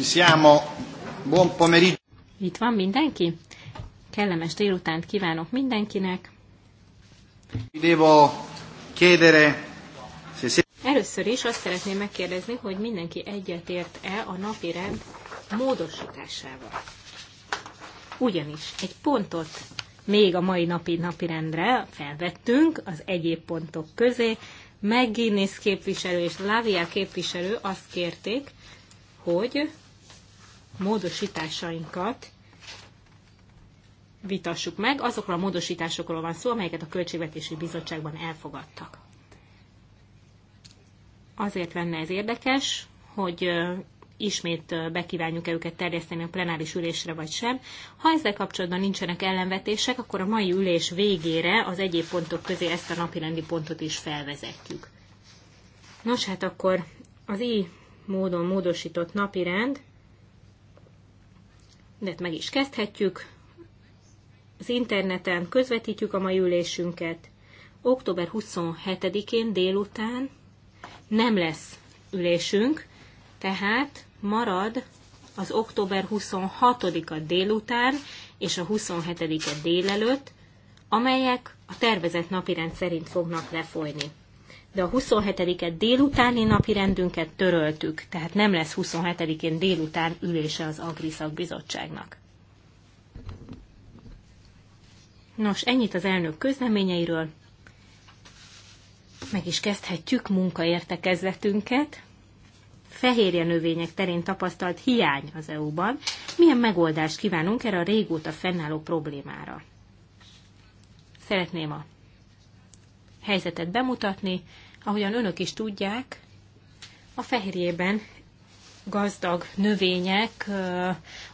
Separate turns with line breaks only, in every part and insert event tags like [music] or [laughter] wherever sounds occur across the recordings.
Ci siamo. Buon pomeriggio.
Itt van mindenki? Kellemes délutánt kívánok mindenkinek.
Devo chiedere se
Először is azt szeretném megkérdezni, hogy mindenki egyetért-e a napi rend módosításával. Ugyanis egy pontot még a mai napi napirendre felvettünk az egyéb pontok közé. Guinness képviselő és Lavia képviselő azt kérték, hogy módosításainkat vitassuk meg. Azokról a módosításokról van szó, amelyeket a Költségvetési Bizottságban elfogadtak. Azért lenne ez érdekes, hogy ismét bekívánjuk-e őket terjeszteni a plenáris ülésre vagy sem. Ha ezzel kapcsolatban nincsenek ellenvetések, akkor a mai ülés végére az egyéb pontok közé ezt a napirendi pontot is felvezetjük. Nos, hát akkor az így módon módosított napirend de meg is kezdhetjük. Az interneten közvetítjük a mai ülésünket. Október 27-én délután nem lesz ülésünk, tehát marad az október 26-a délután és a 27-e délelőtt, amelyek a tervezett napirend szerint fognak lefolyni de a 27-et délutáni napi rendünket töröltük, tehát nem lesz 27-én délután ülése az Agriszak bizottságnak. Nos, ennyit az elnök közleményeiről. Meg is kezdhetjük munkaértekezletünket. Fehérje növények terén tapasztalt hiány az EU-ban. Milyen megoldást kívánunk erre a régóta fennálló problémára? Szeretném a helyzetet bemutatni. Ahogyan önök is tudják, a fehérjében gazdag növények,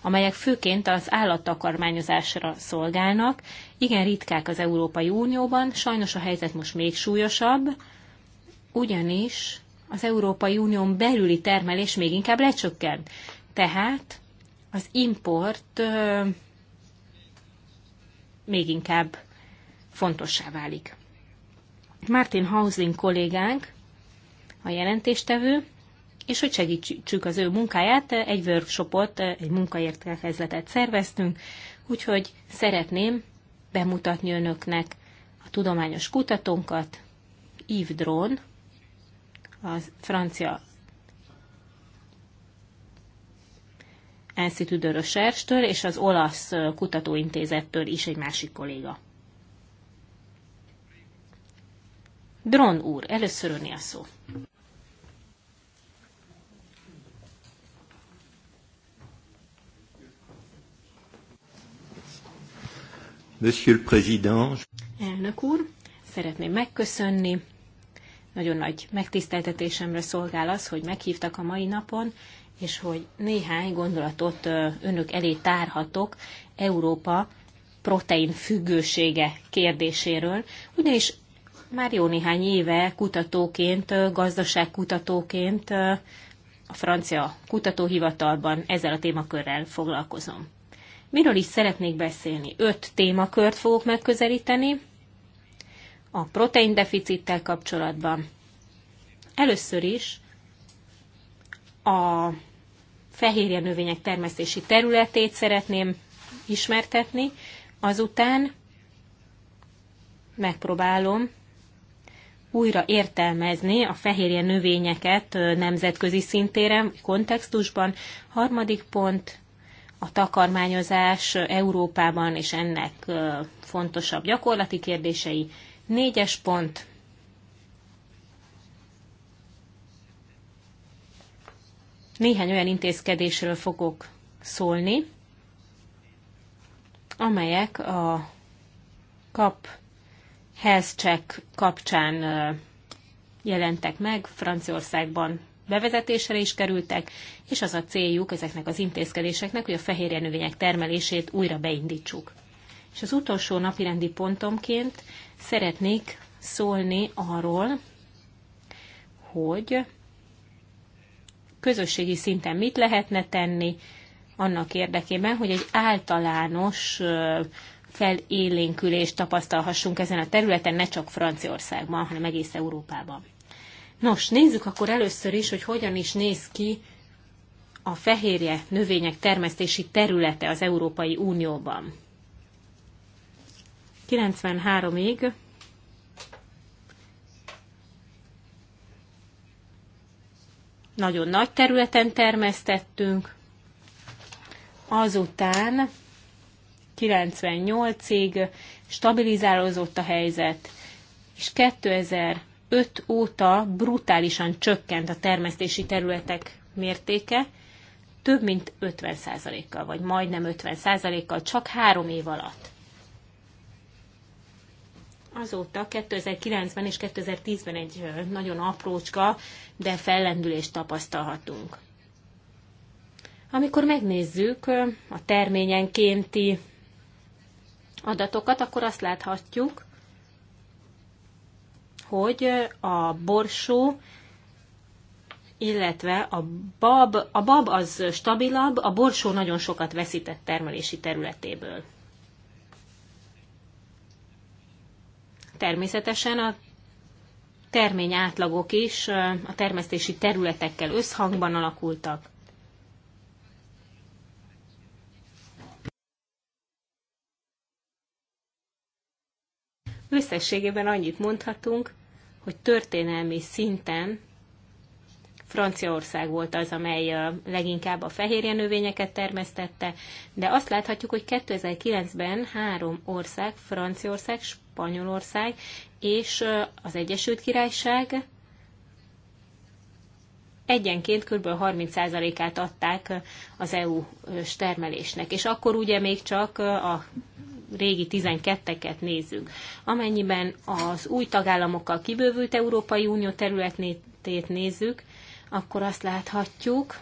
amelyek főként az állattakarmányozásra szolgálnak. Igen ritkák az Európai Unióban, sajnos a helyzet most még súlyosabb, ugyanis az Európai Unión belüli termelés még inkább lecsökkent. Tehát az import még inkább fontossá válik. Martin Hausling kollégánk, a jelentéstevő, és hogy segítsük az ő munkáját, egy workshopot, egy munkaértekezletet szerveztünk, úgyhogy szeretném bemutatni önöknek a tudományos kutatónkat, Yves Drone, a francia Institut de Recherche-től és az olasz kutatóintézettől is egy másik kolléga. Dron úr, először a szó.
Monsieur le Président.
Elnök úr, szeretném megköszönni. Nagyon nagy megtiszteltetésemre szolgál az, hogy meghívtak a mai napon, és hogy néhány gondolatot önök elé tárhatok Európa protein függősége kérdéséről, ugyanis már jó néhány éve kutatóként, gazdaságkutatóként a francia kutatóhivatalban ezzel a témakörrel foglalkozom. Miről is szeretnék beszélni? Öt témakört fogok megközelíteni a proteindeficittel kapcsolatban. Először is a fehérje növények termesztési területét szeretném ismertetni, azután megpróbálom újra értelmezni a fehérje növényeket nemzetközi szintéren, kontextusban. Harmadik pont, a takarmányozás Európában és ennek fontosabb gyakorlati kérdései. Négyes pont, néhány olyan intézkedésről fogok szólni, amelyek a kap health check kapcsán jelentek meg, Franciaországban bevezetésre is kerültek, és az a céljuk ezeknek az intézkedéseknek, hogy a fehérje növények termelését újra beindítsuk. És az utolsó napirendi pontomként szeretnék szólni arról, hogy közösségi szinten mit lehetne tenni annak érdekében, hogy egy általános felélénkülést tapasztalhassunk ezen a területen, ne csak Franciaországban, hanem egész Európában. Nos, nézzük akkor először is, hogy hogyan is néz ki a fehérje növények termesztési területe az Európai Unióban. 93-ig nagyon nagy területen termesztettünk, azután 98-ig stabilizálózott a helyzet, és 2005 óta brutálisan csökkent a termesztési területek mértéke, több mint 50%-kal, vagy majdnem 50%-kal, csak három év alatt. Azóta 2009-ben és 2010-ben egy nagyon aprócska, de fellendülést tapasztalhatunk. Amikor megnézzük a terményenkénti adatokat, akkor azt láthatjuk, hogy a borsó, illetve a bab, a bab az stabilabb, a borsó nagyon sokat veszített termelési területéből. Természetesen a termény átlagok is a termesztési területekkel összhangban alakultak. Összességében annyit mondhatunk, hogy történelmi szinten Franciaország volt az, amely leginkább a fehérje növényeket termesztette, de azt láthatjuk, hogy 2009-ben három ország, Franciaország, Spanyolország és az Egyesült Királyság egyenként kb. 30%-át adták az EU-s termelésnek. És akkor ugye még csak a régi 12-eket nézzük. Amennyiben az új tagállamokkal kibővült Európai Unió területét nézzük, akkor azt láthatjuk,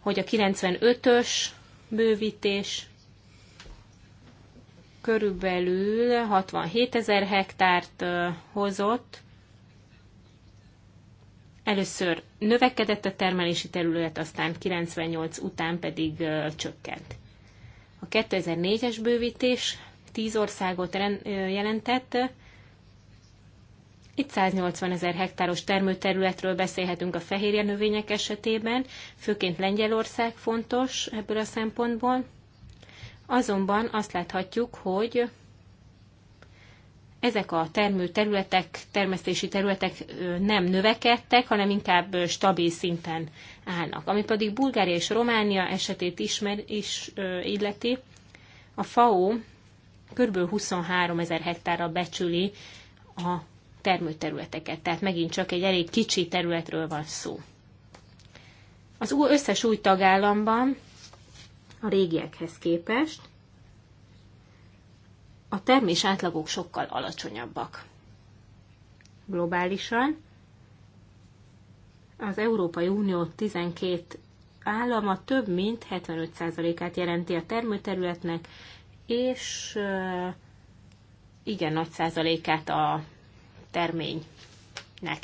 hogy a 95-ös bővítés körülbelül 67 ezer hektárt hozott. Először növekedett a termelési terület, aztán 98 után pedig csökkent. A 2004-es bővítés 10 országot jelentett, itt 180 ezer hektáros termőterületről beszélhetünk a fehérje növények esetében, főként Lengyelország fontos ebből a szempontból. Azonban azt láthatjuk, hogy ezek a termő területek, termesztési területek nem növekedtek, hanem inkább stabil szinten állnak. Ami pedig Bulgária és Románia esetét ismer, is illeti, a FAO kb. 23 ezer hektárra becsüli a termőterületeket, tehát megint csak egy elég kicsi területről van szó. Az összes új tagállamban a régiekhez képest a termés átlagok sokkal alacsonyabbak. Globálisan az Európai Unió 12 állama több mint 75%-át jelenti a termőterületnek, és igen nagy százalékát a terménynek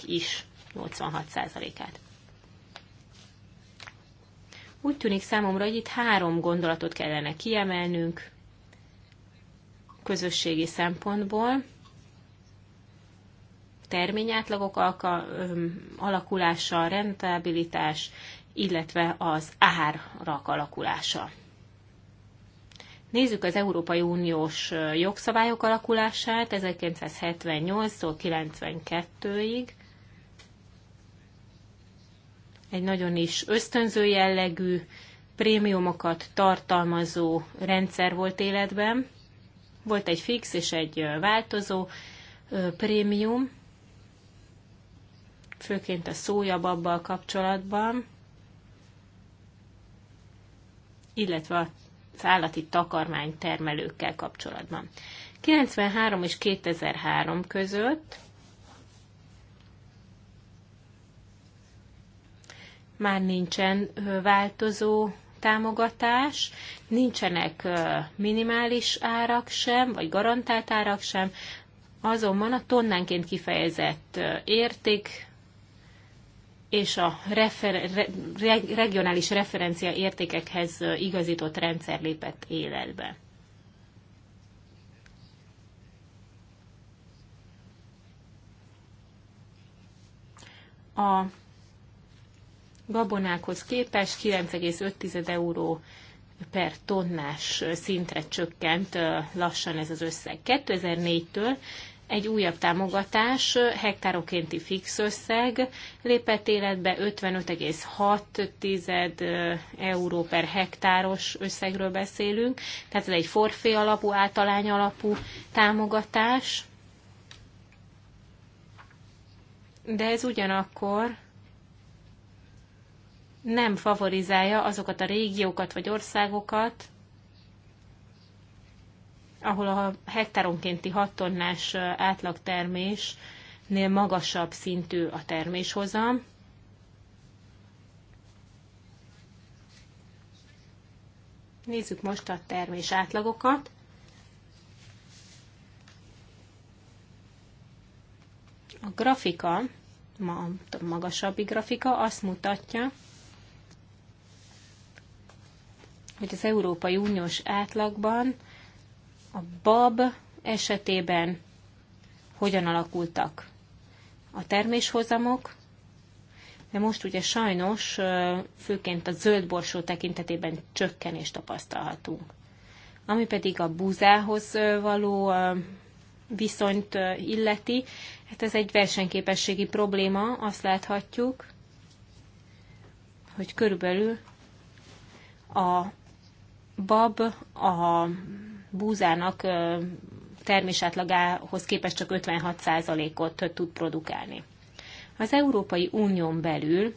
is, 86%-át. Úgy tűnik számomra, hogy itt három gondolatot kellene kiemelnünk, közösségi szempontból terményátlagok alka, alakulása, rentabilitás, illetve az árak alakulása. Nézzük az Európai Uniós jogszabályok alakulását 1978-tól 92-ig. Egy nagyon is ösztönző jellegű, prémiumokat tartalmazó rendszer volt életben. Volt egy fix és egy változó prémium, főként a szójababbal kapcsolatban, illetve az állati takarmány termelőkkel kapcsolatban. 93 és 2003 között már nincsen változó támogatás, nincsenek minimális árak sem, vagy garantált árak sem, azonban a tonnánként kifejezett érték és a refer- re- regionális referencia értékekhez igazított rendszer lépett életbe. A gabonákhoz képest 9,5 euró per tonnás szintre csökkent lassan ez az összeg. 2004-től egy újabb támogatás, hektárokénti fix összeg lépett életbe 55,6 euró per hektáros összegről beszélünk, tehát ez egy forfé alapú, általány alapú támogatás, de ez ugyanakkor nem favorizálja azokat a régiókat vagy országokat, ahol a hektáronkénti 6 tonnás átlagtermésnél magasabb szintű a terméshozam. Nézzük most a termés átlagokat. A grafika, ma a magasabbik grafika azt mutatja, hogy az Európai Uniós átlagban a bab esetében hogyan alakultak a terméshozamok, de most ugye sajnos főként a zöld borsó tekintetében csökkenést tapasztalhatunk. Ami pedig a búzához való viszonyt illeti, hát ez egy versenyképességi probléma, azt láthatjuk, hogy körülbelül a bab a búzának termésátlagához képest csak 56%-ot tud produkálni. Az Európai Unión belül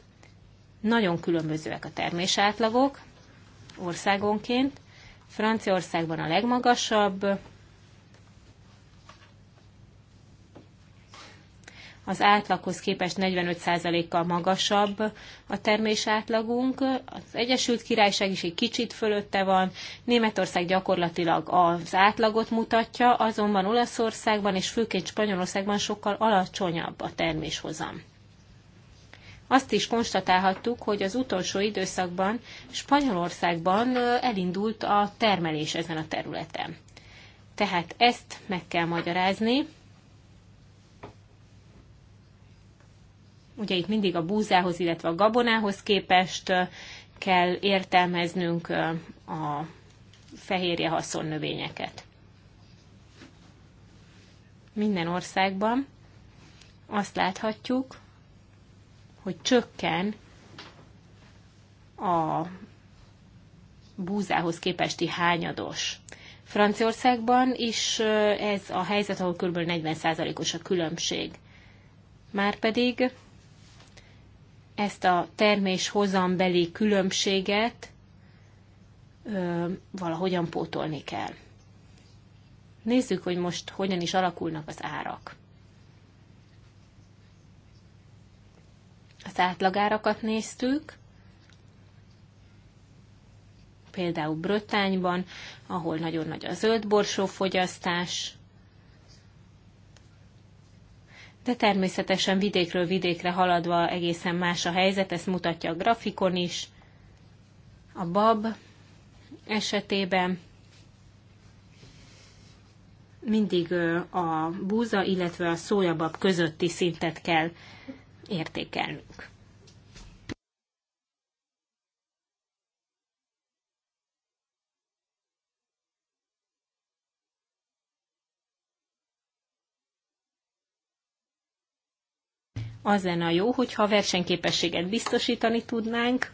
nagyon különbözőek a termésátlagok országonként. Franciaországban a legmagasabb, az átlaghoz képest 45%-kal magasabb a termés átlagunk. Az Egyesült Királyság is egy kicsit fölötte van, Németország gyakorlatilag az átlagot mutatja, azonban Olaszországban és főként Spanyolországban sokkal alacsonyabb a terméshozam. Azt is konstatálhattuk, hogy az utolsó időszakban Spanyolországban elindult a termelés ezen a területen. Tehát ezt meg kell magyarázni, Ugye itt mindig a búzához, illetve a gabonához képest kell értelmeznünk a fehérje növényeket. Minden országban azt láthatjuk, hogy csökken a búzához képesti hányados. Franciaországban is ez a helyzet, ahol kb. 40%-os a különbség. Márpedig ezt a termés hozambeli különbséget ö, valahogyan pótolni kell. Nézzük, hogy most hogyan is alakulnak az árak. Az átlagárakat néztük, például Brötányban, ahol nagyon nagy a zöldborsó fogyasztás, de természetesen vidékről vidékre haladva egészen más a helyzet, ezt mutatja a grafikon is. A bab esetében mindig a búza, illetve a szójabab közötti szintet kell értékelnünk. az lenne a jó, hogyha a versenyképességet biztosítani tudnánk,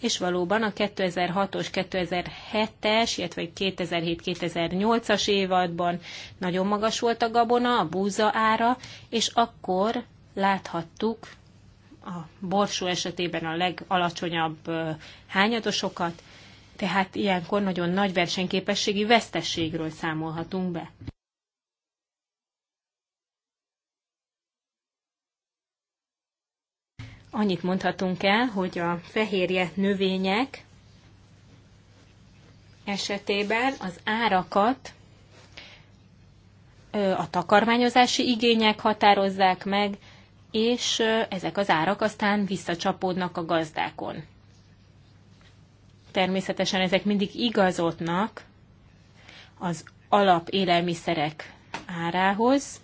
és valóban a 2006-os, 2007-es, illetve 2007-2008-as évadban nagyon magas volt a gabona, a búza ára, és akkor láthattuk a borsó esetében a legalacsonyabb hányadosokat, tehát ilyenkor nagyon nagy versenyképességi vesztességről számolhatunk be. annyit mondhatunk el, hogy a fehérje növények esetében az árakat a takarmányozási igények határozzák meg, és ezek az árak aztán visszacsapódnak a gazdákon. Természetesen ezek mindig igazodnak az alapélelmiszerek árához,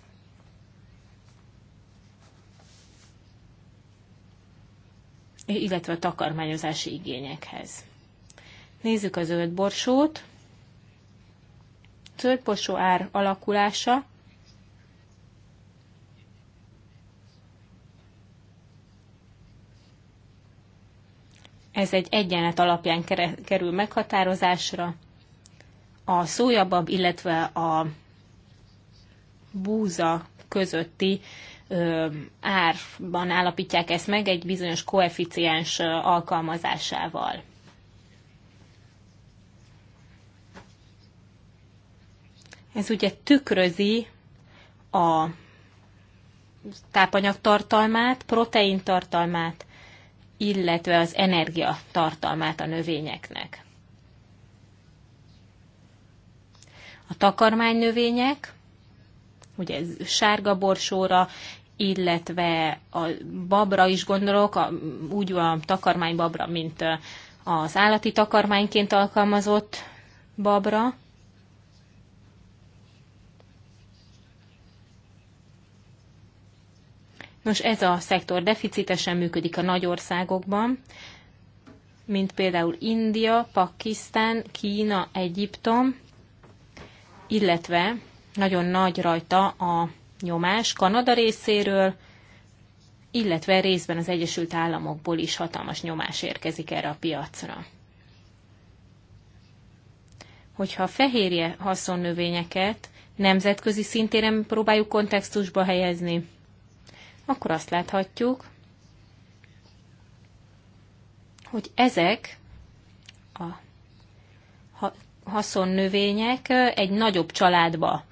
illetve a takarmányozási igényekhez. Nézzük a zöld borsót. Zöld borsó ár alakulása. Ez egy egyenlet alapján kerül meghatározásra. A szójabab, illetve a búza közötti árban állapítják ezt meg egy bizonyos koeficiens alkalmazásával. Ez ugye tükrözi a tápanyagtartalmát, proteintartalmát, illetve az energiatartalmát a növényeknek. A takarmánynövények ugye sárga borsóra, illetve a babra is gondolok, a, úgy a takarmánybabra, mint az állati takarmányként alkalmazott babra. Nos, ez a szektor deficitesen működik a nagy országokban, mint például India, Pakisztán, Kína, Egyiptom, illetve nagyon nagy rajta a nyomás Kanada részéről, illetve részben az Egyesült Államokból is hatalmas nyomás érkezik erre a piacra. Hogyha a fehérje haszonnövényeket nemzetközi szintére próbáljuk kontextusba helyezni, akkor azt láthatjuk, hogy ezek a haszonnövények egy nagyobb családba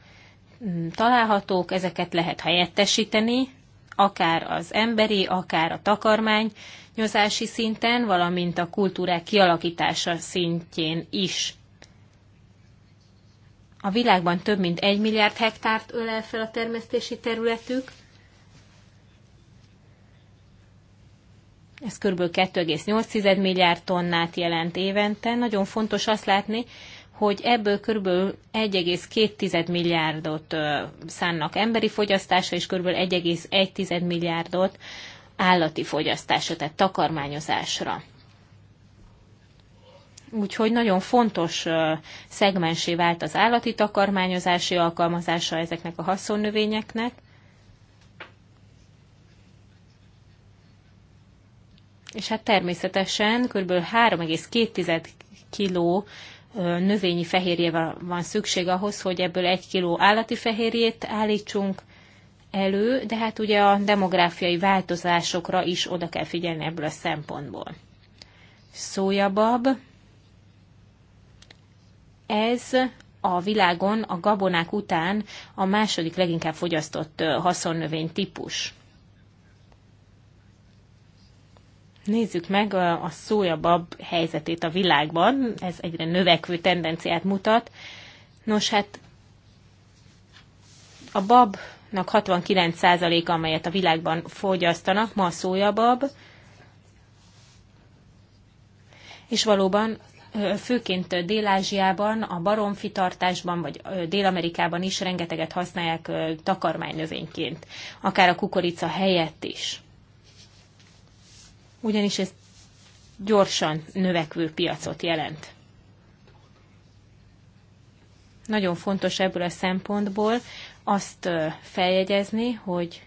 Mm, találhatók, ezeket lehet helyettesíteni, akár az emberi, akár a takarmány nyozási szinten, valamint a kultúrák kialakítása szintjén is. A világban több mint egy milliárd hektárt ölel fel a termesztési területük, ez kb. 2,8 milliárd tonnát jelent évente. Nagyon fontos azt látni, hogy ebből kb. 1,2 milliárdot szánnak emberi fogyasztásra, és kb. 1,1 milliárdot állati fogyasztásra, tehát takarmányozásra. Úgyhogy nagyon fontos szegmensé vált az állati takarmányozási alkalmazása ezeknek a haszonnövényeknek. És hát természetesen kb. 3,2 kiló növényi fehérjével van szükség ahhoz, hogy ebből egy kiló állati fehérjét állítsunk elő, de hát ugye a demográfiai változásokra is oda kell figyelni ebből a szempontból. Szójabab, ez a világon a gabonák után a második leginkább fogyasztott haszonnövény típus. Nézzük meg a szójabab helyzetét a világban, ez egyre növekvő tendenciát mutat. Nos, hát a babnak 69%-a, amelyet a világban fogyasztanak, ma a szójabab, és valóban főként Dél-Ázsiában, a baromfi tartásban, vagy Dél-Amerikában is rengeteget használják takarmánynövényként, akár a kukorica helyett is ugyanis ez gyorsan növekvő piacot jelent. Nagyon fontos ebből a szempontból azt feljegyezni, hogy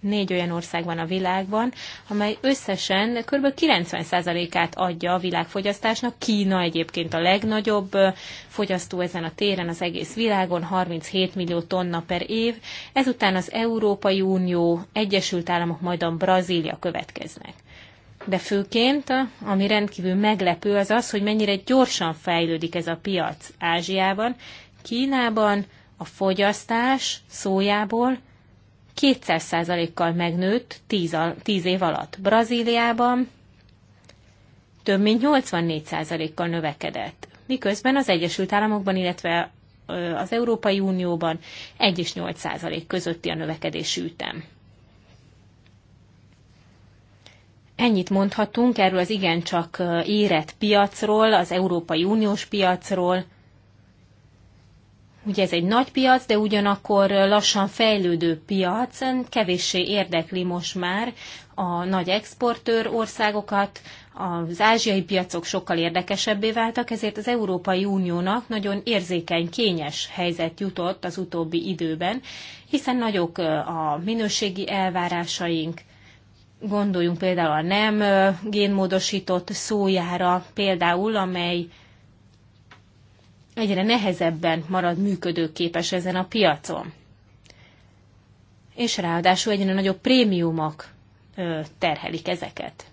négy olyan ország van a világban, amely összesen kb. 90%-át adja a világfogyasztásnak. Kína egyébként a legnagyobb fogyasztó ezen a téren az egész világon, 37 millió tonna per év. Ezután az Európai Unió, Egyesült Államok, majd a Brazília következnek de főként, ami rendkívül meglepő, az az, hogy mennyire gyorsan fejlődik ez a piac Ázsiában. Kínában a fogyasztás szójából 200%-kal megnőtt 10, 10 év alatt. Brazíliában több mint 84%-kal növekedett. Miközben az Egyesült Államokban, illetve az Európai Unióban 1 és 8% közötti a növekedési ütem. Ennyit mondhatunk erről az igencsak érett piacról, az Európai Uniós piacról. Ugye ez egy nagy piac, de ugyanakkor lassan fejlődő piac, kevéssé érdekli most már a nagy exportőr országokat, az ázsiai piacok sokkal érdekesebbé váltak, ezért az Európai Uniónak nagyon érzékeny, kényes helyzet jutott az utóbbi időben, hiszen nagyok a minőségi elvárásaink, Gondoljunk például a nem génmódosított szójára, például, amely egyre nehezebben marad működőképes ezen a piacon. És ráadásul egyre nagyobb prémiumok terhelik ezeket.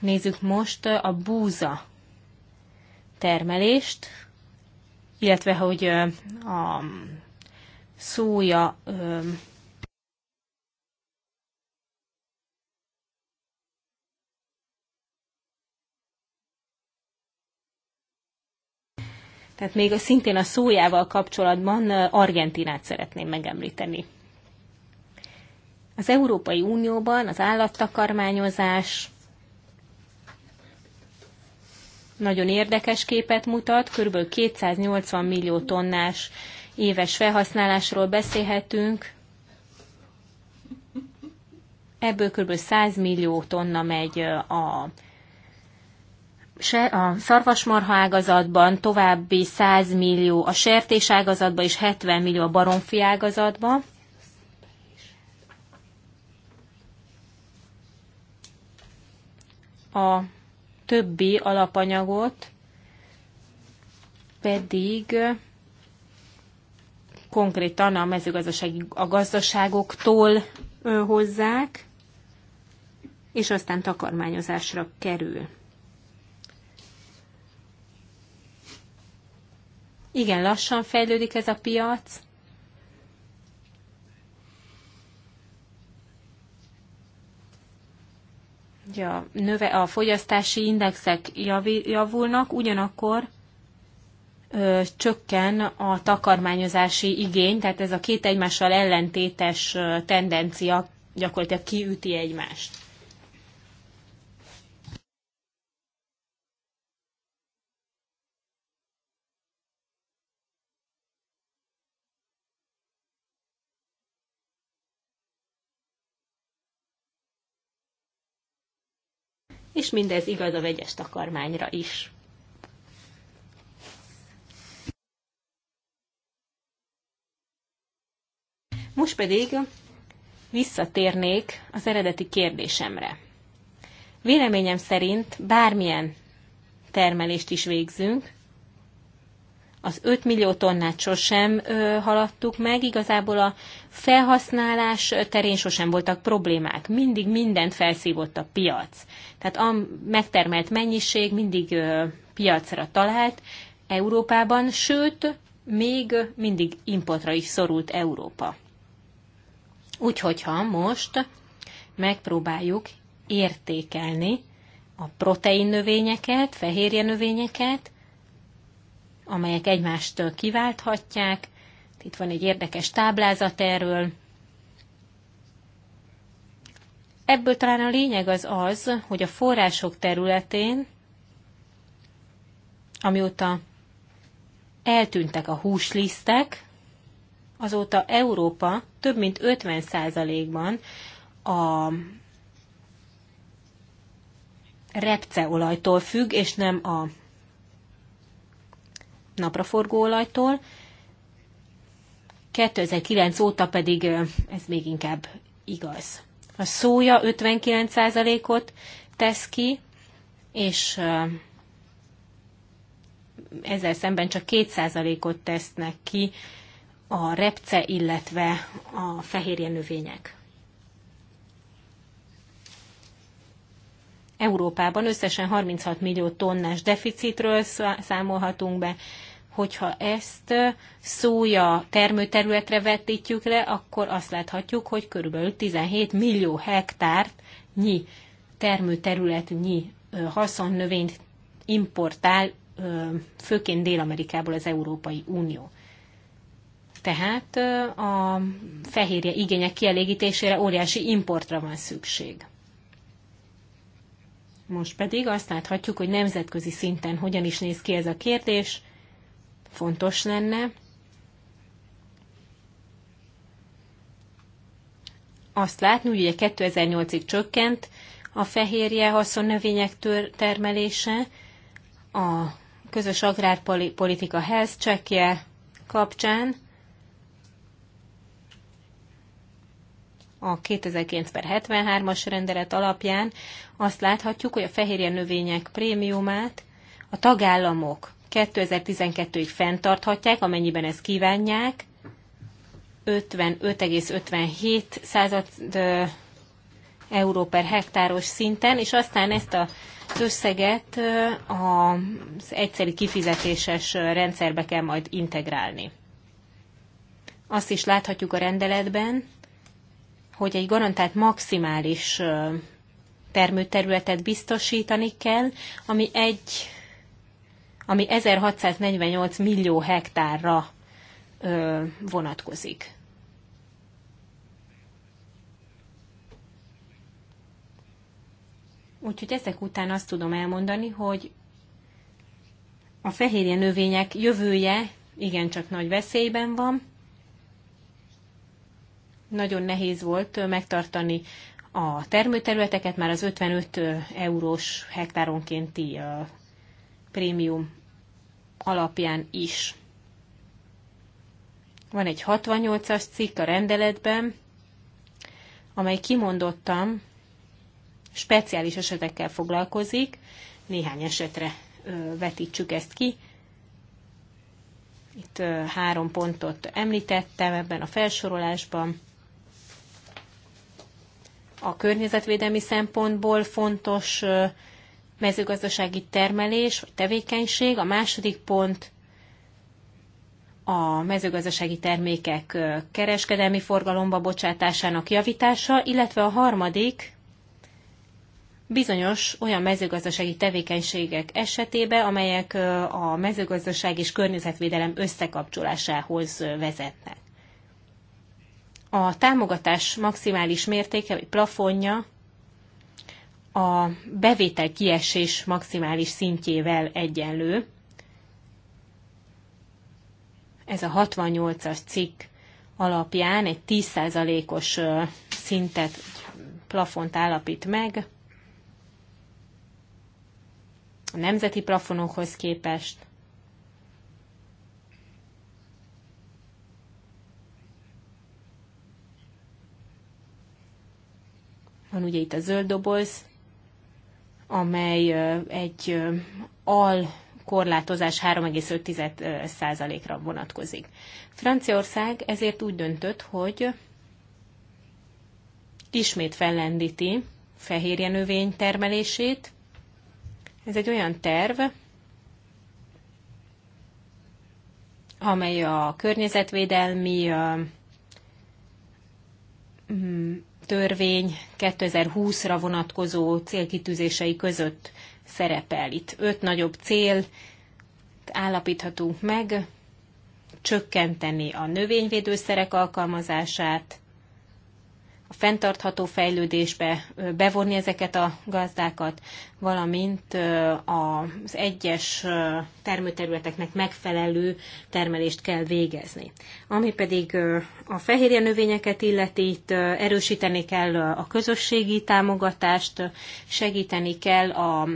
Nézzük most a búza termelést, illetve hogy a szója Tehát még szintén a szójával kapcsolatban Argentinát szeretném megemlíteni. Az Európai Unióban az állattakarmányozás nagyon érdekes képet mutat, kb. 280 millió tonnás éves felhasználásról beszélhetünk, ebből kb. 100 millió tonna megy a se a szarvasmarha ágazatban, további 100 millió a sertés ágazatban és 70 millió a baromfi ágazatban. A többi alapanyagot pedig konkrétan a mezőgazdasági a gazdaságoktól hozzák, és aztán takarmányozásra kerül. Igen, lassan fejlődik ez a piac. Ja, növe, a fogyasztási indexek javulnak, ugyanakkor ö, csökken a takarmányozási igény, tehát ez a két egymással ellentétes tendencia gyakorlatilag kiüti egymást. és mindez igaz a vegyes takarmányra is. Most pedig visszatérnék az eredeti kérdésemre. Véleményem szerint bármilyen termelést is végzünk, az 5 millió tonnát sosem ö, haladtuk meg, igazából a felhasználás terén sosem voltak problémák, mindig mindent felszívott a piac. Tehát a megtermelt mennyiség mindig ö, piacra talált Európában, sőt, még mindig importra is szorult Európa. Úgyhogy ha most megpróbáljuk értékelni a protein növényeket, fehérje növényeket, amelyek egymást kiválthatják. Itt van egy érdekes táblázat erről. Ebből talán a lényeg az az, hogy a források területén, amióta eltűntek a húslisztek, azóta Európa több mint 50%-ban a repceolajtól függ, és nem a napraforgóolajtól, 2009 óta pedig ez még inkább igaz. A szója 59%-ot tesz ki, és ezzel szemben csak 2%-ot tesznek ki a repce, illetve a fehérje növények. Európában összesen 36 millió tonnás deficitről számolhatunk be, hogyha ezt szója termőterületre vetítjük le, akkor azt láthatjuk, hogy körülbelül 17 millió hektárt nyi nyi haszonnövényt importál, főként Dél-Amerikából az Európai Unió. Tehát a fehérje igények kielégítésére óriási importra van szükség. Most pedig azt láthatjuk, hogy nemzetközi szinten hogyan is néz ki ez a kérdés. Fontos lenne azt látni, hogy ugye 2008-ig csökkent a fehérje haszonnövények termelése, a közös agrárpolitika health checkje kapcsán, a 2009-73-as rendelet alapján azt láthatjuk, hogy a fehérje növények prémiumát a tagállamok 2012-ig fenntarthatják, amennyiben ezt kívánják, 55,57 század euró per hektáros szinten, és aztán ezt a az összeget az egyszeri kifizetéses rendszerbe kell majd integrálni. Azt is láthatjuk a rendeletben, hogy egy garantált maximális termőterületet biztosítani kell, ami egy ami 1648 millió hektárra ö, vonatkozik. Úgyhogy ezek után azt tudom elmondani, hogy a fehérje növények jövője igencsak nagy veszélyben van, nagyon nehéz volt megtartani a termőterületeket, már az 55 eurós hektáronkénti prémium alapján is. Van egy 68-as cikk a rendeletben, amely kimondottam speciális esetekkel foglalkozik, néhány esetre vetítsük ezt ki. Itt három pontot említettem ebben a felsorolásban a környezetvédelmi szempontból fontos mezőgazdasági termelés vagy tevékenység, a második pont a mezőgazdasági termékek kereskedelmi forgalomba bocsátásának javítása, illetve a harmadik bizonyos olyan mezőgazdasági tevékenységek esetébe, amelyek a mezőgazdaság és környezetvédelem összekapcsolásához vezetnek a támogatás maximális mértéke vagy plafonja a bevétel kiesés maximális szintjével egyenlő. Ez a 68-as cikk alapján egy 10%-os szintet, plafont állapít meg a nemzeti plafonokhoz képest. Van ugye itt a zöld doboz, amely egy al korlátozás 3,5%-ra vonatkozik. Franciaország ezért úgy döntött, hogy ismét fellendíti fehérje növény termelését. Ez egy olyan terv, amely a környezetvédelmi törvény 2020-ra vonatkozó célkitűzései között szerepel. Itt öt nagyobb cél állapíthatunk meg, csökkenteni a növényvédőszerek alkalmazását, a fenntartható fejlődésbe bevonni ezeket a gazdákat, valamint az egyes termőterületeknek megfelelő termelést kell végezni. Ami pedig a fehérje növényeket illeti, itt erősíteni kell a közösségi támogatást, segíteni kell a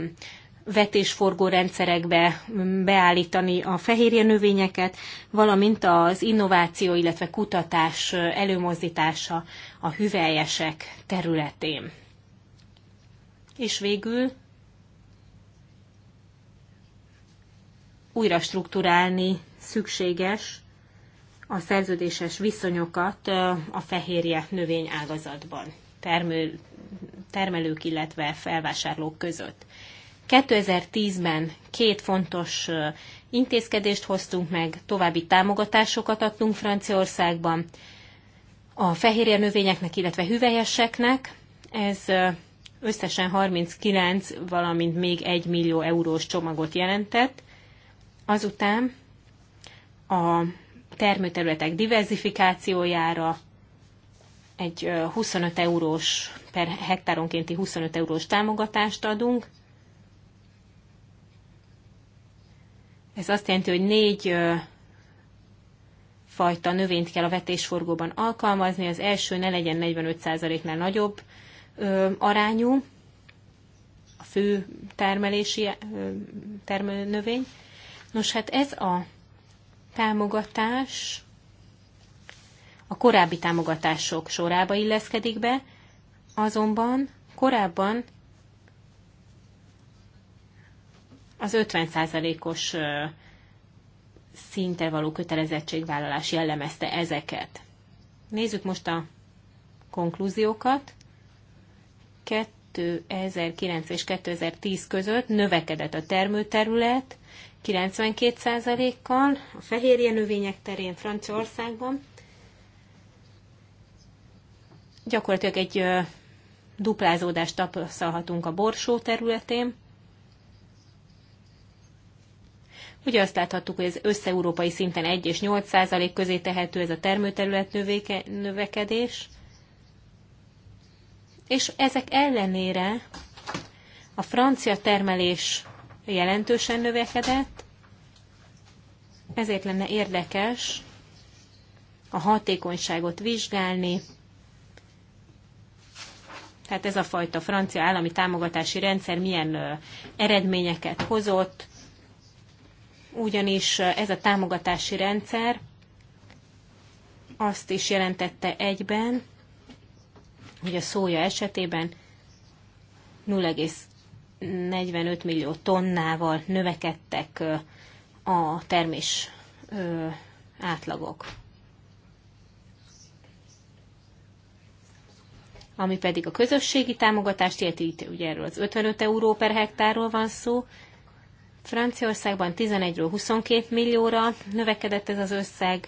vetésforgó rendszerekbe beállítani a fehérje növényeket, valamint az innováció, illetve kutatás előmozdítása a hüvelyesek területén. És végül újra struktúrálni szükséges a szerződéses viszonyokat a fehérje növény ágazatban, termelők, illetve felvásárlók között. 2010-ben két fontos intézkedést hoztunk meg, további támogatásokat adtunk Franciaországban a fehérje növényeknek, illetve hüvelyeseknek. Ez összesen 39, valamint még 1 millió eurós csomagot jelentett. Azután a termőterületek diversifikációjára egy 25 eurós per hektáronkénti 25 eurós támogatást adunk, Ez azt jelenti, hogy négy fajta növényt kell a vetésforgóban alkalmazni. Az első ne legyen 45%-nál nagyobb arányú, a fő termelési termelő növény. Nos, hát ez a támogatás a korábbi támogatások sorába illeszkedik be, azonban korábban az 50%-os szinte való kötelezettségvállalás jellemezte ezeket. Nézzük most a konklúziókat. 2009 és 2010 között növekedett a termőterület 92%-kal a fehérje növények terén Franciaországban. Gyakorlatilag egy duplázódást tapasztalhatunk a borsó területén. Ugye azt láthattuk, hogy ez összeurópai szinten 1 és 8 százalék közé tehető ez a termőterület növéke, növekedés. És ezek ellenére a francia termelés jelentősen növekedett, ezért lenne érdekes a hatékonyságot vizsgálni, tehát ez a fajta francia állami támogatási rendszer milyen eredményeket hozott, ugyanis ez a támogatási rendszer azt is jelentette egyben, hogy a szója esetében 0,45 millió tonnával növekedtek a termés átlagok. Ami pedig a közösségi támogatást illeti, ugye erről az 55 euró per hektárról van szó, Franciaországban 11-ről 22 millióra növekedett ez az összeg,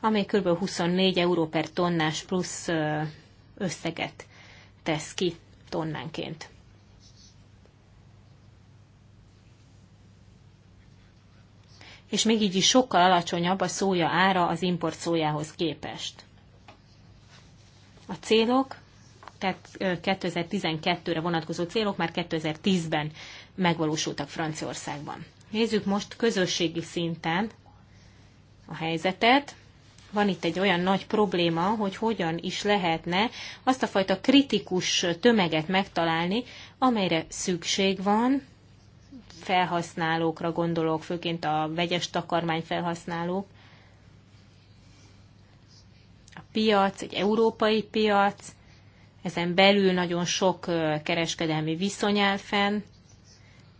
amely kb. 24 euró per tonnás plusz összeget tesz ki tonnánként. És még így is sokkal alacsonyabb a szója ára az import szójához képest. A célok 2012-re vonatkozó célok már 2010-ben megvalósultak Franciaországban. Nézzük most közösségi szinten a helyzetet. Van itt egy olyan nagy probléma, hogy hogyan is lehetne azt a fajta kritikus tömeget megtalálni, amelyre szükség van, felhasználókra gondolok, főként a vegyes takarmány felhasználók, a piac, egy európai piac, ezen belül nagyon sok kereskedelmi viszony áll fenn,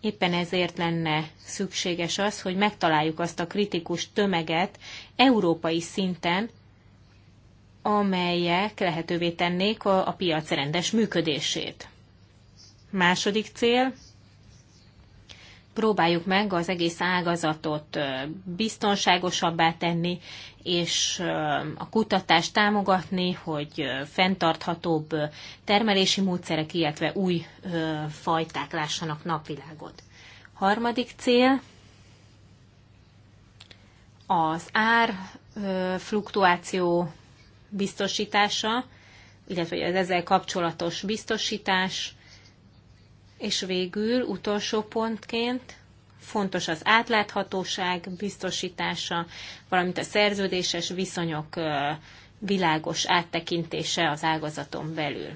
Éppen ezért lenne szükséges az, hogy megtaláljuk azt a kritikus tömeget európai szinten, amelyek lehetővé tennék a, a piac rendes működését. Második cél, próbáljuk meg az egész ágazatot biztonságosabbá tenni, és a kutatást támogatni, hogy fenntarthatóbb termelési módszerek, illetve új fajták lássanak napvilágot. Harmadik cél az ár fluktuáció biztosítása, illetve az ezzel kapcsolatos biztosítás, és végül, utolsó pontként, fontos az átláthatóság biztosítása, valamint a szerződéses viszonyok világos áttekintése az ágazaton belül.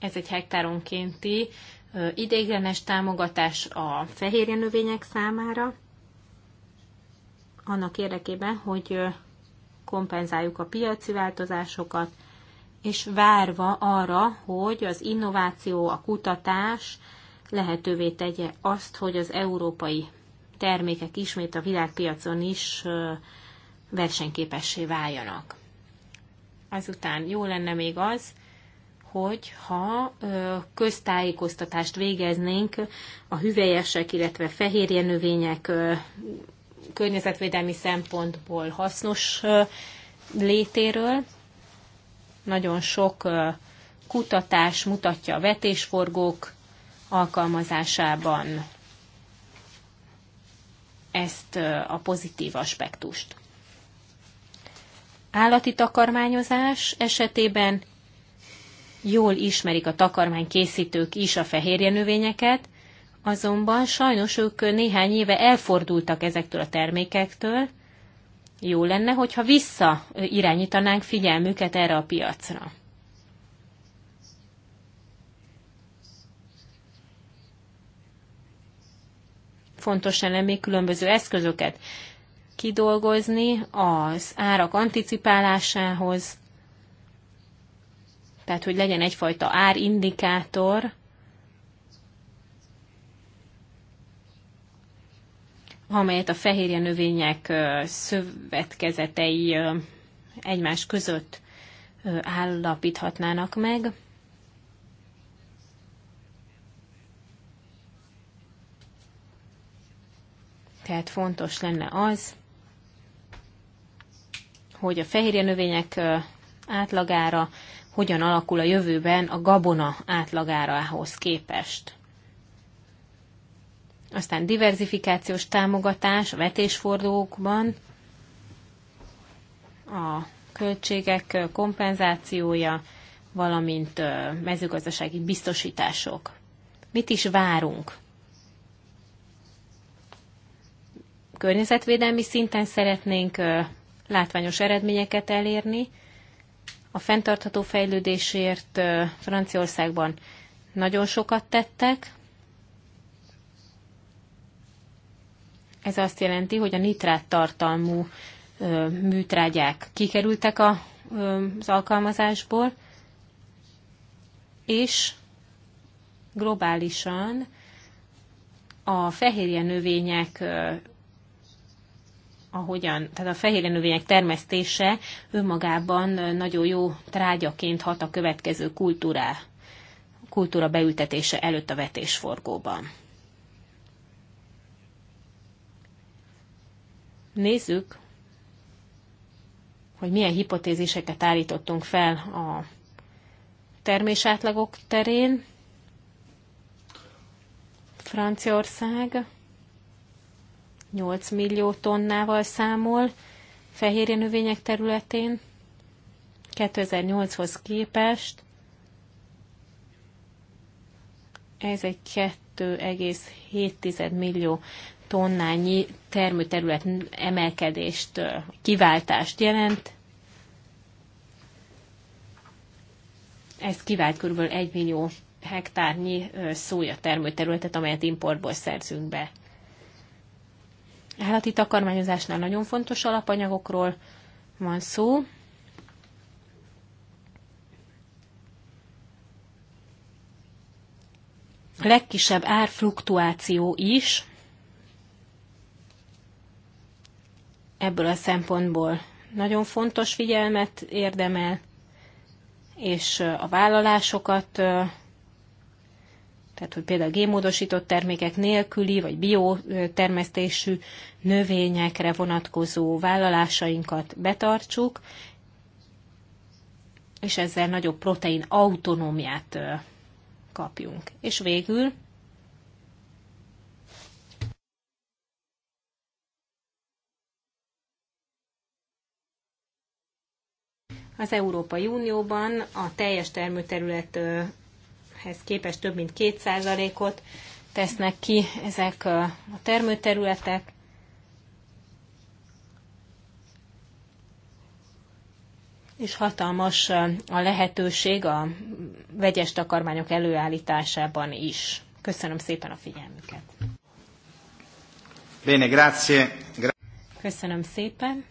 Ez egy hektáronkénti ideiglenes támogatás a fehérje növények számára, annak érdekében, hogy kompenzáljuk a piaci változásokat, és várva arra, hogy az innováció, a kutatás lehetővé tegye azt, hogy az európai termékek ismét a világpiacon is versenyképessé váljanak. Azután jó lenne még az, hogy ha köztájékoztatást végeznénk a hüvelyesek, illetve fehérje növények környezetvédelmi szempontból hasznos létéről. Nagyon sok kutatás mutatja a vetésforgók alkalmazásában ezt a pozitív aspektust. Állati takarmányozás esetében jól ismerik a takarmánykészítők is a fehérje növényeket, azonban sajnos ők néhány éve elfordultak ezektől a termékektől. Jó lenne, hogyha vissza irányítanánk figyelmüket erre a piacra. Fontos lenne még különböző eszközöket kidolgozni az árak anticipálásához, tehát hogy legyen egyfajta árindikátor, amelyet a fehérje növények szövetkezetei egymás között állapíthatnának meg. Tehát fontos lenne az, hogy a fehérje növények átlagára hogyan alakul a jövőben a gabona átlagárahoz képest aztán diversifikációs támogatás a vetésfordulókban, a költségek kompenzációja, valamint mezőgazdasági biztosítások. Mit is várunk? Környezetvédelmi szinten szeretnénk látványos eredményeket elérni. A fenntartható fejlődésért Franciaországban nagyon sokat tettek, Ez azt jelenti, hogy a nitrát tartalmú műtrágyák kikerültek a, az alkalmazásból, és globálisan a fehérje növények ahogyan, tehát a fehérje növények termesztése önmagában nagyon jó trágyaként hat a következő kultúrá, kultúra beültetése előtt a vetésforgóban. nézzük, hogy milyen hipotéziseket állítottunk fel a termésátlagok terén. Franciaország 8 millió tonnával számol fehérje növények területén 2008-hoz képest. Ez egy 2,7 millió tonnányi termőterület emelkedést, kiváltást jelent. Ez kivált kb. 1 millió hektárnyi szója termőterületet, amelyet importból szerzünk be. Állati takarmányozásnál nagyon fontos alapanyagokról van szó. Legkisebb árfluktuáció is ebből a szempontból nagyon fontos figyelmet érdemel, és a vállalásokat, tehát hogy például gémódosított termékek nélküli, vagy biotermesztésű növényekre vonatkozó vállalásainkat betartsuk, és ezzel nagyobb protein autonómiát kapjunk. És végül Az Európai Unióban a teljes termőterülethez képest több mint 2%-ot tesznek ki ezek a termőterületek. És hatalmas a lehetőség a vegyes takarmányok előállításában is. Köszönöm szépen a figyelmüket.
Bene, grazie. Gra-
Köszönöm szépen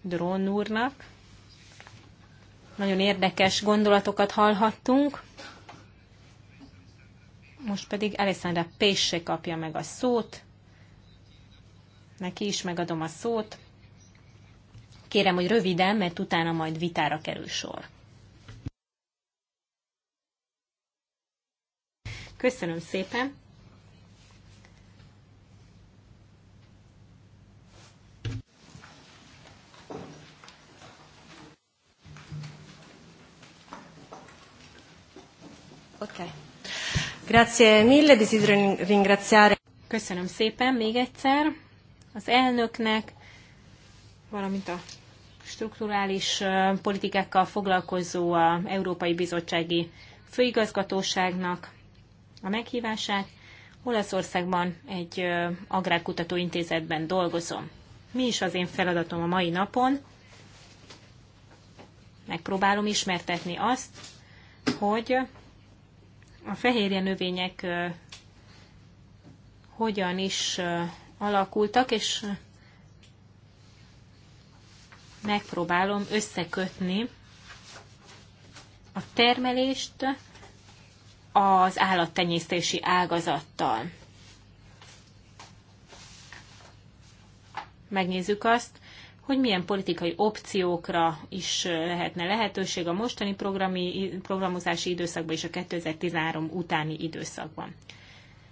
Drón úrnak. Nagyon érdekes gondolatokat hallhattunk. Most pedig Alessandra Pésse kapja meg a szót. Neki is megadom a szót. Kérem, hogy röviden, mert utána majd vitára kerül sor. Köszönöm szépen! Okay. Grazie mille, desidero ringraziare. Köszönöm szépen még egyszer az elnöknek, valamint a strukturális politikákkal foglalkozó a Európai Bizottsági Főigazgatóságnak a meghívását. Olaszországban egy agrárkutató intézetben dolgozom. Mi is az én feladatom a mai napon? Megpróbálom ismertetni azt, hogy a fehérje növények hogyan is alakultak, és megpróbálom összekötni a termelést az állattenyésztési ágazattal. Megnézzük azt, hogy milyen politikai opciókra is lehetne lehetőség a mostani programi, programozási időszakban és a 2013 utáni időszakban.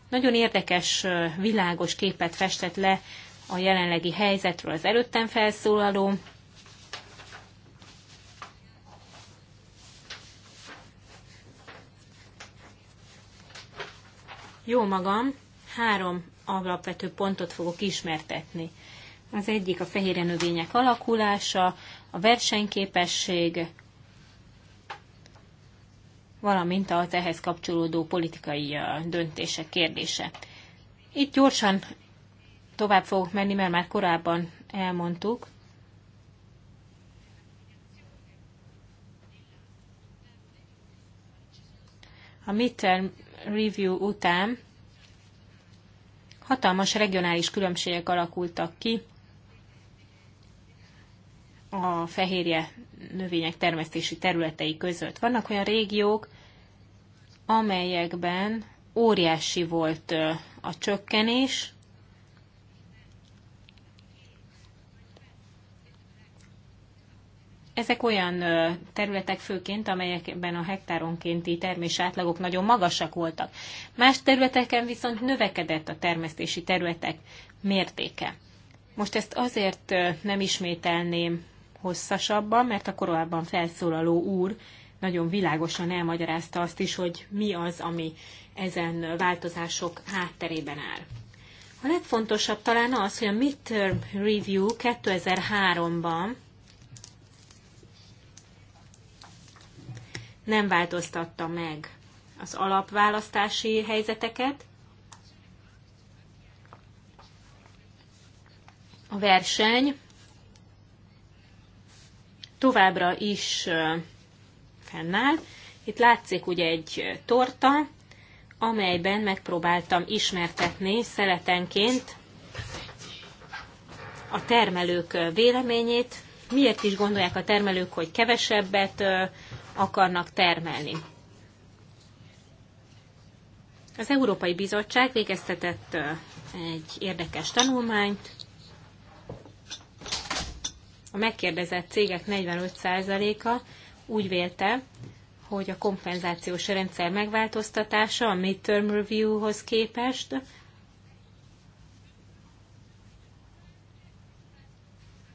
Nagyon érdekes, világos képet festett le a jelenlegi helyzetről az előttem felszólaló. Jó magam, három alapvető pontot fogok ismertetni. Az egyik a fehérje növények alakulása, a versenyképesség, valamint az ehhez kapcsolódó politikai döntések kérdése. Itt gyorsan tovább fogok menni, mert már korábban elmondtuk. A midterm review után hatalmas regionális különbségek alakultak ki a fehérje növények termesztési területei között. Vannak olyan régiók, amelyekben óriási volt a csökkenés, Ezek olyan területek főként, amelyekben a hektáronkénti termés átlagok nagyon magasak voltak. Más területeken viszont növekedett a termesztési területek mértéke. Most ezt azért nem ismételném hosszasabban, mert a korábban felszólaló úr nagyon világosan elmagyarázta azt is, hogy mi az, ami ezen változások hátterében áll. A legfontosabb talán az, hogy a midterm review 2003-ban nem változtatta meg az alapválasztási helyzeteket, a verseny továbbra is fennáll. Itt látszik ugye egy torta, amelyben megpróbáltam ismertetni szeletenként a termelők véleményét, miért is gondolják a termelők, hogy kevesebbet akarnak termelni. Az Európai Bizottság végeztetett egy érdekes tanulmányt, a megkérdezett cégek 45%-a úgy vélte, hogy a kompenzációs rendszer megváltoztatása a midterm reviewhoz képest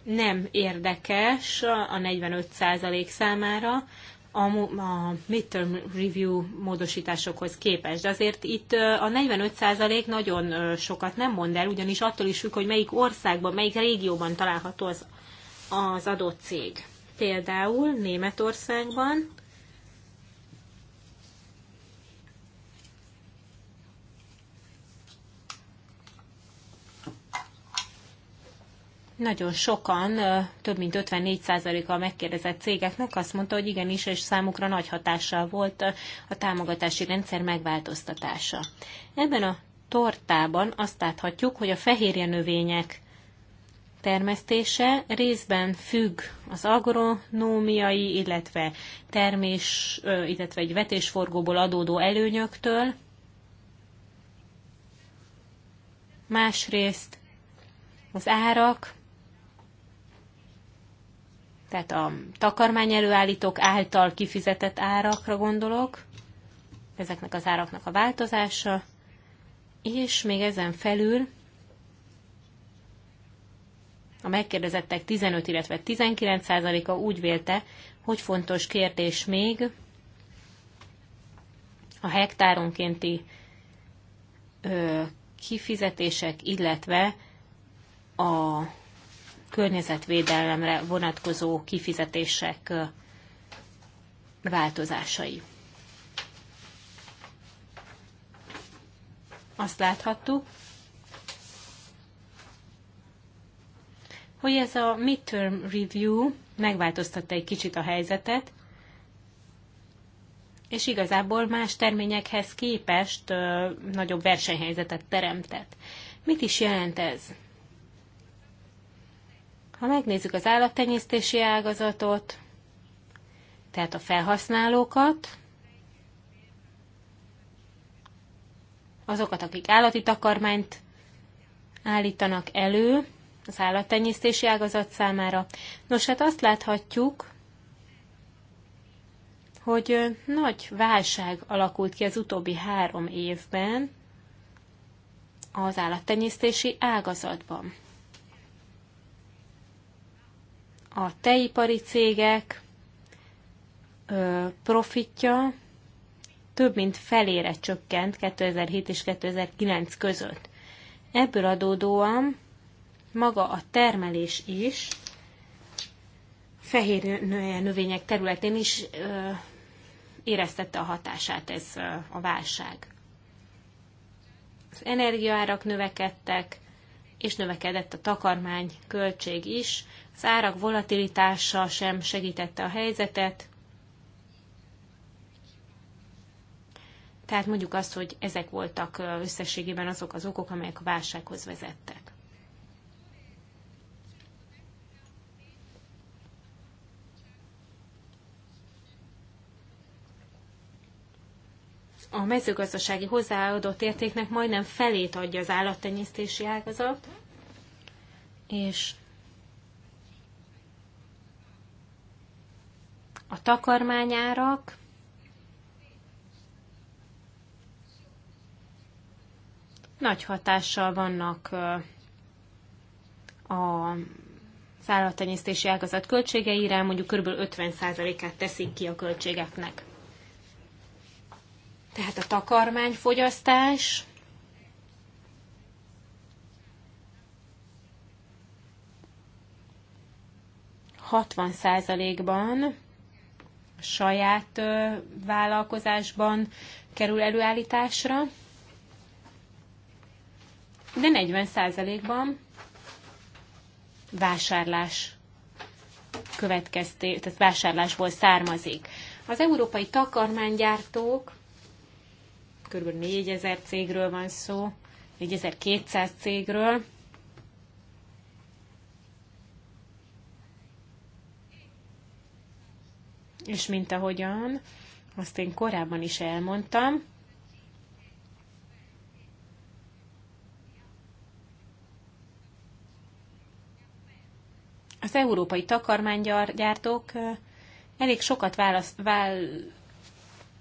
nem érdekes a 45% számára a, a midterm review módosításokhoz képest. De azért itt a 45% nagyon sokat nem mond el, ugyanis attól is függ, hogy melyik országban, melyik régióban található az az adott cég. Például Németországban nagyon sokan, több mint 54%-a a megkérdezett cégeknek azt mondta, hogy igenis, és számukra nagy hatással volt a támogatási rendszer megváltoztatása. Ebben a tortában azt láthatjuk, hogy a fehérje növények termesztése részben függ az agronómiai, illetve termés, illetve egy vetésforgóból adódó előnyöktől, másrészt az árak, tehát a takarmány előállítók által kifizetett árakra gondolok, ezeknek az áraknak a változása, és még ezen felül a megkérdezettek 15, illetve 19 százaléka úgy vélte, hogy fontos kérdés még a hektáronkénti ö, kifizetések, illetve a környezetvédelemre vonatkozó kifizetések ö, változásai. Azt láthattuk, hogy ez a midterm review megváltoztatta egy kicsit a helyzetet, és igazából más terményekhez képest ö, nagyobb versenyhelyzetet teremtett. Mit is jelent ez? Ha megnézzük az állattenyésztési ágazatot, tehát a felhasználókat, azokat, akik állati takarmányt állítanak elő, az állattenyésztési ágazat számára. Nos, hát azt láthatjuk, hogy nagy válság alakult ki az utóbbi három évben az állattenyésztési ágazatban. A teipari cégek profitja több mint felére csökkent 2007 és 2009 között. Ebből adódóan maga a termelés is fehér növények területén is éreztette a hatását ez a válság. Az energiaárak növekedtek, és növekedett a takarmány költség is, az árak volatilitása sem segítette a helyzetet, Tehát mondjuk azt, hogy ezek voltak összességében azok az okok, amelyek a válsághoz vezettek. a mezőgazdasági hozzáadott értéknek majdnem felét adja az állattenyésztési ágazat, és a takarmányárak, nagy hatással vannak a állattenyésztési ágazat költségeire, mondjuk kb. 50%-át teszik ki a költségeknek. Tehát a takarmányfogyasztás, hatvan százalékban saját vállalkozásban kerül előállításra, de 40 százalékban vásárlás következté, tehát vásárlásból származik. Az európai takarmánygyártók kb. 4000 cégről van szó, 4200 cégről. És mint ahogyan azt én korábban is elmondtam, az európai takarmánygyártók eh, elég sokat választ, vál,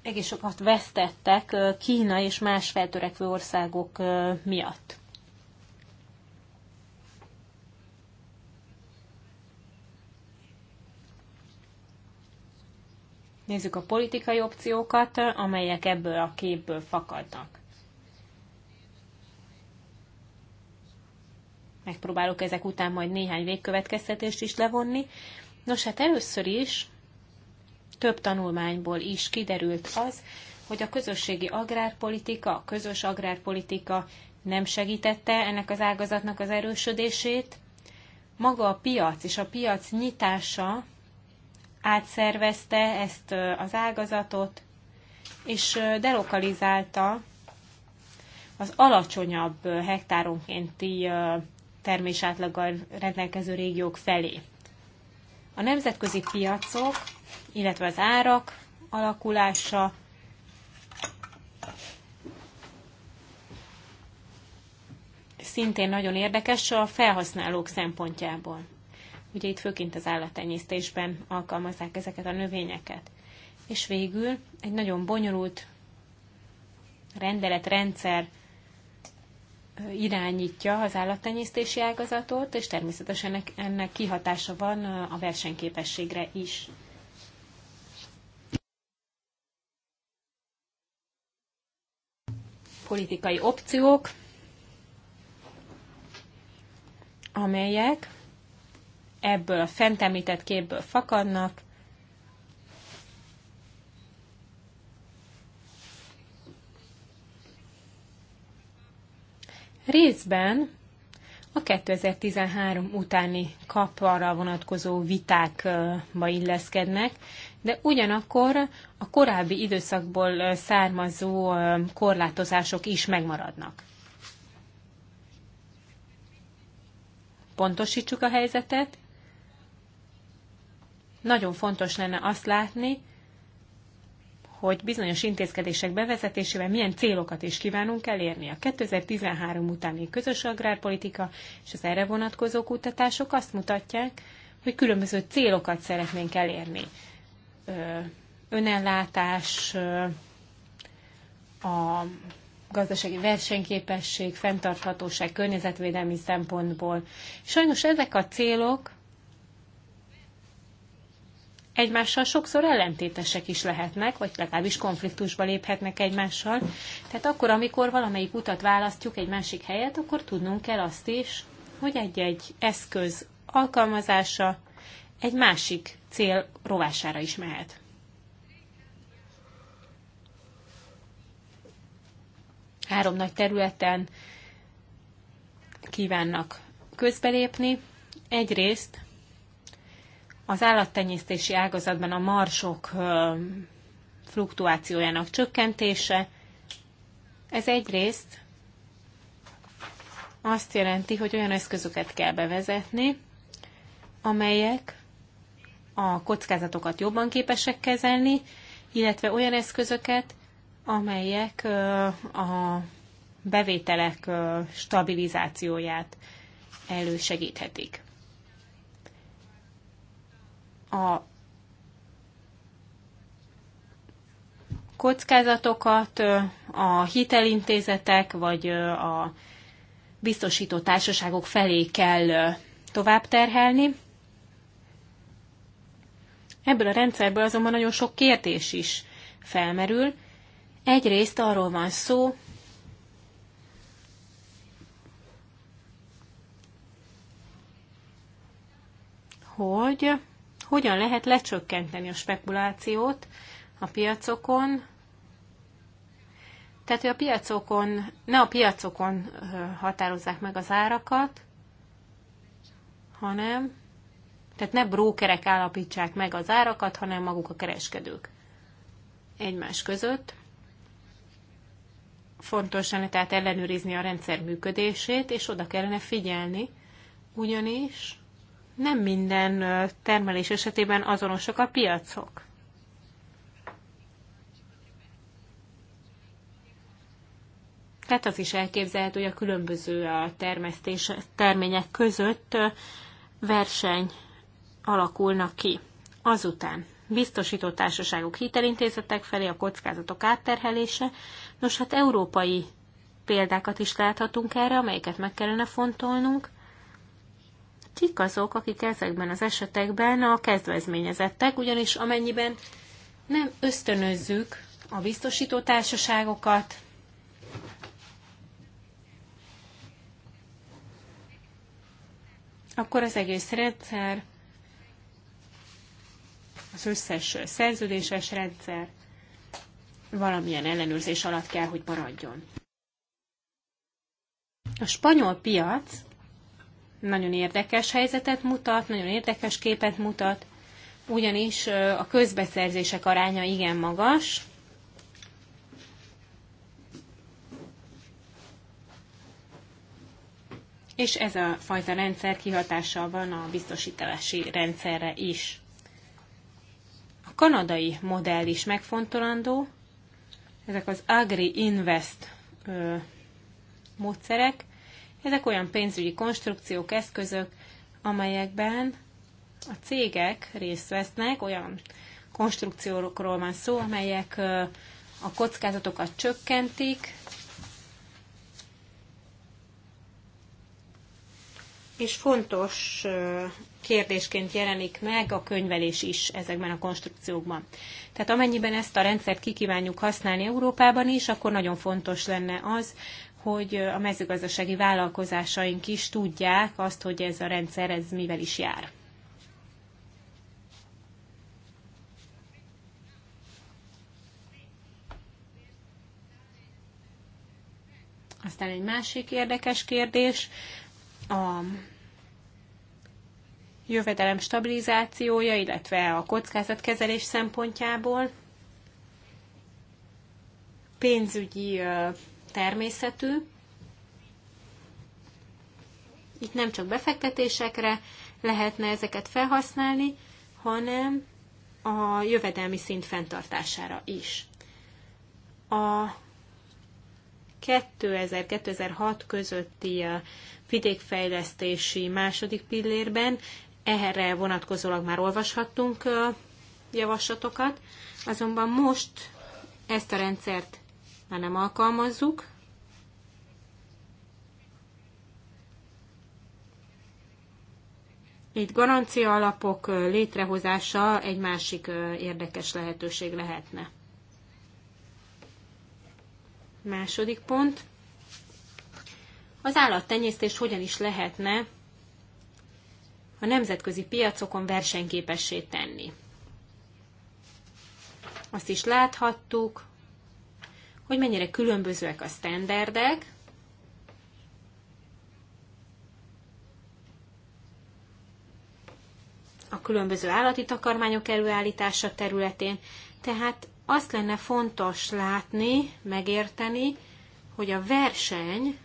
egész sokat vesztettek Kína és más feltörekvő országok miatt. Nézzük a politikai opciókat, amelyek ebből a képből fakadnak. Megpróbálok ezek után majd néhány végkövetkeztetést is levonni. Nos, hát először is több tanulmányból is kiderült az, hogy a közösségi agrárpolitika, a közös agrárpolitika nem segítette ennek az ágazatnak az erősödését. Maga a piac és a piac nyitása átszervezte ezt az ágazatot, és delokalizálta az alacsonyabb hektáronkénti termésátlaggal rendelkező régiók felé. A nemzetközi piacok, illetve az árak alakulása szintén nagyon érdekes a felhasználók szempontjából. Ugye itt főként az állattenyésztésben alkalmazzák ezeket a növényeket. És végül egy nagyon bonyolult rendeletrendszer irányítja az állattenyésztési ágazatot, és természetesen ennek kihatása van a versenyképességre is. Politikai opciók, amelyek ebből a fent említett képből fakadnak, Részben a 2013 utáni kaparra vonatkozó vitákba illeszkednek, de ugyanakkor a korábbi időszakból származó korlátozások is megmaradnak. Pontosítsuk a helyzetet. Nagyon fontos lenne azt látni, hogy bizonyos intézkedések bevezetésével milyen célokat is kívánunk elérni. A 2013 utáni közös agrárpolitika és az erre vonatkozó kutatások azt mutatják, hogy különböző célokat szeretnénk elérni. Önellátás, a gazdasági versenyképesség, fenntarthatóság, környezetvédelmi szempontból. Sajnos ezek a célok egymással sokszor ellentétesek is lehetnek, vagy legalábbis konfliktusba léphetnek egymással. Tehát akkor, amikor valamelyik utat választjuk egy másik helyet, akkor tudnunk kell azt is, hogy egy-egy eszköz alkalmazása egy másik cél rovására is mehet. Három nagy területen kívánnak közbelépni. Egyrészt az állattenyésztési ágazatban a marsok fluktuációjának csökkentése. Ez egyrészt azt jelenti, hogy olyan eszközöket kell bevezetni, amelyek a kockázatokat jobban képesek kezelni, illetve olyan eszközöket, amelyek a bevételek stabilizációját elősegíthetik a kockázatokat a hitelintézetek vagy a biztosító társaságok felé kell tovább terhelni. Ebből a rendszerből azonban nagyon sok kérdés is felmerül. Egyrészt arról van szó, hogy hogyan lehet lecsökkenteni a spekulációt a piacokon, tehát, hogy a piacokon, ne a piacokon határozzák meg az árakat, hanem, tehát ne brókerek állapítsák meg az árakat, hanem maguk a kereskedők egymás között. Fontos lenne tehát ellenőrizni a rendszer működését, és oda kellene figyelni, ugyanis nem minden termelés esetében azonosak a piacok. Tehát az is elképzelhető, hogy a különböző a termesztés termények között verseny alakulnak ki. Azután biztosító társaságok hitelintézetek felé a kockázatok átterhelése. Nos, hát európai példákat is láthatunk erre, amelyeket meg kellene fontolnunk kik azok, akik ezekben az esetekben a kezdvezményezettek, ugyanis amennyiben nem ösztönözzük a biztosító társaságokat, akkor az egész rendszer, az összes szerződéses rendszer valamilyen ellenőrzés alatt kell, hogy maradjon. A spanyol piac nagyon érdekes helyzetet mutat, nagyon érdekes képet mutat, ugyanis a közbeszerzések aránya igen magas. És ez a fajta rendszer kihatással van a biztosítási rendszerre is. A kanadai modell is megfontolandó. Ezek az Agri Invest ö, módszerek, ezek olyan pénzügyi konstrukciók, eszközök, amelyekben a cégek részt vesznek, olyan konstrukciókról van szó, amelyek a kockázatokat csökkentik, és fontos kérdésként jelenik meg a könyvelés is ezekben a konstrukciókban. Tehát amennyiben ezt a rendszert kikívánjuk használni Európában is, akkor nagyon fontos lenne az, hogy a mezőgazdasági vállalkozásaink is tudják azt, hogy ez a rendszer ez mivel is jár. Aztán egy másik érdekes kérdés, a jövedelem stabilizációja, illetve a kockázatkezelés szempontjából pénzügyi természetű. Itt nem csak befektetésekre lehetne ezeket felhasználni, hanem a jövedelmi szint fenntartására is. A 2000-2006 közötti uh, vidékfejlesztési második pillérben erre vonatkozólag már olvashattunk uh, javaslatokat, azonban most ezt a rendszert már nem alkalmazzuk. Itt garancia alapok létrehozása egy másik érdekes lehetőség lehetne. Második pont. Az állattenyésztés hogyan is lehetne a nemzetközi piacokon versenyképessé tenni. Azt is láthattuk, hogy mennyire különbözőek a sztenderdek, a különböző állati takarmányok előállítása területén. Tehát azt lenne fontos látni, megérteni, hogy a verseny,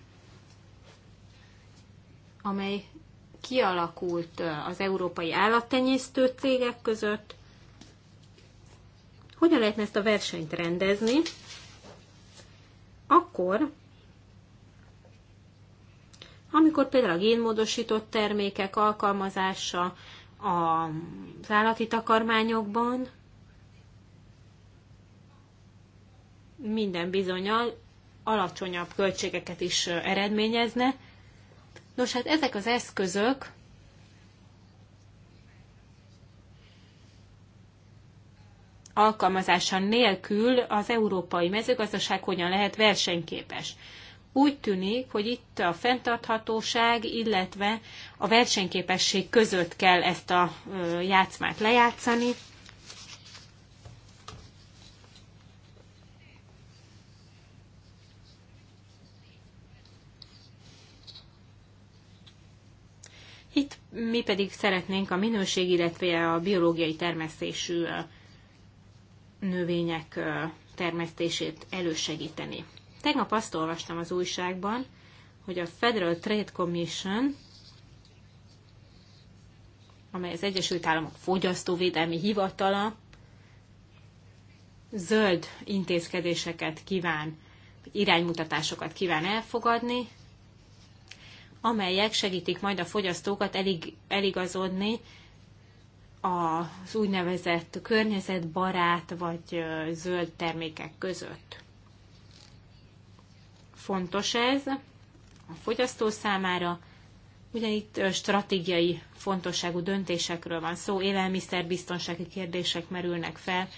amely kialakult az európai állattenyésztő cégek között, hogyan lehetne ezt a versenyt rendezni, akkor, amikor például a génmódosított termékek alkalmazása az állati takarmányokban minden bizonyal alacsonyabb költségeket is eredményezne. Nos, hát ezek az eszközök alkalmazása nélkül az európai mezőgazdaság hogyan lehet versenyképes. Úgy tűnik, hogy itt a fenntarthatóság, illetve a versenyképesség között kell ezt a játszmát lejátszani. Itt mi pedig szeretnénk a minőség, illetve a biológiai termesztésű növények termesztését elősegíteni. Tegnap azt olvastam az újságban, hogy a Federal Trade Commission, amely az Egyesült Államok Fogyasztóvédelmi Hivatala, zöld intézkedéseket kíván, iránymutatásokat kíván elfogadni, amelyek segítik majd a fogyasztókat elig, eligazodni az úgynevezett környezetbarát vagy zöld termékek között. Fontos ez a fogyasztó számára, Ugye itt stratégiai fontosságú döntésekről van szó, élelmiszerbiztonsági kérdések merülnek fel,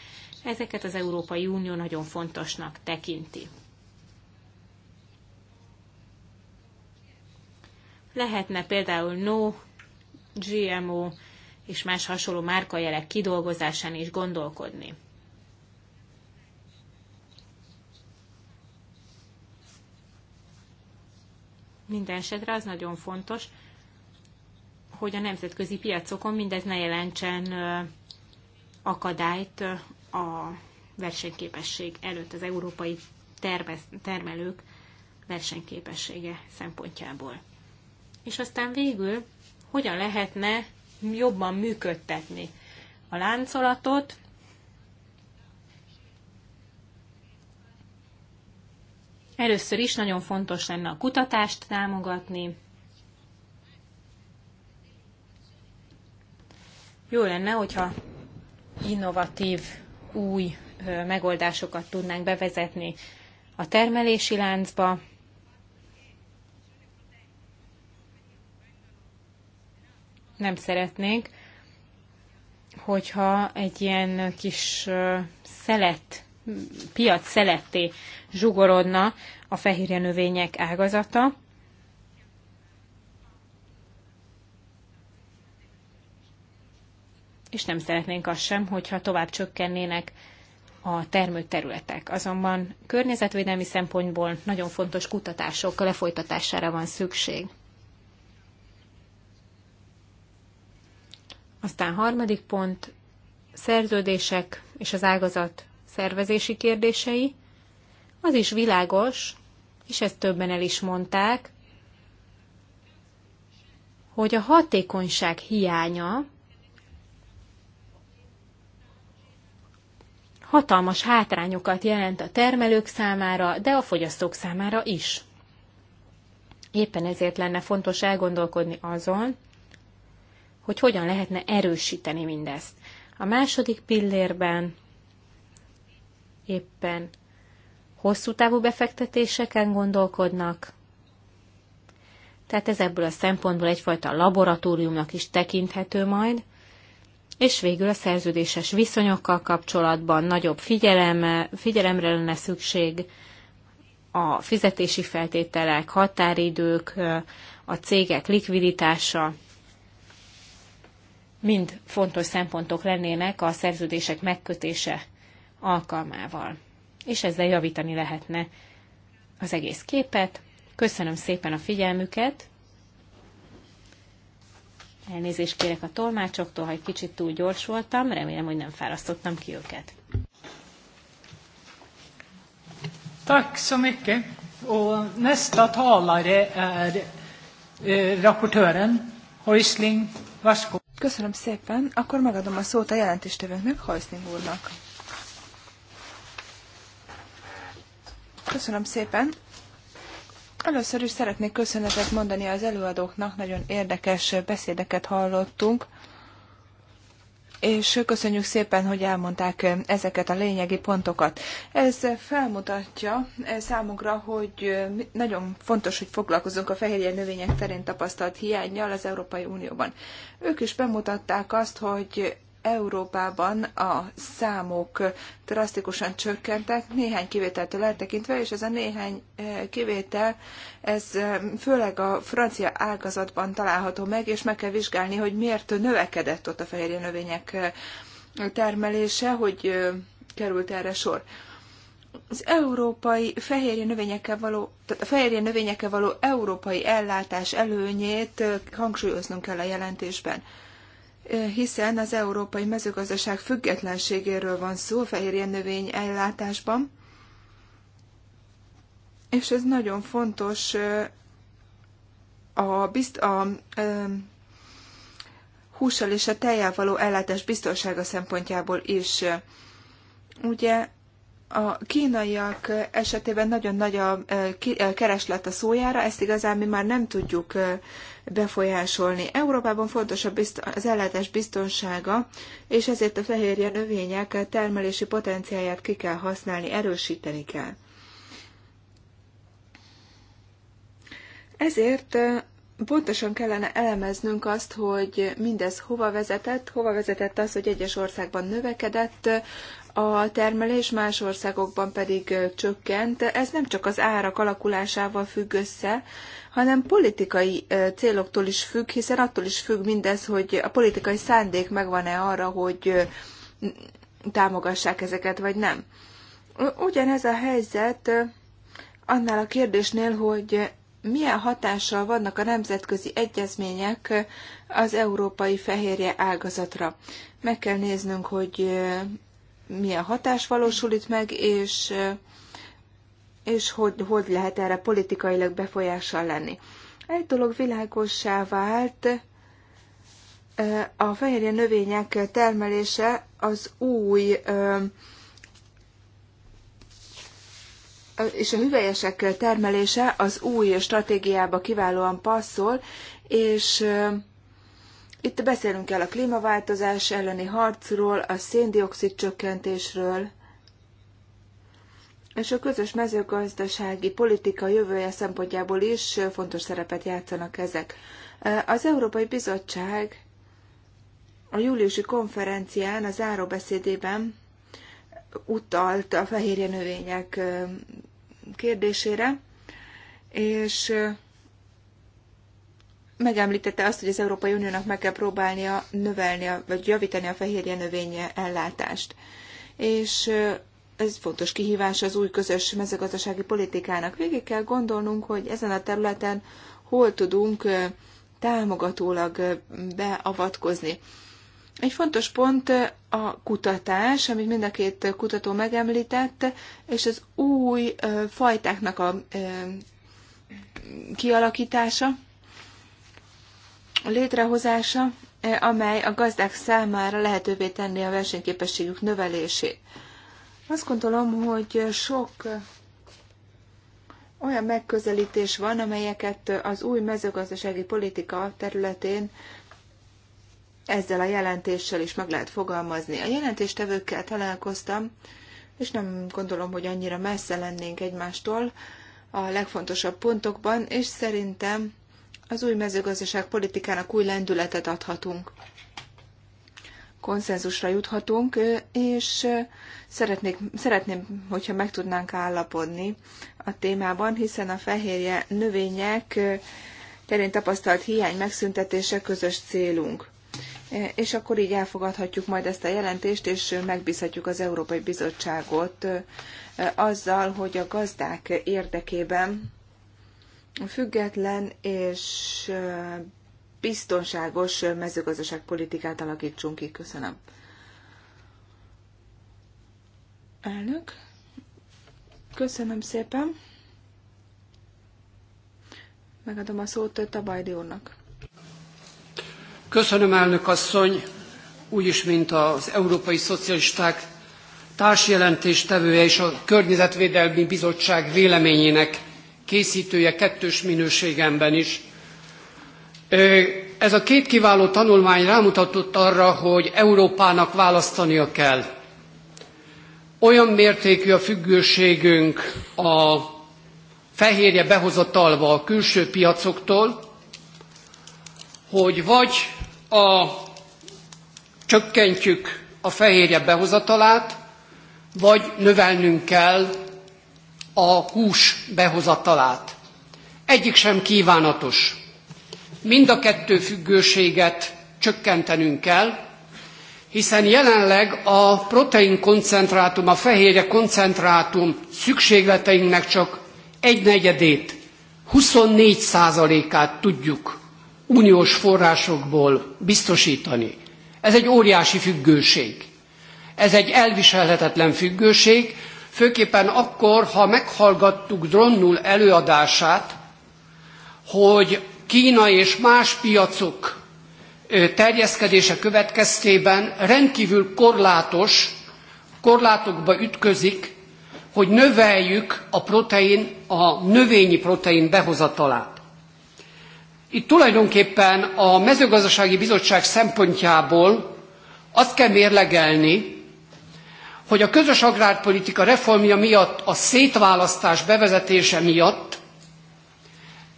ezeket az Európai Unió nagyon fontosnak tekinti. Lehetne például no GMO és más hasonló márkajelek kidolgozásán is gondolkodni. Minden esetre az nagyon fontos, hogy a nemzetközi piacokon mindez ne jelentsen akadályt a versenyképesség előtt az európai termelők versenyképessége szempontjából. És aztán végül hogyan lehetne jobban működtetni a láncolatot, Először is nagyon fontos lenne a kutatást támogatni. Jó lenne, hogyha innovatív, új megoldásokat tudnánk bevezetni a termelési láncba, nem szeretnénk, hogyha egy ilyen kis szelet, piac szeletté zsugorodna a fehérje növények ágazata. És nem szeretnénk azt sem, hogyha tovább csökkennének a termő területek. Azonban környezetvédelmi szempontból nagyon fontos kutatások lefolytatására van szükség. Aztán harmadik pont, szerződések és az ágazat szervezési kérdései. Az is világos, és ezt többen el is mondták, hogy a hatékonyság hiánya hatalmas hátrányokat jelent a termelők számára, de a fogyasztók számára is. Éppen ezért lenne fontos elgondolkodni azon, hogy hogyan lehetne erősíteni mindezt. A második pillérben éppen hosszú távú befektetéseken gondolkodnak, tehát ez ebből a szempontból egyfajta laboratóriumnak is tekinthető majd, és végül a szerződéses viszonyokkal kapcsolatban nagyobb figyelme figyelemre lenne szükség a fizetési feltételek, határidők, a cégek likviditása, mind fontos szempontok lennének a szerződések megkötése alkalmával. És ezzel javítani lehetne az egész képet. Köszönöm szépen a figyelmüket. Elnézést kérek a tolmácsoktól, ha egy kicsit túl gyors voltam, remélem, hogy nem fárasztottam ki őket.
Tack så mycket. Och nästa talare är eh, rapportören Häusling.
Varsågod. Köszönöm szépen. Akkor megadom a szót a jelentéstevőnknek, Hajszning úrnak. Köszönöm szépen. Először is szeretnék köszönetet mondani az előadóknak, nagyon érdekes beszédeket hallottunk és köszönjük szépen, hogy elmondták ezeket a lényegi pontokat. Ez felmutatja eh, számunkra, hogy eh, nagyon fontos, hogy foglalkozunk a fehérje növények terén tapasztalt hiányjal az Európai Unióban. Ők is bemutatták azt, hogy Európában a számok drasztikusan csökkentek, néhány kivételtől eltekintve, és ez a néhány eh, kivétel, ez eh, főleg a francia ágazatban található meg, és meg kell vizsgálni, hogy miért növekedett ott a fehérje növények eh, termelése, hogy került erre sor az európai fehérje növényekkel való, tehát a fehérje növényekkel való európai ellátás előnyét hangsúlyoznunk kell a jelentésben hiszen az európai mezőgazdaság függetlenségéről van szó a fehérje növény ellátásban, és ez nagyon fontos a, bizt, a, a hússal és a tejjel való ellátás biztonsága szempontjából is. Ugye a kínaiak esetében nagyon nagy a e, e, kereslet a szójára, ezt igazán mi már nem tudjuk e, befolyásolni. Európában fontos az ellátás biztonsága, és ezért a fehérje növények termelési potenciáját ki kell használni, erősíteni kell. Ezért pontosan kellene elemeznünk azt, hogy mindez hova vezetett, hova vezetett az, hogy egyes országban növekedett a termelés, más országokban pedig csökkent. Ez nem csak az árak alakulásával függ össze, hanem politikai céloktól is függ, hiszen attól is függ mindez, hogy a politikai szándék megvan-e arra, hogy támogassák ezeket, vagy nem. Ugyanez a helyzet annál a kérdésnél, hogy milyen hatással vannak a nemzetközi egyezmények az európai fehérje ágazatra. Meg kell néznünk, hogy milyen hatás valósul itt meg, és, és hogy, hogy lehet erre politikailag befolyással lenni. Egy dolog világossá vált, a fehérje növények termelése az új és a hüvelyesek termelése az új stratégiába kiválóan passzol, és itt beszélünk kell a klímaváltozás elleni harcról, a széndiokszid csökkentésről, és a közös mezőgazdasági politika jövője szempontjából is fontos szerepet játszanak ezek. Az Európai Bizottság a júliusi konferencián a záróbeszédében utalt a fehérje növények kérdésére, és megemlítette azt, hogy az Európai Uniónak meg kell próbálnia növelni, vagy javítani a fehérje növénye ellátást. És ez fontos kihívás az új közös mezőgazdasági politikának. Végig kell gondolnunk, hogy ezen a területen hol tudunk támogatólag beavatkozni. Egy fontos pont a kutatás, amit mind a két kutató megemlített, és az új fajtáknak a kialakítása létrehozása, eh, amely a gazdák számára lehetővé tenni a versenyképességük növelését. Azt gondolom, hogy sok eh, olyan megközelítés van, amelyeket az új mezőgazdasági politika területén ezzel a jelentéssel is meg lehet fogalmazni. A jelentéstevőkkel találkoztam, és nem gondolom, hogy annyira messze lennénk egymástól a legfontosabb pontokban, és szerintem az új mezőgazdaság politikának új lendületet adhatunk. Konszenzusra juthatunk, és szeretnék, szeretném, hogyha meg tudnánk állapodni a témában, hiszen a fehérje növények terén tapasztalt hiány megszüntetése közös célunk. És akkor így elfogadhatjuk majd ezt a jelentést, és megbízhatjuk az Európai Bizottságot azzal, hogy a gazdák érdekében független és biztonságos mezőgazdaságpolitikát alakítsunk ki. Köszönöm. Elnök, köszönöm szépen. Megadom a szót Tabajdi úrnak.
Köszönöm, elnök asszony. Úgyis, mint az Európai Szocialisták társjelentéstevője és a Környezetvédelmi Bizottság véleményének készítője kettős minőségemben is. Ez a két kiváló tanulmány rámutatott arra, hogy Európának választania kell. Olyan mértékű a függőségünk a fehérje behozatalva a külső piacoktól, hogy vagy a, csökkentjük a fehérje behozatalát, vagy növelnünk kell a hús behozatalát. Egyik sem kívánatos. Mind a kettő függőséget csökkentenünk kell, hiszen jelenleg a protein koncentrátum, a fehérje koncentrátum szükségleteinknek csak egy negyedét, 24 százalékát tudjuk uniós forrásokból biztosítani. Ez egy óriási függőség. Ez egy elviselhetetlen függőség, főképpen akkor, ha meghallgattuk Dronnul előadását, hogy Kína és más piacok terjeszkedése következtében rendkívül korlátos, korlátokba ütközik, hogy növeljük a protein, a növényi protein behozatalát. Itt tulajdonképpen a mezőgazdasági bizottság szempontjából azt kell mérlegelni, hogy a közös agrárpolitika reformja miatt, a szétválasztás bevezetése miatt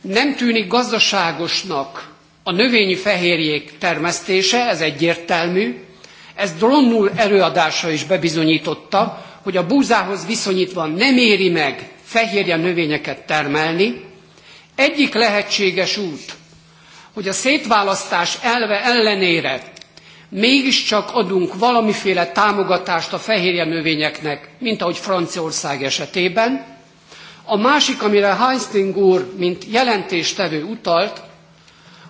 nem tűnik gazdaságosnak a növényi fehérjék termesztése, ez egyértelmű, ez drónul előadása is bebizonyította, hogy a búzához viszonyítva nem éri meg fehérje növényeket termelni. Egyik lehetséges út, hogy a szétválasztás elve ellenére mégiscsak adunk valamiféle támogatást a fehérje növényeknek, mint ahogy Franciaország esetében. A másik, amire Heisling úr, mint jelentéstevő utalt,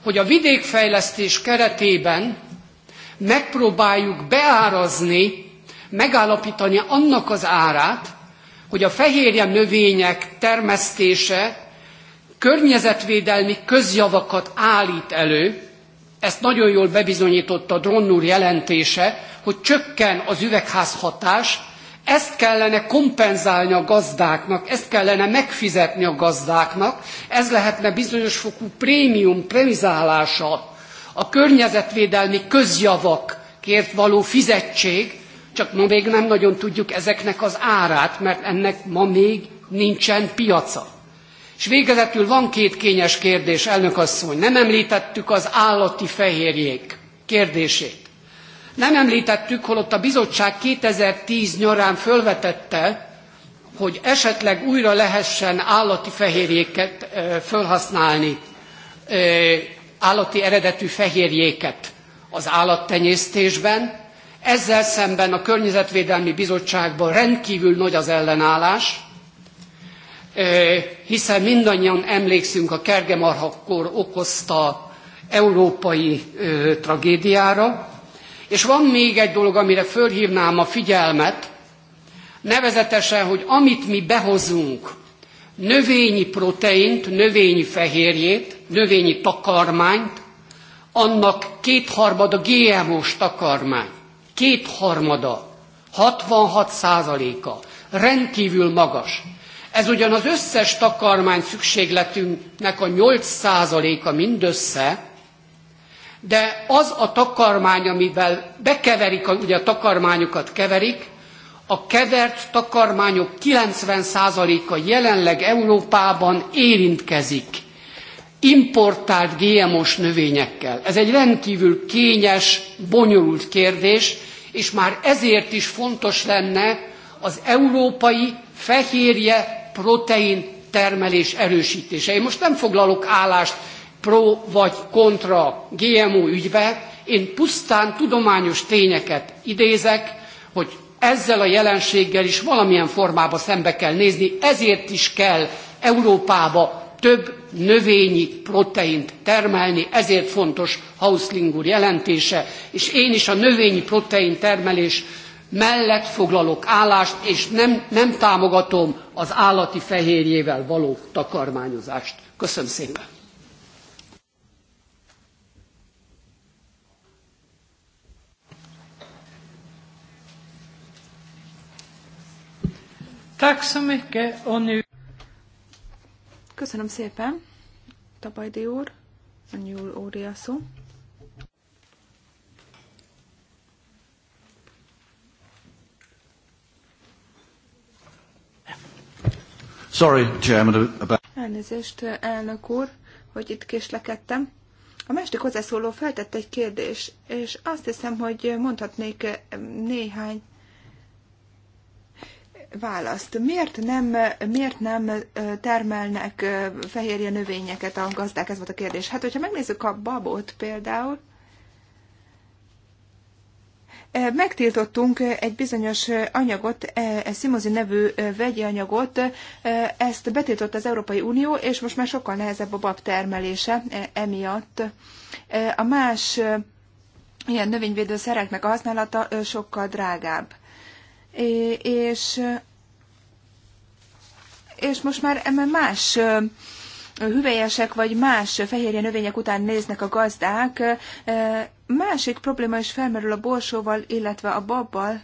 hogy a vidékfejlesztés keretében megpróbáljuk beárazni, megállapítani annak az árát, hogy a fehérje növények termesztése környezetvédelmi közjavakat állít elő, ezt nagyon jól bebizonyította a Dronnur jelentése, hogy csökken az üvegházhatás, ezt kellene kompenzálni a gazdáknak, ezt kellene megfizetni a gazdáknak, ez lehetne bizonyos fokú prémium premizálása, a környezetvédelmi közjavakért való fizetség, csak ma még nem nagyon tudjuk ezeknek az árát, mert ennek ma még nincsen piaca. És végezetül van két kényes kérdés, elnök asszony. Nem említettük az állati fehérjék kérdését. Nem említettük, holott a bizottság 2010 nyarán fölvetette, hogy esetleg újra lehessen állati fehérjéket felhasználni, állati eredetű fehérjéket az állattenyésztésben. Ezzel szemben a Környezetvédelmi Bizottságban rendkívül nagy az ellenállás, hiszen mindannyian emlékszünk a kergemarhakkor okozta európai tragédiára. És van még egy dolog, amire fölhívnám a figyelmet, nevezetesen, hogy amit mi behozunk, növényi proteint, növényi fehérjét, növényi takarmányt, annak kétharmada GMO-s takarmány. Kétharmada, 66 százaléka, rendkívül magas. Ez ugyan az összes takarmány szükségletünknek a 8%-a mindössze, de az a takarmány, amivel bekeverik, ugye a takarmányokat keverik, a kevert takarmányok 90%-a jelenleg Európában érintkezik importált GMO-s növényekkel. Ez egy rendkívül kényes, bonyolult kérdés, és már ezért is fontos lenne az európai fehérje protein termelés erősítése. Én most nem foglalok állást pro vagy kontra GMO ügybe, én pusztán tudományos tényeket idézek, hogy ezzel a jelenséggel is valamilyen formába szembe kell nézni, ezért is kell Európába több növényi proteint termelni, ezért fontos Hauslingur jelentése, és én is a növényi protein termelés mellett foglalok állást, és nem, nem támogatom az állati fehérjével való takarmányozást. Köszönöm szépen! Köszönöm szépen,
Tabajdi úr, a nyúl óriaszó.
Sorry, Chairman. About...
Elnézést, elnök úr, hogy itt késlekedtem. A másik hozzászóló feltett egy kérdés, és azt hiszem, hogy mondhatnék néhány választ. Miért nem, miért nem termelnek fehérje növényeket a gazdák? Ez volt a kérdés. Hát, hogyha megnézzük a babot például, megtiltottunk egy bizonyos anyagot, szimozi nevű vegyi anyagot, ezt betiltott az Európai Unió, és most már sokkal nehezebb a bab termelése emiatt. A más ilyen növényvédő szereknek a használata sokkal drágább. És és most már más hüvelyesek vagy más fehérje növények után néznek a gazdák. Másik probléma is felmerül a borsóval, illetve a babbal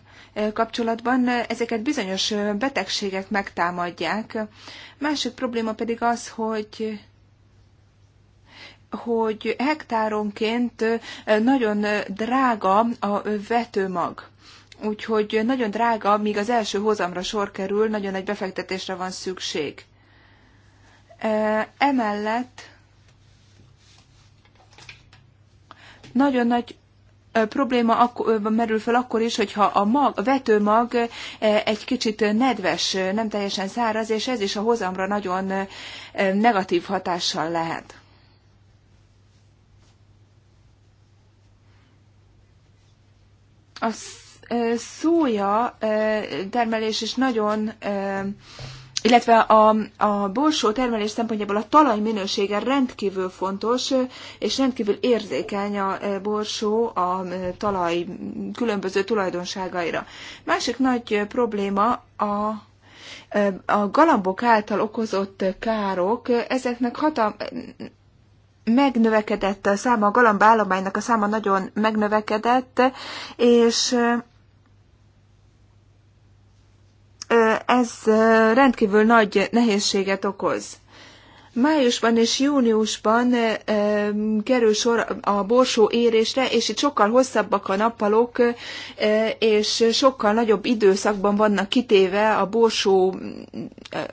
kapcsolatban. Ezeket bizonyos betegségek megtámadják. Másik probléma pedig az, hogy hogy hektáronként nagyon drága a vetőmag. Úgyhogy nagyon drága, míg az első hozamra sor kerül, nagyon nagy befektetésre van szükség. Emellett nagyon nagy probléma akkor, merül fel akkor is, hogyha a, mag, a vetőmag egy kicsit nedves, nem teljesen száraz, és ez is a hozamra nagyon negatív hatással lehet. A szója termelés is nagyon illetve a, a borsó termelés szempontjából a talaj minősége rendkívül fontos, és rendkívül érzékeny a e, borsó a e, talaj különböző tulajdonságaira. Másik nagy e, probléma a a galambok által okozott károk, ezeknek hatal megnövekedett a száma, a galamb állománynak a száma nagyon megnövekedett, és ez rendkívül nagy nehézséget okoz. Májusban és júniusban e, kerül sor a borsó érésre, és itt sokkal hosszabbak a nappalok, e, és sokkal nagyobb időszakban vannak kitéve a borsó, e,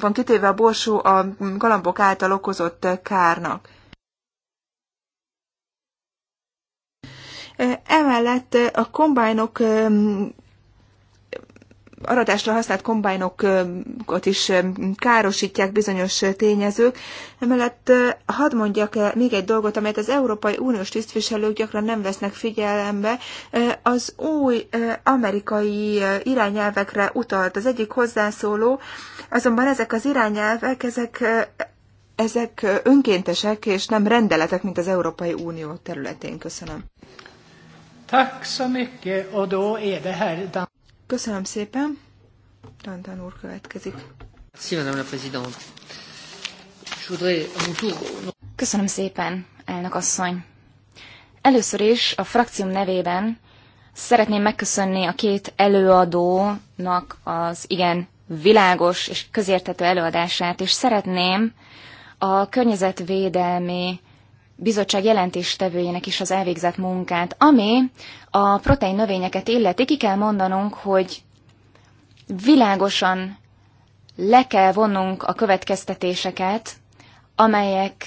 van kitéve a borsó a galambok által okozott kárnak. Emellett a kombájnok aratásra használt kombájnokat is károsítják bizonyos tényezők. Emellett hadd mondjak még egy dolgot, amelyet az Európai Uniós tisztviselők gyakran nem vesznek figyelembe. Az új amerikai irányelvekre utalt az egyik hozzászóló, azonban ezek az irányelvek, ezek ezek önkéntesek és nem rendeletek, mint az Európai Unió területén. Köszönöm.
Tack så mycket och då är det här Köszönöm szépen.
Tantan úr következik.
Köszönöm szépen, elnök asszony. Először is a frakcióm nevében szeretném megköszönni a két előadónak az igen világos és közértető előadását, és szeretném a környezetvédelmi bizottság jelentéstevőjének is az elvégzett munkát. Ami a protein növényeket illeti, ki kell mondanunk, hogy világosan le kell vonnunk a következtetéseket, amelyek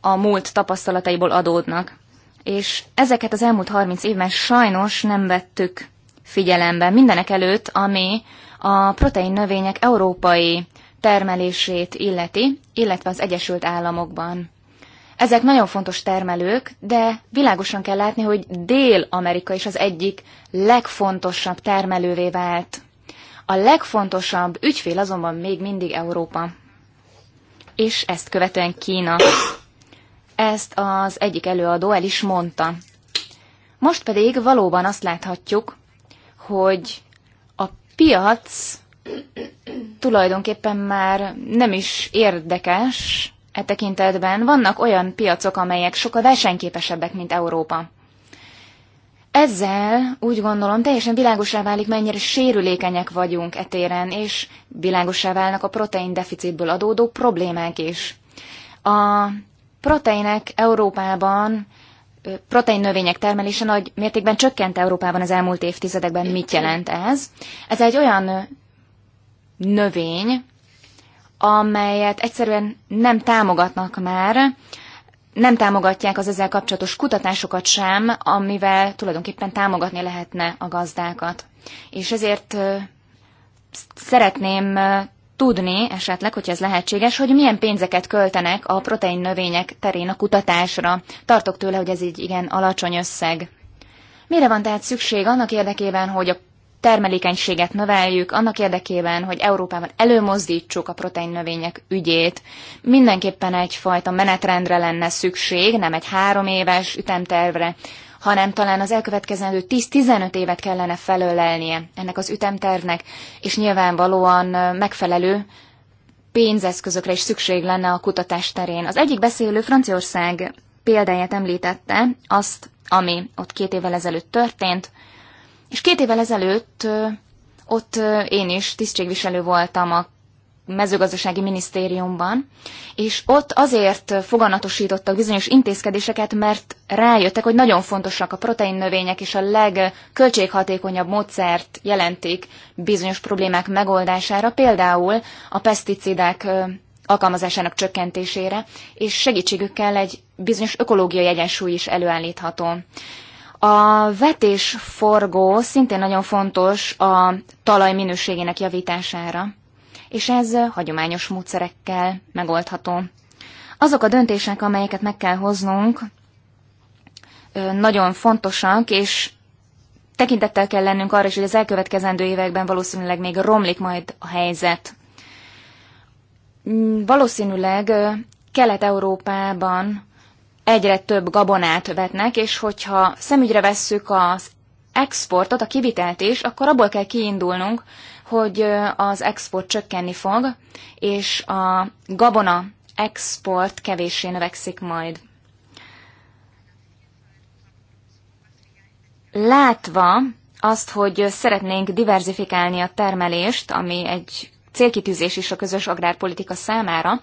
a múlt tapasztalataiból adódnak. És ezeket az elmúlt 30 évben sajnos nem vettük figyelembe. Mindenek előtt, ami a protein növények európai termelését illeti, illetve az Egyesült Államokban ezek nagyon fontos termelők, de világosan kell látni, hogy Dél-Amerika is az egyik legfontosabb termelővé vált. A legfontosabb ügyfél azonban még mindig Európa. És ezt követően Kína. Ezt az egyik előadó el is mondta. Most pedig valóban azt láthatjuk, hogy a piac tulajdonképpen már nem is érdekes, E tekintetben vannak olyan piacok, amelyek sokkal versenyképesebbek, mint Európa. Ezzel úgy gondolom teljesen világosá válik, mennyire sérülékenyek vagyunk etéren, és világosá válnak a protein deficitből adódó problémák is. A proteinek Európában, protein növények termelése nagy mértékben csökkent Európában az elmúlt évtizedekben. Mit jelent ez? Ez egy olyan növény, amelyet egyszerűen nem támogatnak már, nem támogatják az ezzel kapcsolatos kutatásokat sem, amivel tulajdonképpen támogatni lehetne a gazdákat. És ezért szeretném tudni esetleg, hogy ez lehetséges, hogy milyen pénzeket költenek a protein növények terén a kutatásra. Tartok tőle, hogy ez így igen alacsony összeg. Mire van tehát szükség annak érdekében, hogy a termelékenységet növeljük, annak érdekében, hogy Európában előmozdítsuk a protein növények ügyét. Mindenképpen egyfajta menetrendre lenne szükség, nem egy három éves ütemtervre, hanem talán az elkövetkezendő 10-15 évet kellene felölelnie ennek az ütemtervnek, és nyilvánvalóan megfelelő pénzeszközökre is szükség lenne a kutatás terén. Az egyik beszélő Franciaország példáját említette, azt, ami ott két évvel ezelőtt történt, és két évvel ezelőtt ott én is tisztségviselő voltam a mezőgazdasági minisztériumban, és ott azért foganatosítottak bizonyos intézkedéseket, mert rájöttek, hogy nagyon fontosak a protein növények, és a legköltséghatékonyabb módszert jelentik bizonyos problémák megoldására, például a peszticidák alkalmazásának csökkentésére, és segítségükkel egy bizonyos ökológiai egyensúly is előállítható. A vetésforgó szintén nagyon fontos a talaj minőségének javítására, és ez hagyományos módszerekkel megoldható. Azok a döntések, amelyeket meg kell hoznunk, nagyon fontosak, és tekintettel kell lennünk arra is, hogy az elkövetkezendő években valószínűleg még romlik majd a helyzet. Mm, valószínűleg Kelet-Európában egyre több gabonát vetnek, és hogyha szemügyre vesszük az exportot, a kivitelt is, akkor abból kell kiindulnunk, hogy az export csökkenni fog, és a gabona export kevéssé növekszik majd. Látva azt, hogy szeretnénk diversifikálni a termelést, ami egy célkitűzés is a közös agrárpolitika számára,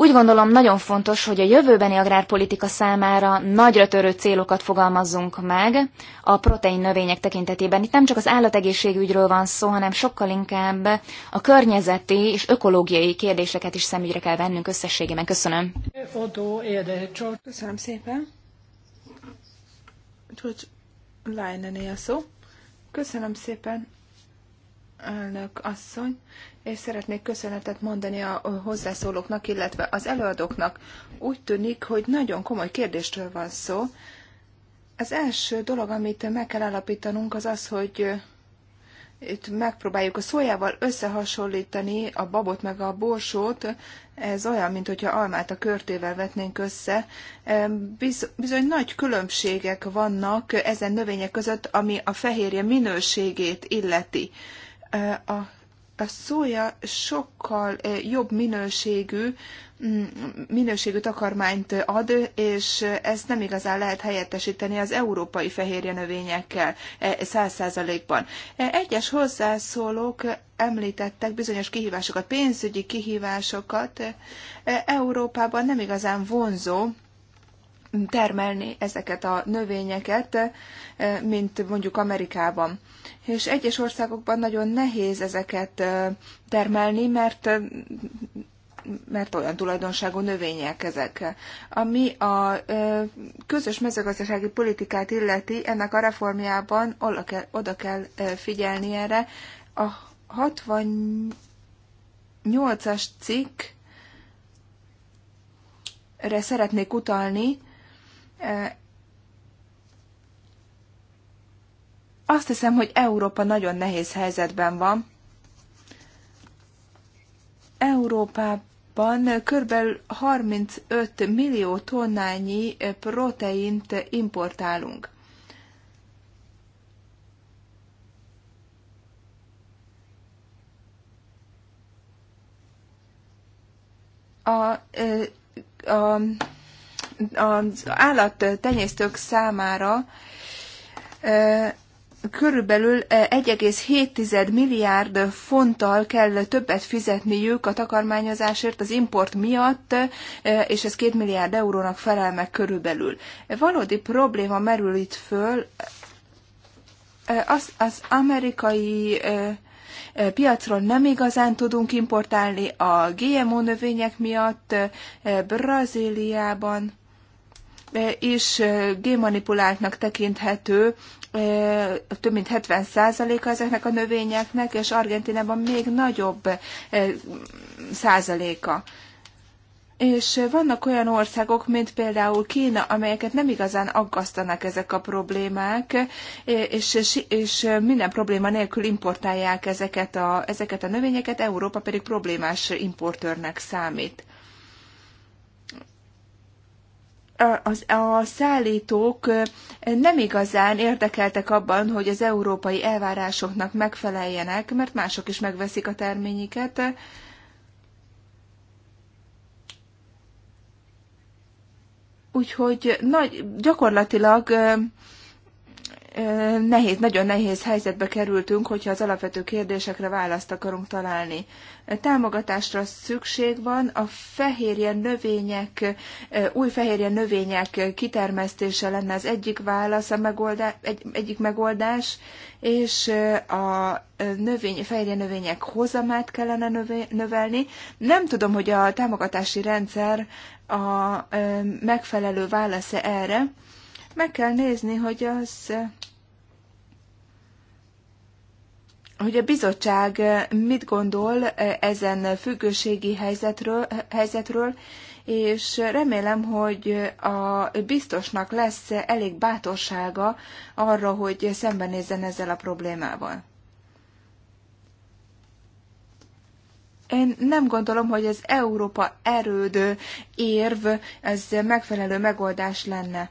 úgy gondolom nagyon fontos, hogy a jövőbeni agrárpolitika számára nagyra törő célokat fogalmazzunk meg a protein növények tekintetében. Itt nem csak az állategészségügyről van szó, hanem sokkal inkább a környezeti és ökológiai kérdéseket is szemügyre kell vennünk összességében. Köszönöm.
Köszönöm szépen. Hogy Lájnené a szó. Köszönöm szépen, elnök asszony és szeretnék köszönetet mondani a hozzászólóknak, illetve az előadóknak. Úgy tűnik, hogy nagyon komoly kérdéstől van szó. Az első dolog, amit meg kell állapítanunk, az az, hogy itt megpróbáljuk a szójával összehasonlítani a babot meg a borsót, ez olyan, mint hogyha almát a körtével vetnénk össze. Bizony nagy különbségek vannak ezen növények között, ami a fehérje minőségét illeti. A a szója sokkal jobb minőségű, mm, minőségű takarmányt ad, és ezt nem igazán lehet helyettesíteni az európai fehérje növényekkel e, száz százalékban. E, egyes hozzászólók említettek bizonyos kihívásokat, pénzügyi kihívásokat. E, Európában nem igazán vonzó termelni ezeket a növényeket, mint mondjuk Amerikában és egyes országokban nagyon nehéz ezeket termelni, mert mert olyan tulajdonságú növények ezek. Ami a közös mezőgazdasági politikát illeti, ennek a reformjában oda kell, oda kell figyelni erre. A 68-as cikkre szeretnék utalni, Azt hiszem, hogy Európa nagyon nehéz helyzetben van. Európában körülbelül 35 millió tonnányi proteint importálunk. a, a, az állattenyésztők számára körülbelül 1,7 eh, milliárd fonttal kell többet fizetniük a takarmányozásért az import miatt, eh, és ez 2 milliárd eurónak felel meg körülbelül. Valódi probléma merül itt föl, eh, az, az amerikai piacról nem igazán tudunk importálni a GMO növények miatt, Brazíliában is génmanipuláltnak tekinthető több mint 70%-a ezeknek a növényeknek, és Argentinában még nagyobb százaléka. És vannak olyan országok, mint például Kína, amelyeket nem igazán aggasztanak ezek a problémák, és, és minden probléma nélkül importálják ezeket a, ezeket a növényeket, Európa pedig problémás importőrnek számít. az a szállítók nem igazán érdekeltek abban, hogy az európai elvárásoknak megfeleljenek, mert mások is megveszik a terményiket. Úgyhogy nagy, gyakorlatilag nehéz, nagyon nehéz helyzetbe kerültünk, hogyha az alapvető kérdésekre választ akarunk találni. Támogatásra szükség van a fehérje növények, új fehérje növények kitermesztése lenne az egyik válasz, a megoldás, egy, egyik megoldás, és a növény, fehérje növények hozamát kellene növelni. Nem tudom, hogy a támogatási rendszer a megfelelő válasz -e erre, meg kell nézni, hogy az hogy a bizottság mit gondol ezen függőségi helyzetről, helyzetről, és remélem, hogy a biztosnak lesz elég bátorsága arra, hogy szembenézzen ezzel a problémával. Én nem gondolom, hogy az Európa erődő érv, ez megfelelő megoldás lenne.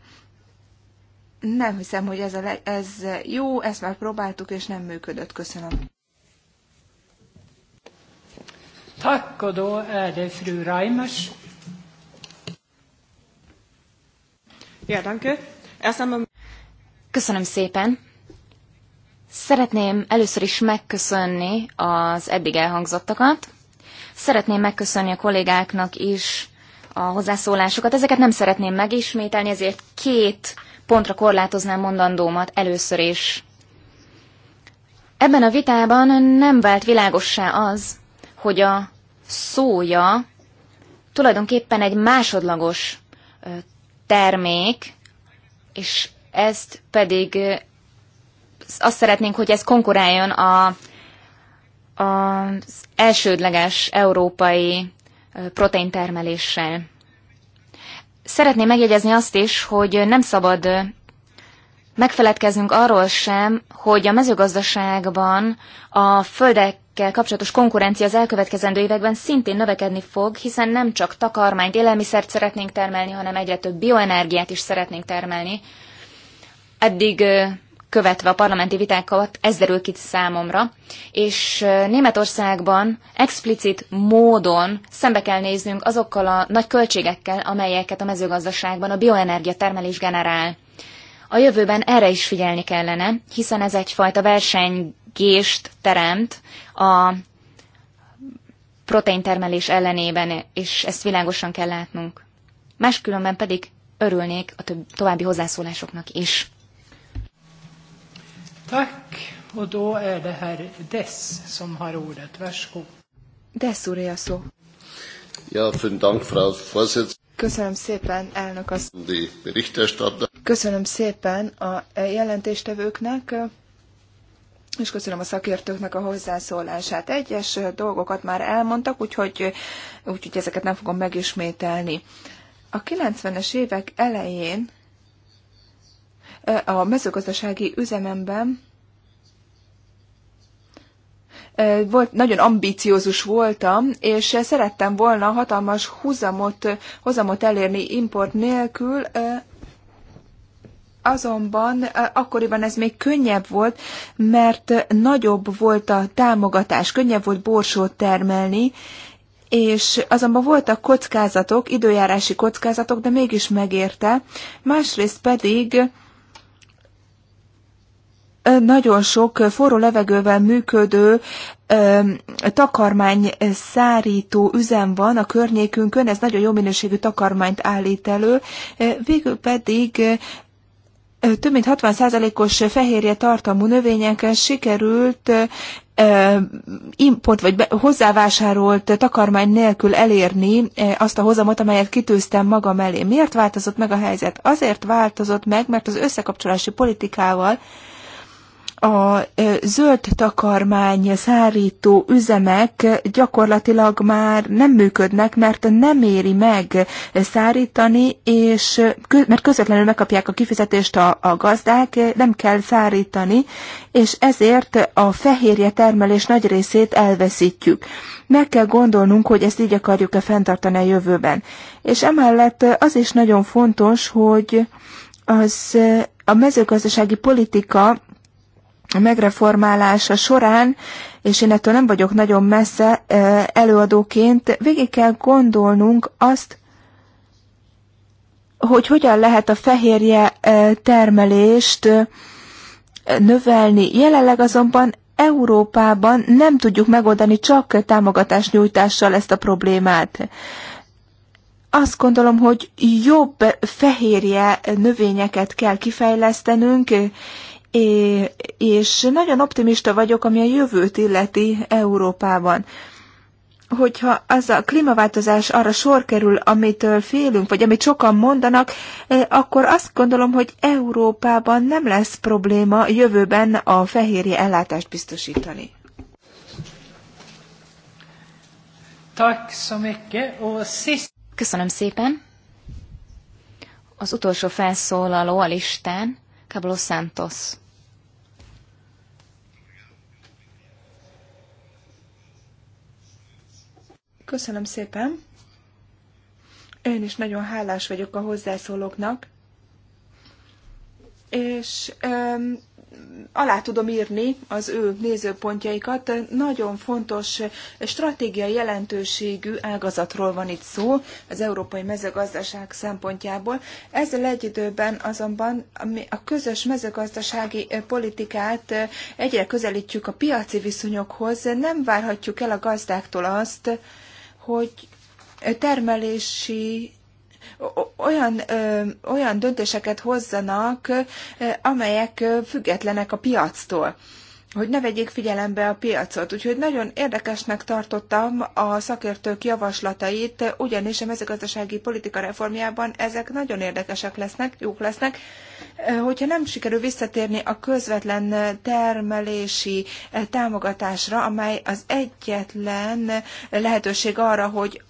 Nem hiszem, hogy ez, a le- ez jó, ezt már próbáltuk, és nem működött. Köszönöm.
Takkodó och då är Ja, danke. Köszönöm
szépen. Szeretném először is megköszönni az eddig elhangzottakat. Szeretném megköszönni a kollégáknak is a hozzászólásokat. Ezeket nem szeretném megismételni, ezért két pontra korlátoznám mondandómat először is. Ebben a vitában nem vált világossá az, hogy a szója tulajdonképpen egy másodlagos termék, és ezt pedig azt szeretnénk, hogy ez konkuráljon a, az elsődleges európai proteintermeléssel. Szeretném megjegyezni azt is, hogy nem szabad megfeledkeznünk arról sem, hogy a mezőgazdaságban a földekkel kapcsolatos konkurencia az elkövetkezendő években szintén növekedni fog, hiszen nem csak takarmányt, élelmiszert szeretnénk termelni, hanem egyre több bioenergiát is szeretnénk termelni. Eddig követve a parlamenti vitákat, ez derül ki számomra, és Németországban explicit módon szembe kell néznünk azokkal a nagy költségekkel, amelyeket a mezőgazdaságban a bioenergia termelés generál. A jövőben erre is figyelni kellene, hiszen ez egyfajta versenygést teremt a proteintermelés ellenében, és ezt világosan kell látnunk. Máskülönben pedig örülnék a több, további hozzászólásoknak is.
Tack. Och då är det herr Dess som har ordet. Varsågod. Dess úr Ja, vielen Dank, Frau
Köszönöm szépen, elnök az... Köszönöm szépen a jelentéstevőknek, és köszönöm a szakértőknek a hozzászólását. Egyes dolgokat már elmondtak, úgyhogy, úgyhogy ezeket nem fogom megismételni. A 90-es évek elején a mezőgazdasági üzememben volt, nagyon ambíciózus voltam, és szerettem volna hatalmas húzamot, hozamot elérni import nélkül, azonban akkoriban ez még könnyebb volt, mert nagyobb volt a támogatás, könnyebb volt borsót termelni, és azonban voltak kockázatok, időjárási kockázatok, de mégis megérte. Másrészt pedig nagyon sok forró levegővel működő takarmány szárító üzem van a környékünkön, ez nagyon jó minőségű takarmányt állít elő, végül pedig több mint 60%-os fehérje tartalmú növényekkel sikerült import vagy hozzávásárolt takarmány nélkül elérni azt a hozamot, amelyet kitűztem magam elé. Miért változott meg a helyzet? Azért változott meg, mert az összekapcsolási politikával a zöld takarmány szárító üzemek gyakorlatilag már nem működnek, mert nem éri meg szárítani, és mert közvetlenül megkapják a kifizetést a, a gazdák, nem kell szárítani, és ezért a fehérje termelés nagy részét elveszítjük. Meg kell gondolnunk, hogy ezt így akarjuk-e fenntartani a jövőben. És emellett az is nagyon fontos, hogy az a mezőgazdasági politika a megreformálása során, és én ettől nem vagyok nagyon messze előadóként, végig kell gondolnunk azt, hogy hogyan lehet a fehérje termelést növelni. Jelenleg azonban Európában nem tudjuk megoldani csak támogatásnyújtással ezt a problémát. Azt gondolom, hogy jobb fehérje növényeket kell kifejlesztenünk, és nagyon optimista vagyok, ami a jövőt illeti Európában. Hogyha az a klímaváltozás arra sor kerül, amitől félünk, vagy amit sokan mondanak, e, akkor azt gondolom, hogy Európában nem lesz probléma jövőben a fehérje ellátást biztosítani. Köszönöm szépen.
Az utolsó felszólaló a listán, Pablo Santos.
Köszönöm szépen. Én is nagyon hálás vagyok a hozzászólóknak, és alá tudom írni az ő nézőpontjaikat. Nagyon fontos stratégiai jelentőségű ágazatról van itt szó az európai mezőgazdaság szempontjából. Ezzel egy időben azonban a közös mezőgazdasági politikát egyre közelítjük a piaci viszonyokhoz. Nem várhatjuk el a gazdáktól azt, hogy termelési olyan, olyan döntéseket hozzanak, amelyek függetlenek a piactól hogy ne vegyék figyelembe a piacot. Úgyhogy nagyon érdekesnek tartottam a szakértők javaslatait, ugyanis a mezőgazdasági politika reformjában ezek nagyon érdekesek lesznek, jók lesznek, hogyha nem sikerül visszatérni a közvetlen termelési támogatásra, amely az egyetlen lehetőség arra, hogy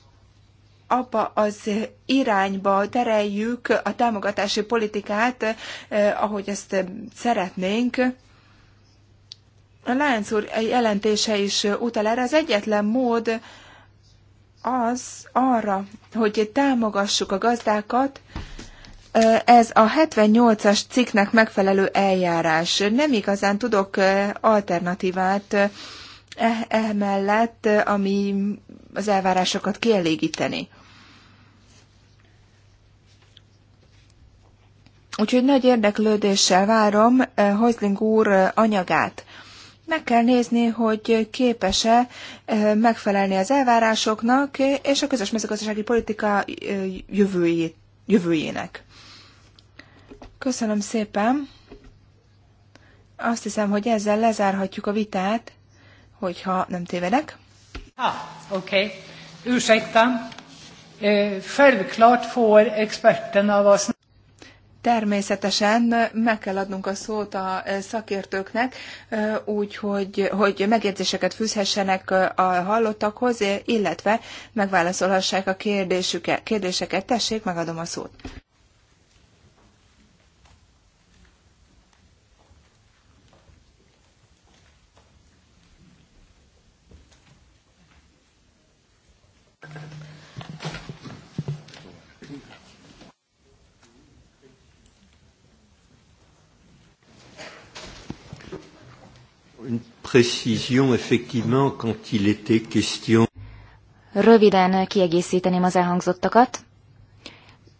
abba az irányba tereljük a támogatási politikát, eh, ahogy ezt szeretnénk. A Lánc úr jelentése is utal erre. Az egyetlen mód az arra, hogy támogassuk a gazdákat, eh, ez a 78-as cikknek megfelelő eljárás. Nem igazán tudok eh, alternatívát emellett, ami az elvárásokat kielégíteni. Úgyhogy nagy érdeklődéssel várom eh, Hozling úr eh, anyagát. Meg kell nézni, hogy képes-e eh, megfelelni az elvárásoknak és a közös mezőgazdasági politika jövőjének. Köszönöm szépen. Azt hiszem, hogy ezzel lezárhatjuk a vitát, hogyha nem tévedek.
Ah, oké. Okay. Ursäkta.
Självklart får experterna vara Természetesen meg kell adnunk a szót a szakértőknek, úgyhogy hogy megjegyzéseket fűzhessenek a hallottakhoz, illetve megválaszolhassák a kérdésüket. kérdéseket. Tessék, megadom a szót.
précision, effectivement, quand il était question.
Röviden kiegészíteném az elhangzottakat.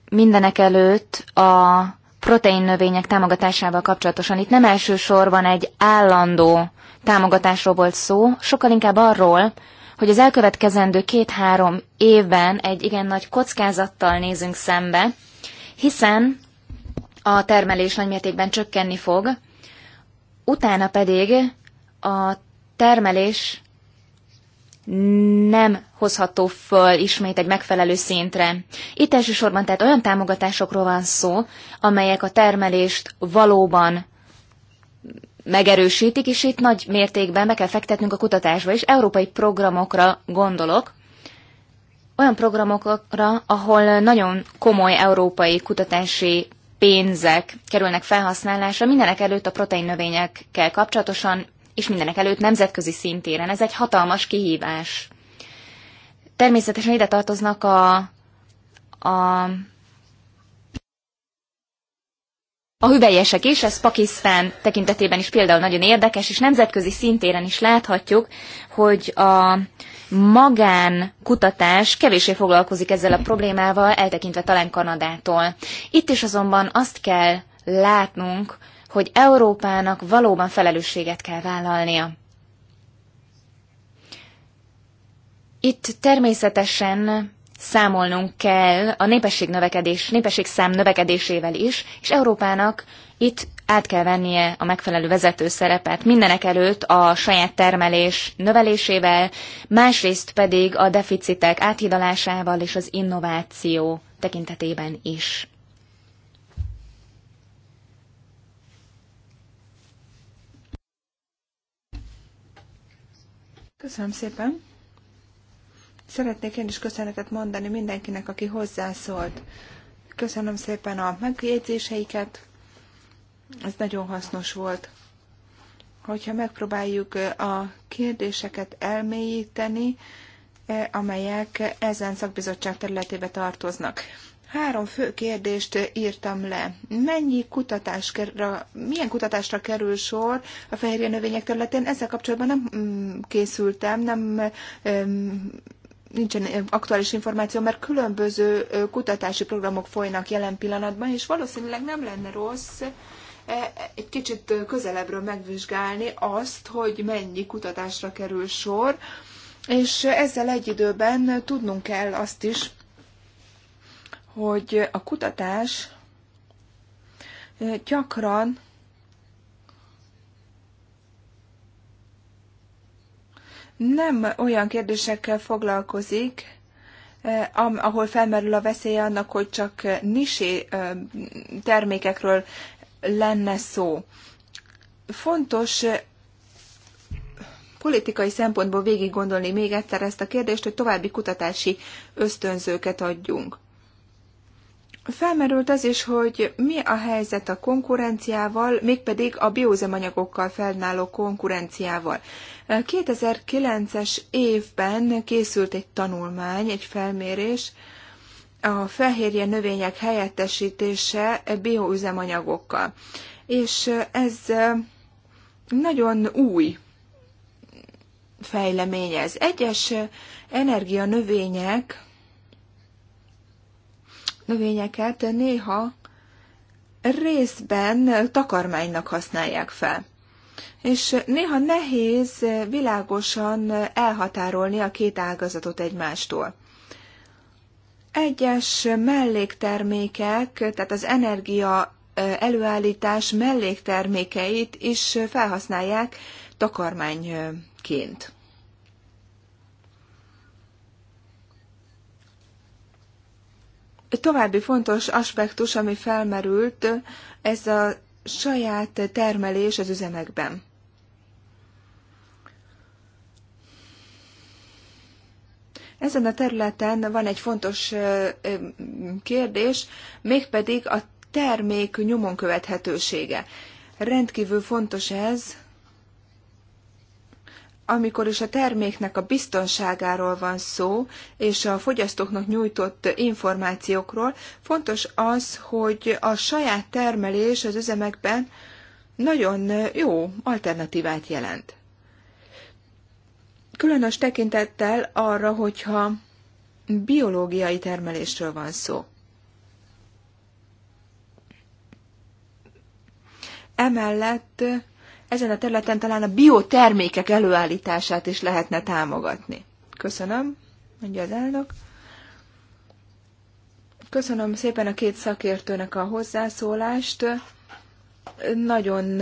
Mindenek előtt a protein növények támogatásával kapcsolatosan itt nem elsősorban egy állandó támogatásról volt szó, sokkal inkább arról, hogy az elkövetkezendő két-három évben egy igen nagy kockázattal nézünk szembe, hiszen a termelés nagymértékben csökkenni fog, utána pedig a termelés nem hozható föl ismét egy megfelelő szintre. Itt elsősorban tehát olyan támogatásokról van szó, amelyek a termelést valóban megerősítik, és itt nagy mértékben be kell fektetnünk a kutatásba is. Európai programokra gondolok, olyan programokra, ahol nagyon komoly európai kutatási pénzek kerülnek felhasználásra, mindenek előtt a proteinnövényekkel kapcsolatosan és mindenek előtt nemzetközi szintéren. Ez egy hatalmas kihívás. Természetesen ide tartoznak a, a a hüvelyesek is, ez Pakisztán tekintetében is például nagyon érdekes, és nemzetközi szintéren is láthatjuk, hogy a magán kutatás kevésé foglalkozik ezzel a problémával, eltekintve talán Kanadától. Itt is azonban azt kell látnunk, hogy Európának valóban felelősséget kell vállalnia. Itt természetesen számolnunk kell a népesség növekedés, népesség szám növekedésével is, és Európának itt át kell vennie a megfelelő vezető szerepet mindenek előtt a saját termelés növelésével, másrészt pedig a deficitek áthidalásával és az innováció tekintetében
is. Köszönöm szépen. Szeretnék én is köszönetet mondani mindenkinek, aki hozzászólt. Köszönöm szépen a megjegyzéseiket. Ez nagyon hasznos volt. Hogyha megpróbáljuk eh, a kérdéseket elmélyíteni, eh, amelyek ezen szakbizottság területébe tartoznak. Három fő kérdést írtam le. Mennyi kutatásra, milyen kutatásra kerül sor a fehérje növények területén? Ezzel kapcsolatban nem mm, készültem, nem nincsen aktuális információ, mert különböző kutatási programok folynak jelen pillanatban, és valószínűleg nem lenne rossz e, egy kicsit közelebbről megvizsgálni azt, hogy mennyi kutatásra kerül sor, és ezzel egy időben tudnunk kell azt is, hogy a kutatás gyakran nem olyan kérdésekkel foglalkozik, ahol felmerül a veszély annak, hogy csak nisé termékekről lenne szó. Fontos politikai szempontból végig gondolni még egyszer ezt a kérdést, hogy további kutatási ösztönzőket adjunk. Felmerült az is, hogy mi a helyzet a konkurenciával, mégpedig a biózemanyagokkal fennálló konkurenciával. 2009-es évben készült egy tanulmány, egy felmérés, a fehérje növények helyettesítése bioüzemanyagokkal. És ez nagyon új fejlemény ez. Egyes energianövények növényeket néha részben takarmánynak használják fel. És néha nehéz világosan elhatárolni a két ágazatot egymástól. Egyes melléktermékek, tehát az energia előállítás melléktermékeit is felhasználják takarmányként. További fontos aspektus, ami felmerült, ez a saját termelés az üzemekben. Ezen a területen van egy fontos kérdés, mégpedig a termék nyomon követhetősége. Rendkívül fontos ez, amikor is a terméknek a biztonságáról van szó, és a fogyasztóknak nyújtott információkról, fontos az, hogy a saját termelés az üzemekben nagyon jó alternatívát jelent. Különös tekintettel arra, hogyha biológiai termelésről van szó. Emellett ezen a területen talán a biotermékek előállítását is lehetne támogatni. Köszönöm, mondja az elnök. Köszönöm szépen a két szakértőnek a hozzászólást. Nagyon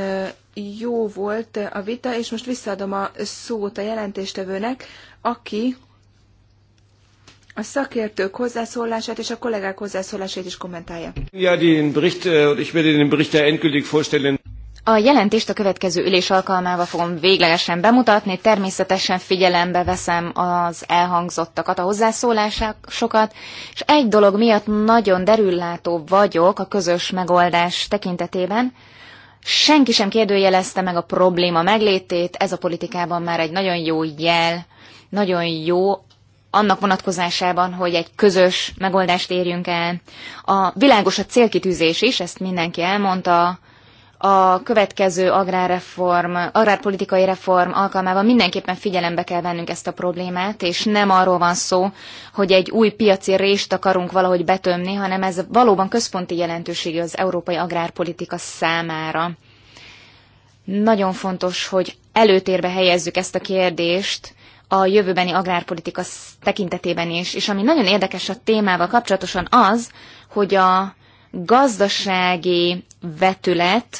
jó volt a vita, és most visszaadom a szót a jelentéstevőnek, aki a szakértők hozzászólását és a kollégák hozzászólását is kommentálja.
Ja, den Bericht, äh, ich werde den Bericht endgültig vorstellen.
A jelentést a következő ülés alkalmával fogom véglegesen bemutatni, természetesen figyelembe veszem az elhangzottakat, a hozzászólásokat, és egy dolog miatt nagyon derüllátó vagyok a közös megoldás tekintetében. Senki sem kérdőjelezte meg a probléma meglétét, ez a politikában már egy nagyon jó jel, nagyon jó annak vonatkozásában, hogy egy közös megoldást érjünk el. A világos a célkitűzés is, ezt mindenki elmondta, a következő agrárreform, agrárpolitikai reform alkalmával mindenképpen figyelembe kell vennünk ezt a problémát, és nem arról van szó, hogy egy új piaci rést akarunk valahogy betömni, hanem ez valóban központi jelentőségű az európai agrárpolitika számára. Nagyon fontos, hogy előtérbe helyezzük ezt a kérdést a jövőbeni agrárpolitika tekintetében is, és ami nagyon érdekes a témával kapcsolatosan az, hogy a gazdasági vetület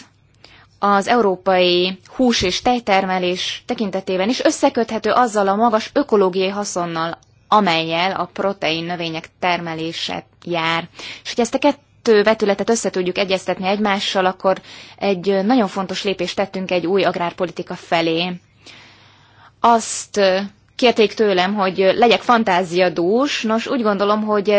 az európai hús- és tejtermelés tekintetében is összeköthető azzal a magas ökológiai haszonnal, amelyel a protein növények termelése jár. És hogy ezt a kettő vetületet össze tudjuk egyeztetni egymással, akkor egy nagyon fontos lépést tettünk egy új agrárpolitika felé. Azt kérték tőlem, hogy legyek fantáziadús. Nos, úgy gondolom, hogy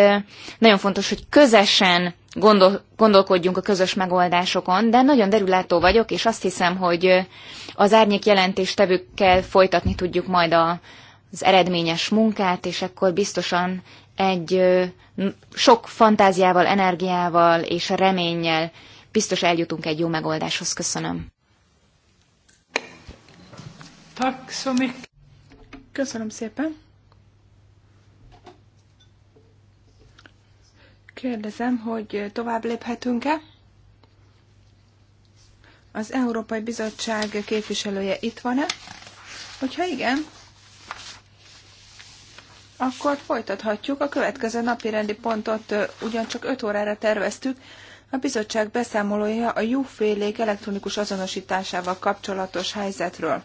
nagyon fontos, hogy közesen gondol, gondolkodjunk a közös megoldásokon, de nagyon derülátó vagyok, és azt hiszem, hogy az árnyék jelentéstevőkkel folytatni tudjuk majd a, az eredményes munkát, és akkor biztosan egy sok fantáziával, energiával és reménnyel biztos eljutunk egy jó megoldáshoz. Köszönöm.
Köszönöm szépen. Kérdezem, hogy tovább léphetünk-e? Az Európai Bizottság képviselője itt van-e? Hogyha igen, akkor folytathatjuk. A következő napi rendi pontot ugyancsak 5 órára terveztük. A bizottság beszámolója a jófélék elektronikus azonosításával kapcsolatos helyzetről.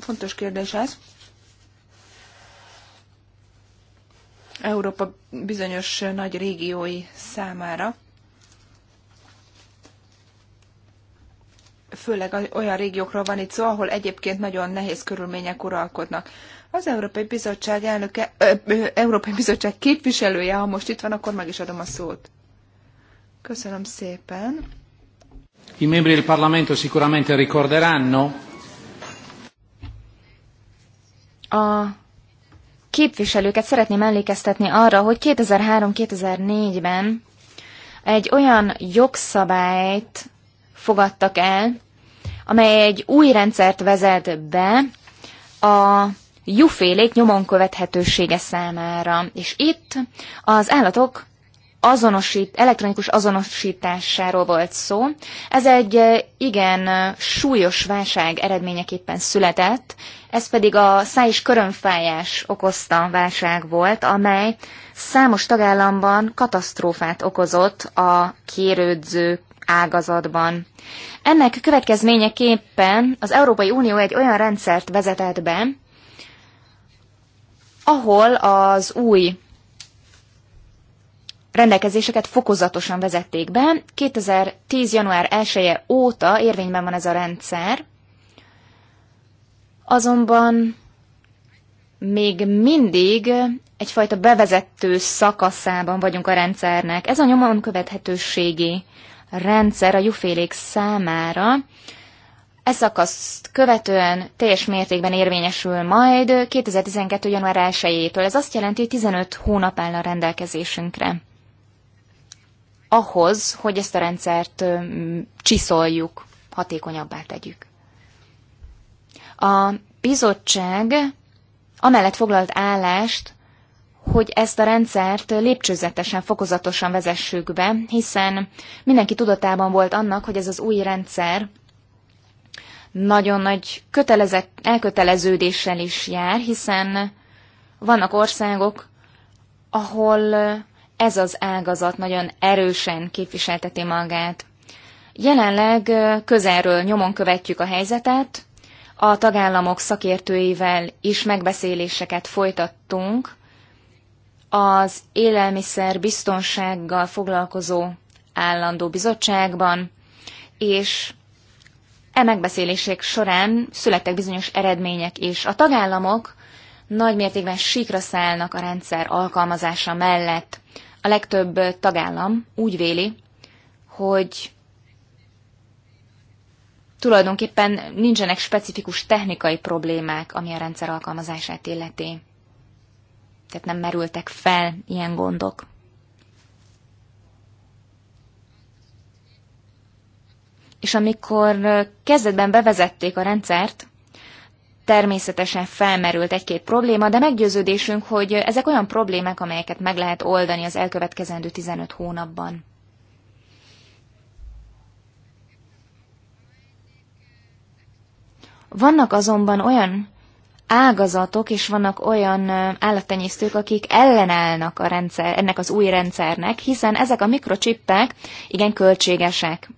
Fontos kérdés ez. Európa bizonyos nagy régiói számára, főleg olyan régiókról van itt szó, ahol egyébként nagyon nehéz körülmények uralkodnak. Az Európai Bizottság elnöke, ö, ö, Európai Bizottság képviselője, ha most itt van, akkor meg is adom a szót. Köszönöm szépen.
I membri del Parlamento sicuramente ricorderanno.
A képviselőket szeretném emlékeztetni arra, hogy 2003-2004-ben egy olyan jogszabályt fogadtak el, amely egy új rendszert vezet be a jufélék nyomon követhetősége számára. És itt az állatok azonosít, elektronikus azonosításáról volt szó. Ez egy eh, igen súlyos válság eredményeképpen született, ez pedig a száj és körönfájás okozta válság volt, amely számos tagállamban katasztrófát okozott a kérődző ágazatban. Ennek következményeképpen az Európai Unió egy olyan rendszert vezetett be, ahol az új rendelkezéseket fokozatosan vezették be. 2010. január 1 -e óta érvényben van ez a rendszer, azonban még mindig egyfajta bevezető szakaszában vagyunk a rendszernek. Ez a nyomon követhetőségi rendszer a jufélék számára. Ez szakaszt követően teljes mértékben érvényesül majd 2012. január 1-től. Ez azt jelenti, hogy 15 hónap áll a rendelkezésünkre ahhoz, hogy ezt a rendszert csiszoljuk, hatékonyabbá tegyük. A bizottság amellett foglalt állást, hogy ezt a rendszert lépcsőzetesen, fokozatosan vezessük be, hiszen mindenki tudatában volt annak, hogy ez az új rendszer nagyon nagy kötelezett, elköteleződéssel is jár, hiszen vannak országok, ahol ez az ágazat nagyon erősen képviselteti magát. Jelenleg közelről nyomon követjük a helyzetet, a tagállamok szakértőivel is megbeszéléseket folytattunk, az élelmiszer biztonsággal foglalkozó állandó bizottságban, és e megbeszélések során születtek bizonyos eredmények is. A tagállamok nagymértékben sikra szállnak a rendszer alkalmazása mellett. A legtöbb tagállam úgy véli, hogy tulajdonképpen nincsenek specifikus technikai problémák, ami a rendszer alkalmazását illeti. Tehát nem merültek fel ilyen gondok. És amikor kezdetben bevezették a rendszert, természetesen felmerült egy-két probléma, de meggyőződésünk, hogy ezek olyan problémák, amelyeket meg lehet oldani az elkövetkezendő 15 hónapban. Vannak azonban olyan ágazatok, és vannak olyan állattenyésztők, akik ellenállnak a rendszer, ennek az új rendszernek, hiszen ezek a mikrocsippek igen költségesek.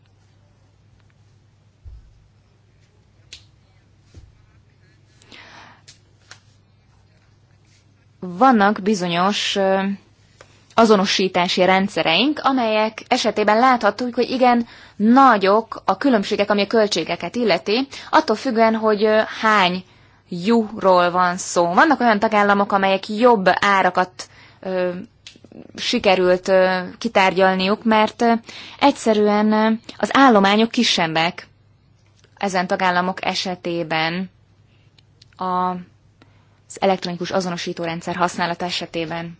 vannak bizonyos azonosítási rendszereink, amelyek esetében láthatjuk, hogy igen, nagyok a különbségek, ami a költségeket illeti, attól függően, hogy hány juhról van szó. Vannak olyan tagállamok, amelyek jobb árakat ö, sikerült ö, kitárgyalniuk, mert ö, egyszerűen ö, az állományok kisebbek ezen tagállamok esetében. A elektronikus azonosítórendszer használata esetében.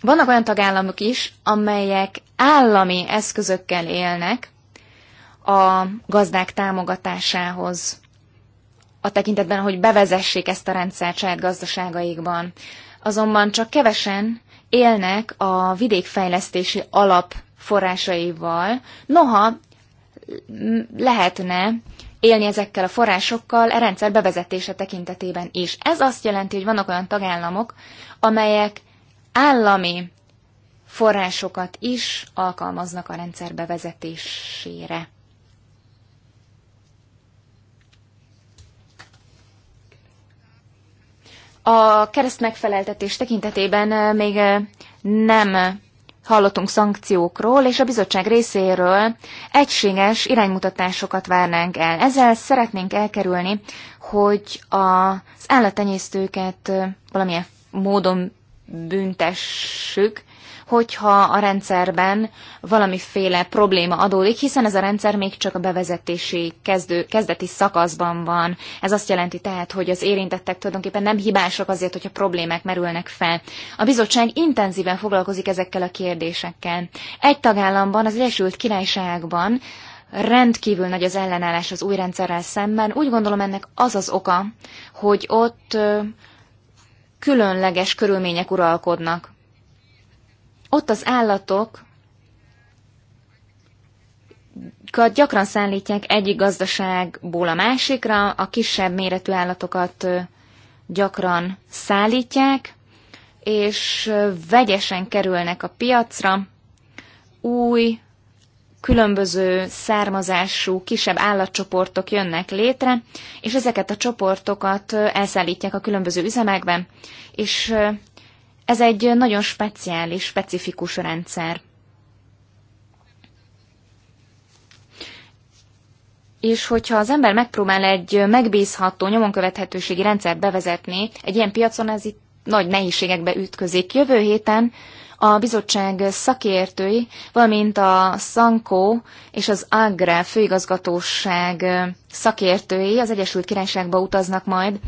Vannak olyan tagállamok is, amelyek állami eszközökkel élnek a gazdák támogatásához, a tekintetben, hogy bevezessék ezt a rendszert saját gazdaságaikban. Azonban csak kevesen élnek a vidékfejlesztési alap forrásaival, noha lehetne élni ezekkel a forrásokkal a e rendszer bevezetése tekintetében is. Ez azt jelenti, hogy vannak olyan tagállamok, amelyek állami forrásokat is alkalmaznak a rendszer bevezetésére. A kereszt megfeleltetés tekintetében eh, még eh, nem hallottunk szankciókról, és a bizottság részéről egységes iránymutatásokat várnánk el. Ezzel szeretnénk elkerülni, hogy az állattenyésztőket valamilyen módon büntessük, hogyha a rendszerben valamiféle probléma adódik, hiszen ez a rendszer még csak a bevezetési kezdő, kezdeti szakaszban van. Ez azt jelenti tehát, hogy az érintettek tulajdonképpen nem hibások azért, hogyha problémák merülnek fel. A bizottság intenzíven foglalkozik ezekkel a kérdésekkel. Egy tagállamban, az Egyesült Királyságban rendkívül nagy az ellenállás az új rendszerrel szemben. Úgy gondolom ennek az az oka, hogy ott különleges körülmények uralkodnak. Ott az állatok gyakran szállítják egyik gazdaságból a másikra, a kisebb méretű állatokat gyakran szállítják, és vegyesen kerülnek a piacra. Új, különböző származású kisebb állatcsoportok jönnek létre, és ezeket a csoportokat elszállítják a különböző üzemekben, és ez egy nagyon speciális, specifikus rendszer. És hogyha az ember megpróbál egy megbízható nyomonkövethetőségi rendszert bevezetni, egy ilyen piacon ez itt nagy nehézségekbe ütközik. Jövő héten a bizottság szakértői, valamint a Szankó és az Agre főigazgatóság szakértői az Egyesült Királyságba utaznak majd,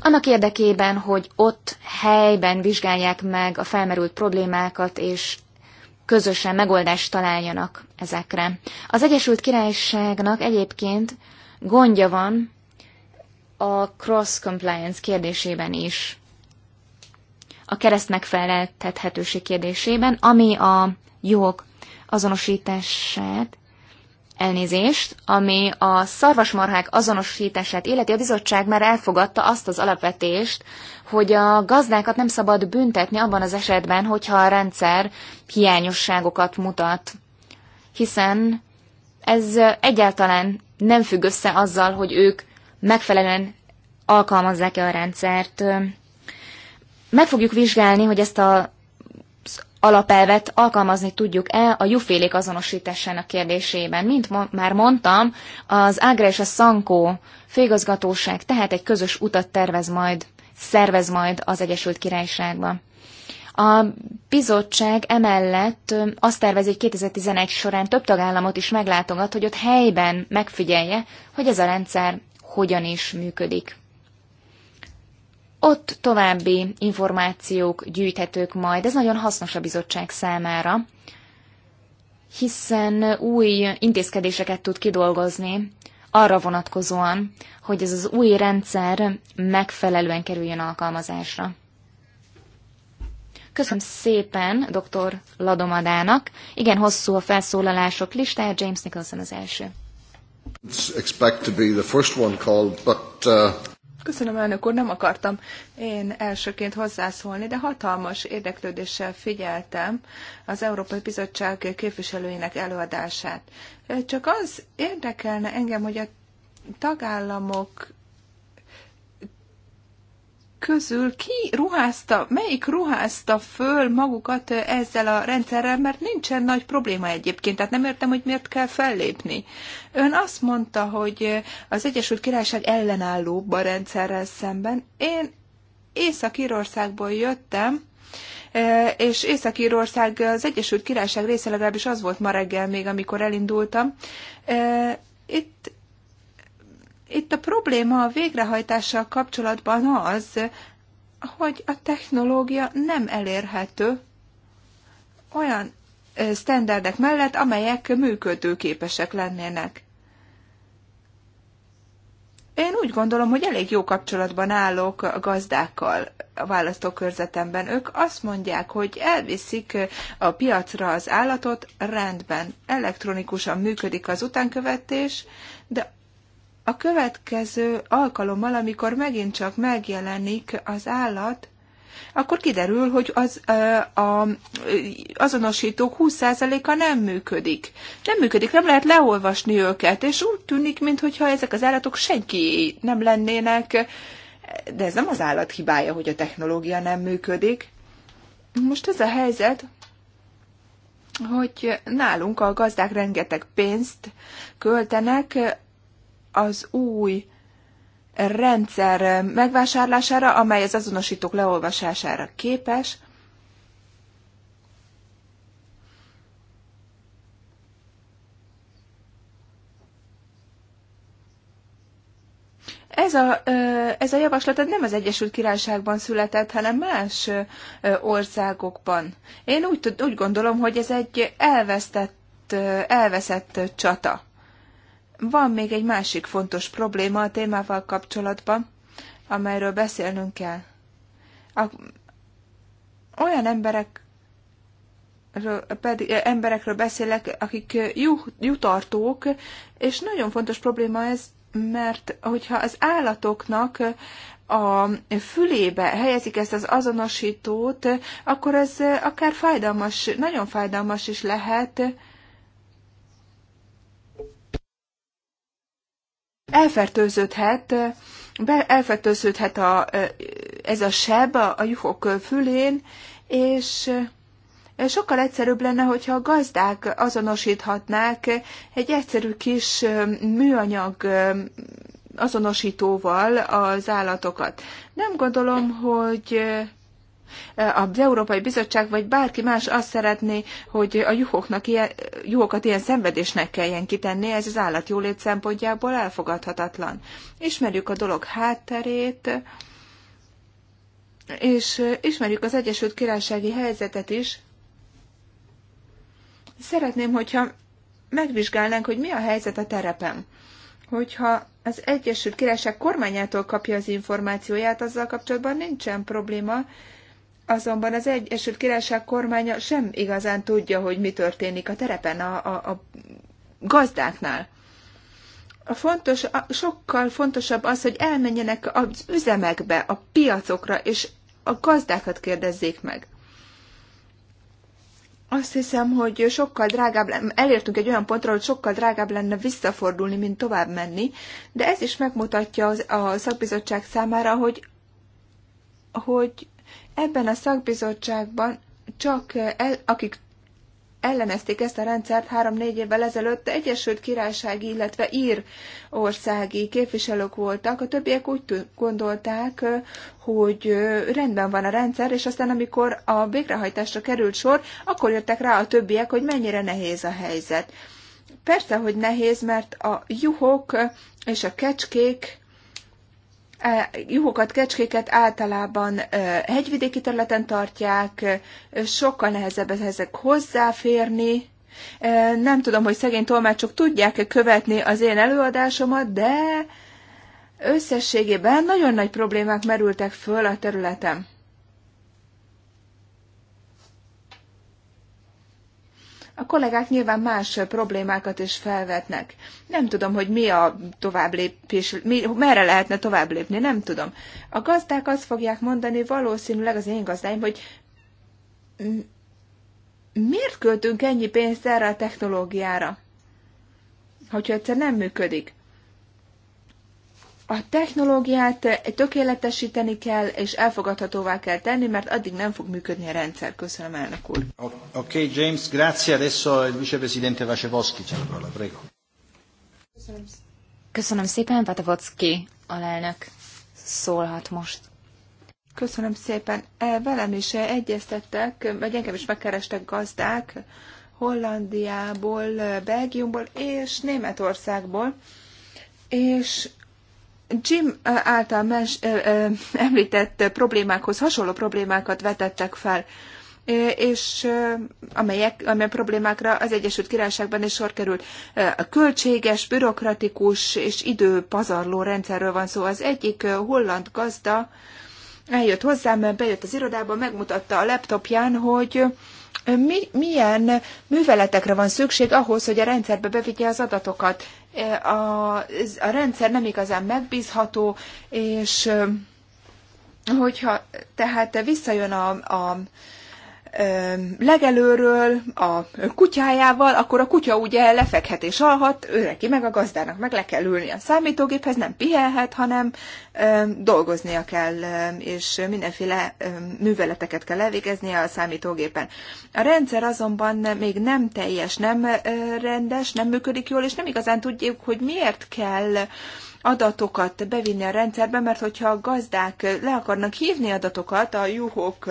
annak érdekében, hogy ott helyben vizsgálják meg a felmerült problémákat, és közösen megoldást találjanak ezekre. Az Egyesült Királyságnak egyébként gondja van a cross-compliance kérdésében is, a kereszt megfeleltethetőség kérdésében, ami a jog azonosítását elnézést, ami a szarvasmarhák azonosítását illeti a bizottság már elfogadta azt az alapvetést, hogy a gazdákat nem szabad büntetni abban az esetben, hogyha a rendszer hiányosságokat mutat. Hiszen ez egyáltalán nem függ össze azzal, hogy ők megfelelően alkalmazzák-e a rendszert. Meg fogjuk vizsgálni, hogy ezt a alapelvet alkalmazni tudjuk-e a jufélék azonosításának kérdésében. Mint mo- már mondtam, az Ágra és a Szankó főigazgatóság tehát egy közös utat tervez majd, szervez majd az Egyesült Királyságba. A bizottság emellett azt tervezi, hogy 2011 során több tagállamot is meglátogat, hogy ott helyben megfigyelje, hogy ez a rendszer hogyan is működik. Ott további információk gyűjthetők majd. Ez nagyon hasznos a bizottság számára, hiszen új intézkedéseket tud kidolgozni arra vonatkozóan, hogy ez az új rendszer megfelelően kerüljön alkalmazásra. Köszönöm szépen dr. Ladomadának. Igen, hosszú a felszólalások listája, James Nicholson az első.
It's expect to be the first one called, but uh...
Köszönöm, elnök úr, nem akartam én elsőként hozzászólni, de hatalmas érdeklődéssel figyeltem az Európai Bizottság képviselőinek előadását. Csak az érdekelne engem, hogy a tagállamok közül ki ruházta, melyik ruházta föl magukat ezzel a rendszerrel, mert nincsen nagy probléma egyébként, tehát nem értem, hogy miért kell fellépni. Ön azt mondta, hogy az Egyesült Királyság ellenállóbb a rendszerrel szemben. Én Észak-Írországból jöttem, e, és Észak-Írország az Egyesült Királyság része legalábbis az volt ma reggel még, amikor elindultam. E, itt itt a probléma a végrehajtással kapcsolatban az, hogy a technológia nem elérhető olyan sztenderdek mellett, amelyek működőképesek lennének. Én úgy gondolom, hogy elég jó kapcsolatban állok a gazdákkal a választókörzetemben. Ők azt mondják, hogy elviszik a piacra az állatot, rendben, elektronikusan működik az utánkövetés, a következő alkalommal, amikor megint csak megjelenik az állat, akkor kiderül, hogy az ö, a, azonosítók 20%-a nem működik. Nem működik, nem lehet leolvasni őket, és úgy tűnik, mintha ezek az állatok senki nem lennének, de ez nem az állat hibája, hogy a technológia nem működik. Most ez a helyzet, hogy nálunk a gazdák rengeteg pénzt költenek az új rendszer megvásárlására, amely az azonosítók leolvasására képes, Ez a, ez a javaslat nem az Egyesült Királyságban született, hanem más országokban. Én úgy, úgy gondolom, hogy ez egy elvesztett, elveszett csata. Van még egy másik fontos probléma a témával kapcsolatban, amelyről beszélnünk kell. A, olyan emberek pedig eh, emberekről beszélek, akik eh, jutartók, és nagyon fontos probléma ez, mert hogyha az állatoknak eh, a fülébe helyezik ezt az azonosítót, akkor ez akár fájdalmas, nagyon fájdalmas is lehet, elfertőződhet, be, elfertőződhet a, ez a seb a, a juhok fülén, és sokkal egyszerűbb lenne, hogyha a gazdák azonosíthatnák egy egyszerű kis műanyag azonosítóval az állatokat. Nem gondolom, hogy Eh, az Európai Bizottság vagy bárki más azt szeretné, hogy a juhoknak ilyen, juhokat ilyen szenvedésnek kelljen kitenni, ez az állatjólét szempontjából elfogadhatatlan. Ismerjük a dolog hátterét, és eh, ismerjük az Egyesült Királysági helyzetet is. Szeretném, hogyha megvizsgálnánk, hogy mi a helyzet a terepen. Hogyha az Egyesült Királyság kormányától kapja az információját, azzal kapcsolatban nincsen probléma, azonban az Egyesült Királyság kormánya sem igazán tudja, hogy mi történik a terepen, a, a, a gazdáknál. A fontos, a, sokkal fontosabb az, hogy elmenjenek az üzemekbe, a piacokra, és a gazdákat kérdezzék meg. Azt hiszem, hogy sokkal drágább lenne, elértünk egy olyan pontra, hogy sokkal drágább lenne visszafordulni, mint tovább menni, de ez is megmutatja az, a szakbizottság számára, hogy, hogy Ebben a szakbizottságban csak el, akik ellenezték ezt a rendszert három-négy évvel ezelőtt, Egyesült Királysági, illetve ír országi képviselők voltak. A többiek úgy gondolták, hogy rendben van a rendszer, és aztán amikor a végrehajtásra került sor, akkor jöttek rá a többiek, hogy mennyire nehéz a helyzet. Persze, hogy nehéz, mert a juhok és a kecskék juhokat, kecskéket általában hegyvidéki területen tartják, sokkal nehezebb ezek hozzáférni. Nem tudom, hogy szegény tolmácsok tudják-e követni az én előadásomat, de összességében nagyon nagy problémák merültek föl a területen. A kollégák nyilván más problémákat is felvetnek. Nem tudom, hogy mi a tovább lépés, mi, merre lehetne tovább lépni, nem tudom. A gazdák azt fogják mondani, valószínűleg az én gazdáim, hogy miért költünk ennyi pénzt erre a technológiára, hogyha egyszer nem működik? A technológiát tökéletesíteni kell, és elfogadhatóvá kell tenni, mert addig nem fog működni a rendszer. Köszönöm, elnök
úr. Oké, okay, James, grazie. Adesso il vicepresidente Vasevoski, ce la prego. Köszönöm.
Köszönöm szépen, Vatavocki alelnök szólhat most. Köszönöm szépen. E, velem is egyeztettek, vagy engem is megkerestek gazdák Hollandiából, Belgiumból és Németországból, és Jim által mes, említett problémákhoz hasonló problémákat vetettek fel, és amelyek, amely problémákra az Egyesült Királyságban is sor került. A költséges, bürokratikus és időpazarló rendszerről van szó. Az egyik holland gazda eljött hozzám, bejött az irodába, megmutatta a laptopján, hogy mi, milyen műveletekre van szükség ahhoz, hogy a rendszerbe bevigye az adatokat a, a rendszer nem igazán megbízható, és hogyha tehát visszajön a, a legelőről a kutyájával, akkor a kutya ugye lefekhet és alhat, ő neki meg a gazdának meg le kell ülni a számítógéphez, nem pihenhet, hanem dolgoznia kell, és mindenféle műveleteket kell elvégeznie a számítógépen. A rendszer azonban még nem teljes, nem rendes, nem működik jól, és nem igazán tudjuk, hogy miért kell adatokat bevinni a rendszerbe, mert hogyha a gazdák le akarnak hívni adatokat a juhok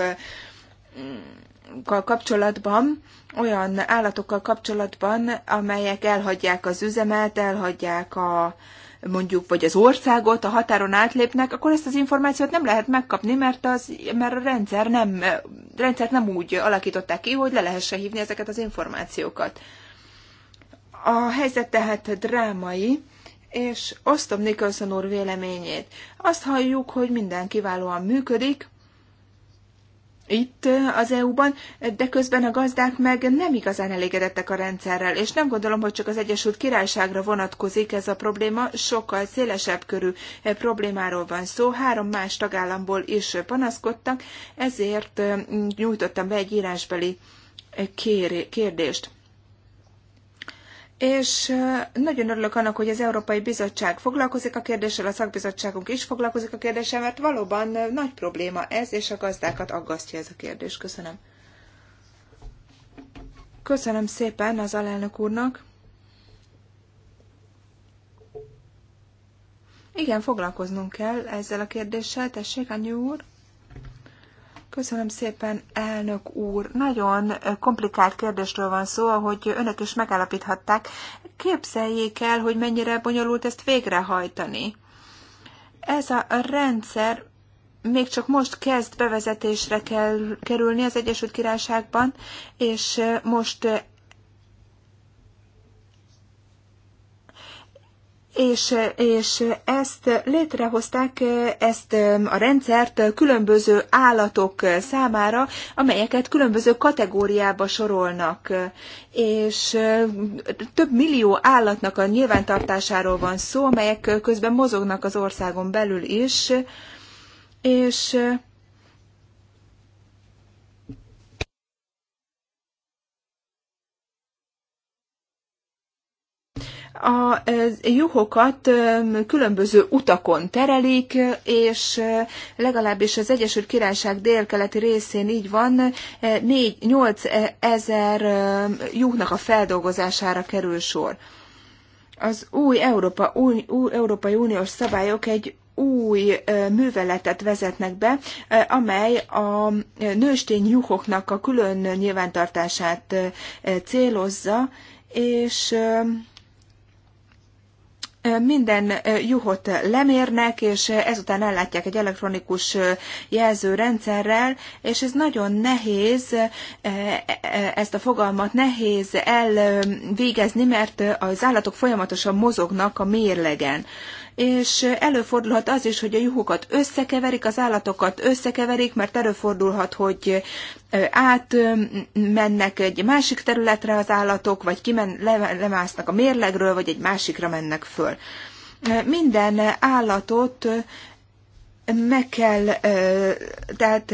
kapcsolatban, olyan állatokkal kapcsolatban, amelyek elhagyják az üzemet, elhagyják a mondjuk, vagy az országot, a határon átlépnek, akkor ezt az információt nem lehet megkapni, mert, az, mert a rendszer nem, rendszert nem úgy alakították ki, hogy le lehessen hívni ezeket az információkat. A helyzet tehát drámai, és osztom Nicholson úr véleményét. Azt halljuk, hogy minden kiválóan működik, itt az EU-ban, de közben a gazdák meg nem igazán elégedettek a rendszerrel, és nem gondolom, hogy csak az Egyesült Királyságra vonatkozik ez a probléma, sokkal szélesebb körű problémáról van szó, három más tagállamból is panaszkodtak, ezért nyújtottam be egy írásbeli kérdést és nagyon örülök annak, hogy az Európai Bizottság foglalkozik a kérdéssel, a szakbizottságunk is foglalkozik a kérdéssel, mert valóban nagy probléma ez, és a gazdákat aggasztja ez a kérdés. Köszönöm. Köszönöm szépen az alelnök úrnak. Igen, foglalkoznunk kell ezzel a kérdéssel, tessék, anyu úr. Köszönöm szépen, elnök úr. Nagyon komplikált kérdésről van szó, ahogy önök is megállapíthatták. Képzeljék el, hogy mennyire bonyolult ezt végrehajtani. Ez a rendszer még csak most kezd bevezetésre kell kerülni az Egyesült Királyságban, és most és, és ezt létrehozták, ezt a rendszert különböző állatok számára, amelyeket különböző kategóriába sorolnak, és több millió állatnak a nyilvántartásáról van szó, amelyek közben mozognak az országon belül is, és a juhokat különböző utakon terelik, és legalábbis az Egyesült Királyság délkeleti részén így van, 4-8 ezer juhnak a feldolgozására kerül sor. Az új, Európa, új, új Európai Uniós szabályok egy új műveletet vezetnek be, amely a nőstény juhoknak a külön nyilvántartását célozza, és minden juhot lemérnek, és ezután ellátják egy elektronikus jelzőrendszerrel, és ez nagyon nehéz, e, e, ezt a fogalmat nehéz elvégezni, mert az állatok folyamatosan mozognak a mérlegen és előfordulhat az is, hogy a juhokat összekeverik, az állatokat összekeverik, mert előfordulhat, hogy átmennek egy másik területre az állatok, vagy kimen, lemásznak a mérlegről, vagy egy másikra mennek föl. Minden állatot meg kell, tehát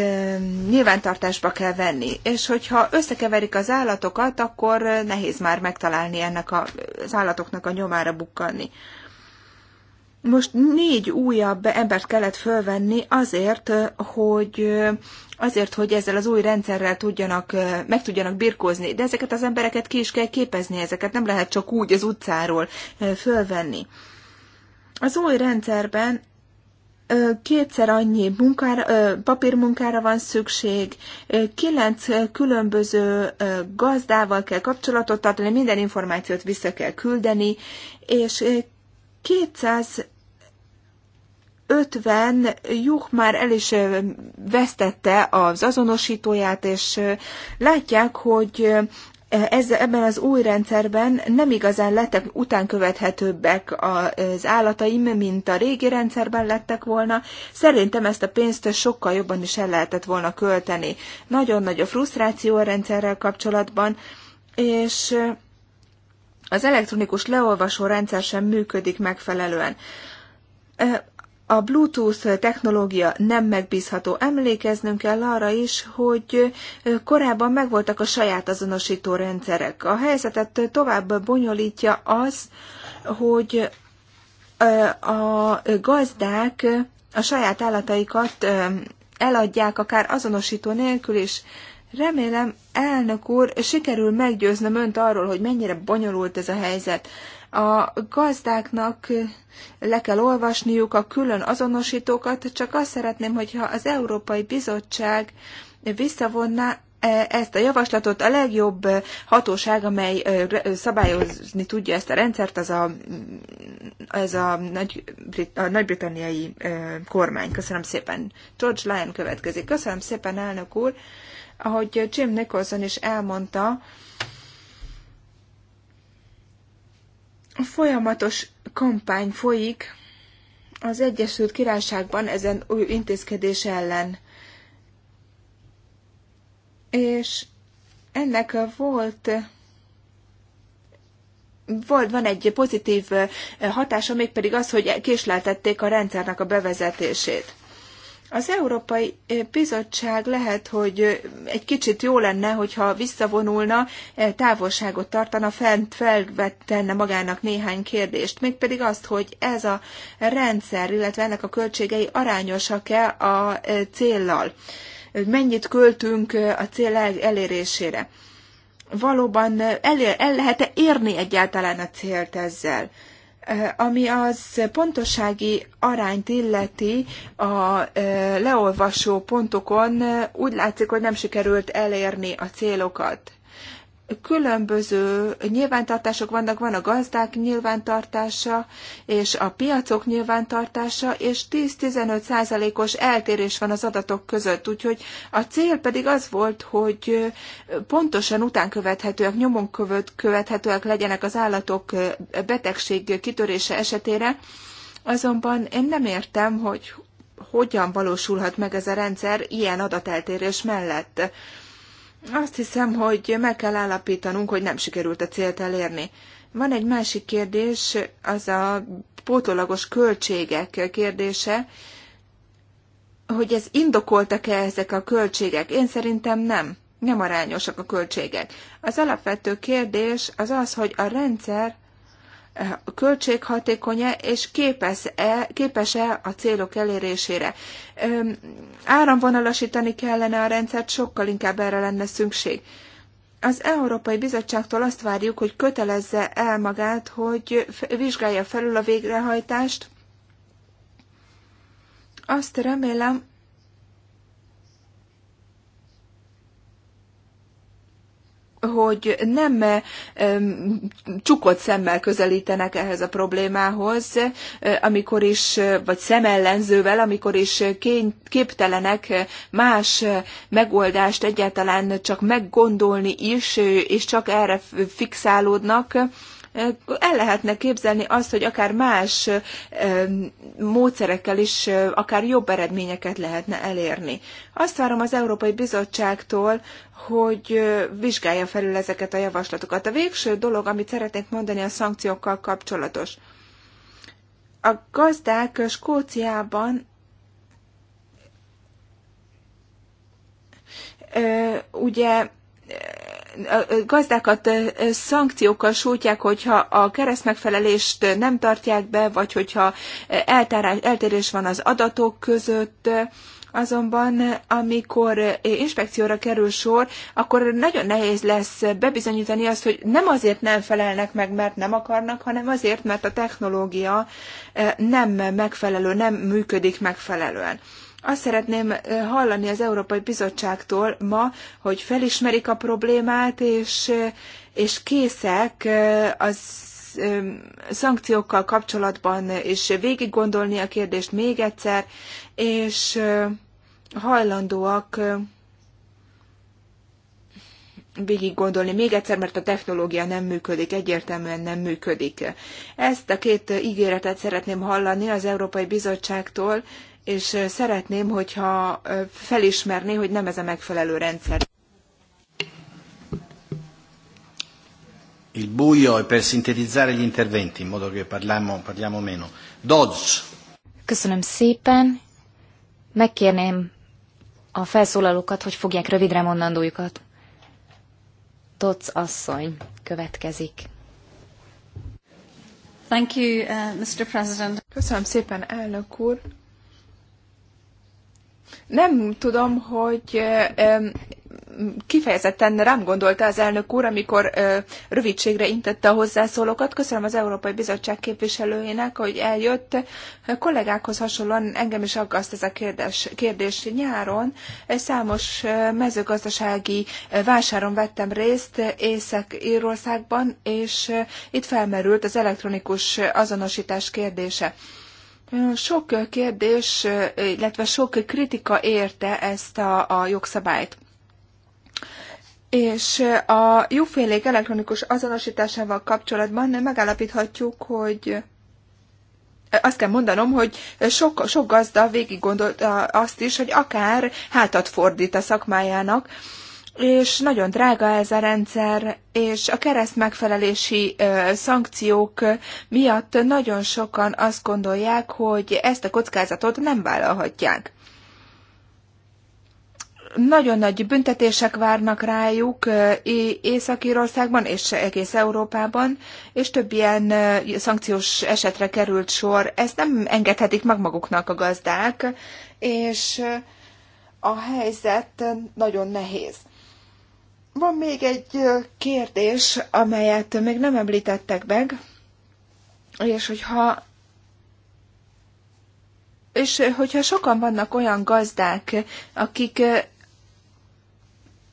nyilvántartásba kell venni. És hogyha összekeverik az állatokat, akkor nehéz már megtalálni ennek a, az állatoknak a nyomára bukkanni most négy újabb embert kellett fölvenni azért, hogy azért, hogy ezzel az új rendszerrel tudjanak, meg tudjanak birkózni, de ezeket az embereket ki is kell képezni, ezeket nem lehet csak úgy az utcáról fölvenni. Az új rendszerben kétszer annyi munkára, papírmunkára van szükség, kilenc különböző gazdával kell kapcsolatot tartani, minden információt vissza kell küldeni, és 250 juh már el is vesztette az azonosítóját, és látják, hogy ez, ebben az új rendszerben nem igazán lettek utánkövethetőbbek az állataim, mint a régi rendszerben lettek volna. Szerintem ezt a pénzt sokkal jobban is el lehetett volna költeni. Nagyon nagy a frusztráció a rendszerrel kapcsolatban, és az elektronikus leolvasó rendszer sem működik megfelelően. A Bluetooth technológia nem megbízható. Emlékeznünk kell arra is, hogy korábban megvoltak a saját azonosító rendszerek. A helyzetet tovább bonyolítja az, hogy a gazdák a saját állataikat eladják akár azonosító nélkül is. Remélem, elnök úr, sikerül meggyőznöm önt arról, hogy mennyire bonyolult ez a helyzet. A gazdáknak le kell olvasniuk a külön azonosítókat, csak azt szeretném, hogyha az Európai Bizottság visszavonná e, ezt a javaslatot. A legjobb hatóság, amely e, e, szabályozni tudja ezt a rendszert, az a, ez a, nagy, a nagybritanniai kormány. Köszönöm szépen. George Lyon következik. Köszönöm szépen, elnök úr. Ahogy Jim Nicholson is elmondta, folyamatos kampány folyik az Egyesült Királyságban ezen új intézkedés ellen. És ennek volt volt, van egy pozitív hatása, mégpedig az, hogy késleltették a rendszernek a bevezetését. Az Európai Bizottság lehet, hogy egy kicsit jó lenne, hogyha visszavonulna, távolságot tartana, fent felvettenne magának néhány kérdést, mégpedig azt, hogy ez a rendszer, illetve ennek a költségei arányosak-e a céllal, mennyit költünk a cél elérésére. Valóban el, el lehet-e érni egyáltalán a célt ezzel? Eh, ami az pontossági arányt illeti a eh, leolvasó pontokon, eh, úgy látszik, hogy nem sikerült elérni a célokat különböző nyilvántartások vannak, van a gazdák nyilvántartása, és a piacok nyilvántartása, és 10-15 százalékos eltérés van az adatok között, úgyhogy a cél pedig az volt, hogy pontosan utánkövethetőek, nyomon követhetőek legyenek az állatok betegség kitörése esetére, azonban én nem értem, hogy hogyan valósulhat meg ez a rendszer ilyen adateltérés mellett azt hiszem, hogy meg kell állapítanunk, hogy nem sikerült a célt elérni. Van egy másik kérdés, az a pótolagos költségek kérdése, hogy ez indokoltak-e ezek a költségek. Én szerintem nem. Nem arányosak a költségek. Az alapvető kérdés az az, hogy a rendszer költséghatékony-e és képes-e, képes-e a célok elérésére. Áramvonalasítani kellene a rendszert, sokkal inkább erre lenne szükség. Az Európai Bizottságtól azt várjuk, hogy kötelezze el magát, hogy vizsgálja felül a végrehajtást. Azt remélem, hogy nem csukott szemmel közelítenek ehhez a problémához, amikor is, vagy szemellenzővel, amikor is kény, képtelenek más megoldást egyáltalán csak meggondolni is, és csak erre fixálódnak, el lehetne képzelni azt, hogy akár más módszerekkel is akár jobb eredményeket lehetne elérni. Azt várom az Európai Bizottságtól, hogy vizsgálja felül ezeket a javaslatokat. A végső dolog, amit szeretnék mondani, a szankciókkal kapcsolatos. A gazdák Skóciában ugye gazdákat szankciókkal sújtják, hogyha a keresztmegfelelést nem tartják be, vagy hogyha eltárás, eltérés van az adatok között, azonban amikor inspekcióra kerül sor, akkor nagyon nehéz lesz bebizonyítani azt, hogy nem azért nem felelnek meg, mert nem akarnak, hanem azért, mert a technológia nem megfelelő, nem működik megfelelően. Azt szeretném hallani az Európai Bizottságtól ma, hogy felismerik a problémát, és, és készek az szankciókkal kapcsolatban is végig gondolni a kérdést még egyszer, és hajlandóak végig gondolni még egyszer, mert a technológia nem működik, egyértelműen nem működik. Ezt a két ígéretet szeretném hallani az Európai Bizottságtól, és szeretném, hogyha felismerné, hogy nem ez a megfelelő rendszer.
Il buio è per sintetizzare gli interventi, in modo che parliamo, parliamo meno. Dodds.
Köszönöm szépen. Megkérném a felszólalókat, hogy fogják rövidre mondandójukat. Dodds asszony
következik.
Thank you, uh, Mr. President.
Köszönöm szépen, elnök úr. Nem tudom, hogy kifejezetten rám gondolta az elnök úr, amikor rövidségre intette a hozzászólókat. Köszönöm az Európai Bizottság képviselőjének, hogy eljött. A kollégákhoz hasonlóan engem is aggaszt ez a kérdés. kérdés. Nyáron számos mezőgazdasági vásáron vettem részt Észak-Írországban, és itt felmerült az elektronikus azonosítás kérdése. Sok kérdés, illetve sok kritika érte ezt a, a jogszabályt. És a jófélék elektronikus azonosításával kapcsolatban megállapíthatjuk, hogy azt kell mondanom, hogy sok, sok gazda végig gondolta azt is, hogy akár hátat fordít a szakmájának, és nagyon drága ez a rendszer, és a kereszt megfelelési szankciók miatt nagyon sokan azt gondolják, hogy ezt a kockázatot nem vállalhatják. Nagyon nagy büntetések várnak rájuk Észak-Írországban és egész Európában, és több ilyen szankciós esetre került sor. Ezt nem engedhetik meg maguknak a gazdák, és a helyzet nagyon nehéz. Van még egy kérdés, amelyet még nem említettek meg, és hogyha és hogyha sokan vannak olyan gazdák, akik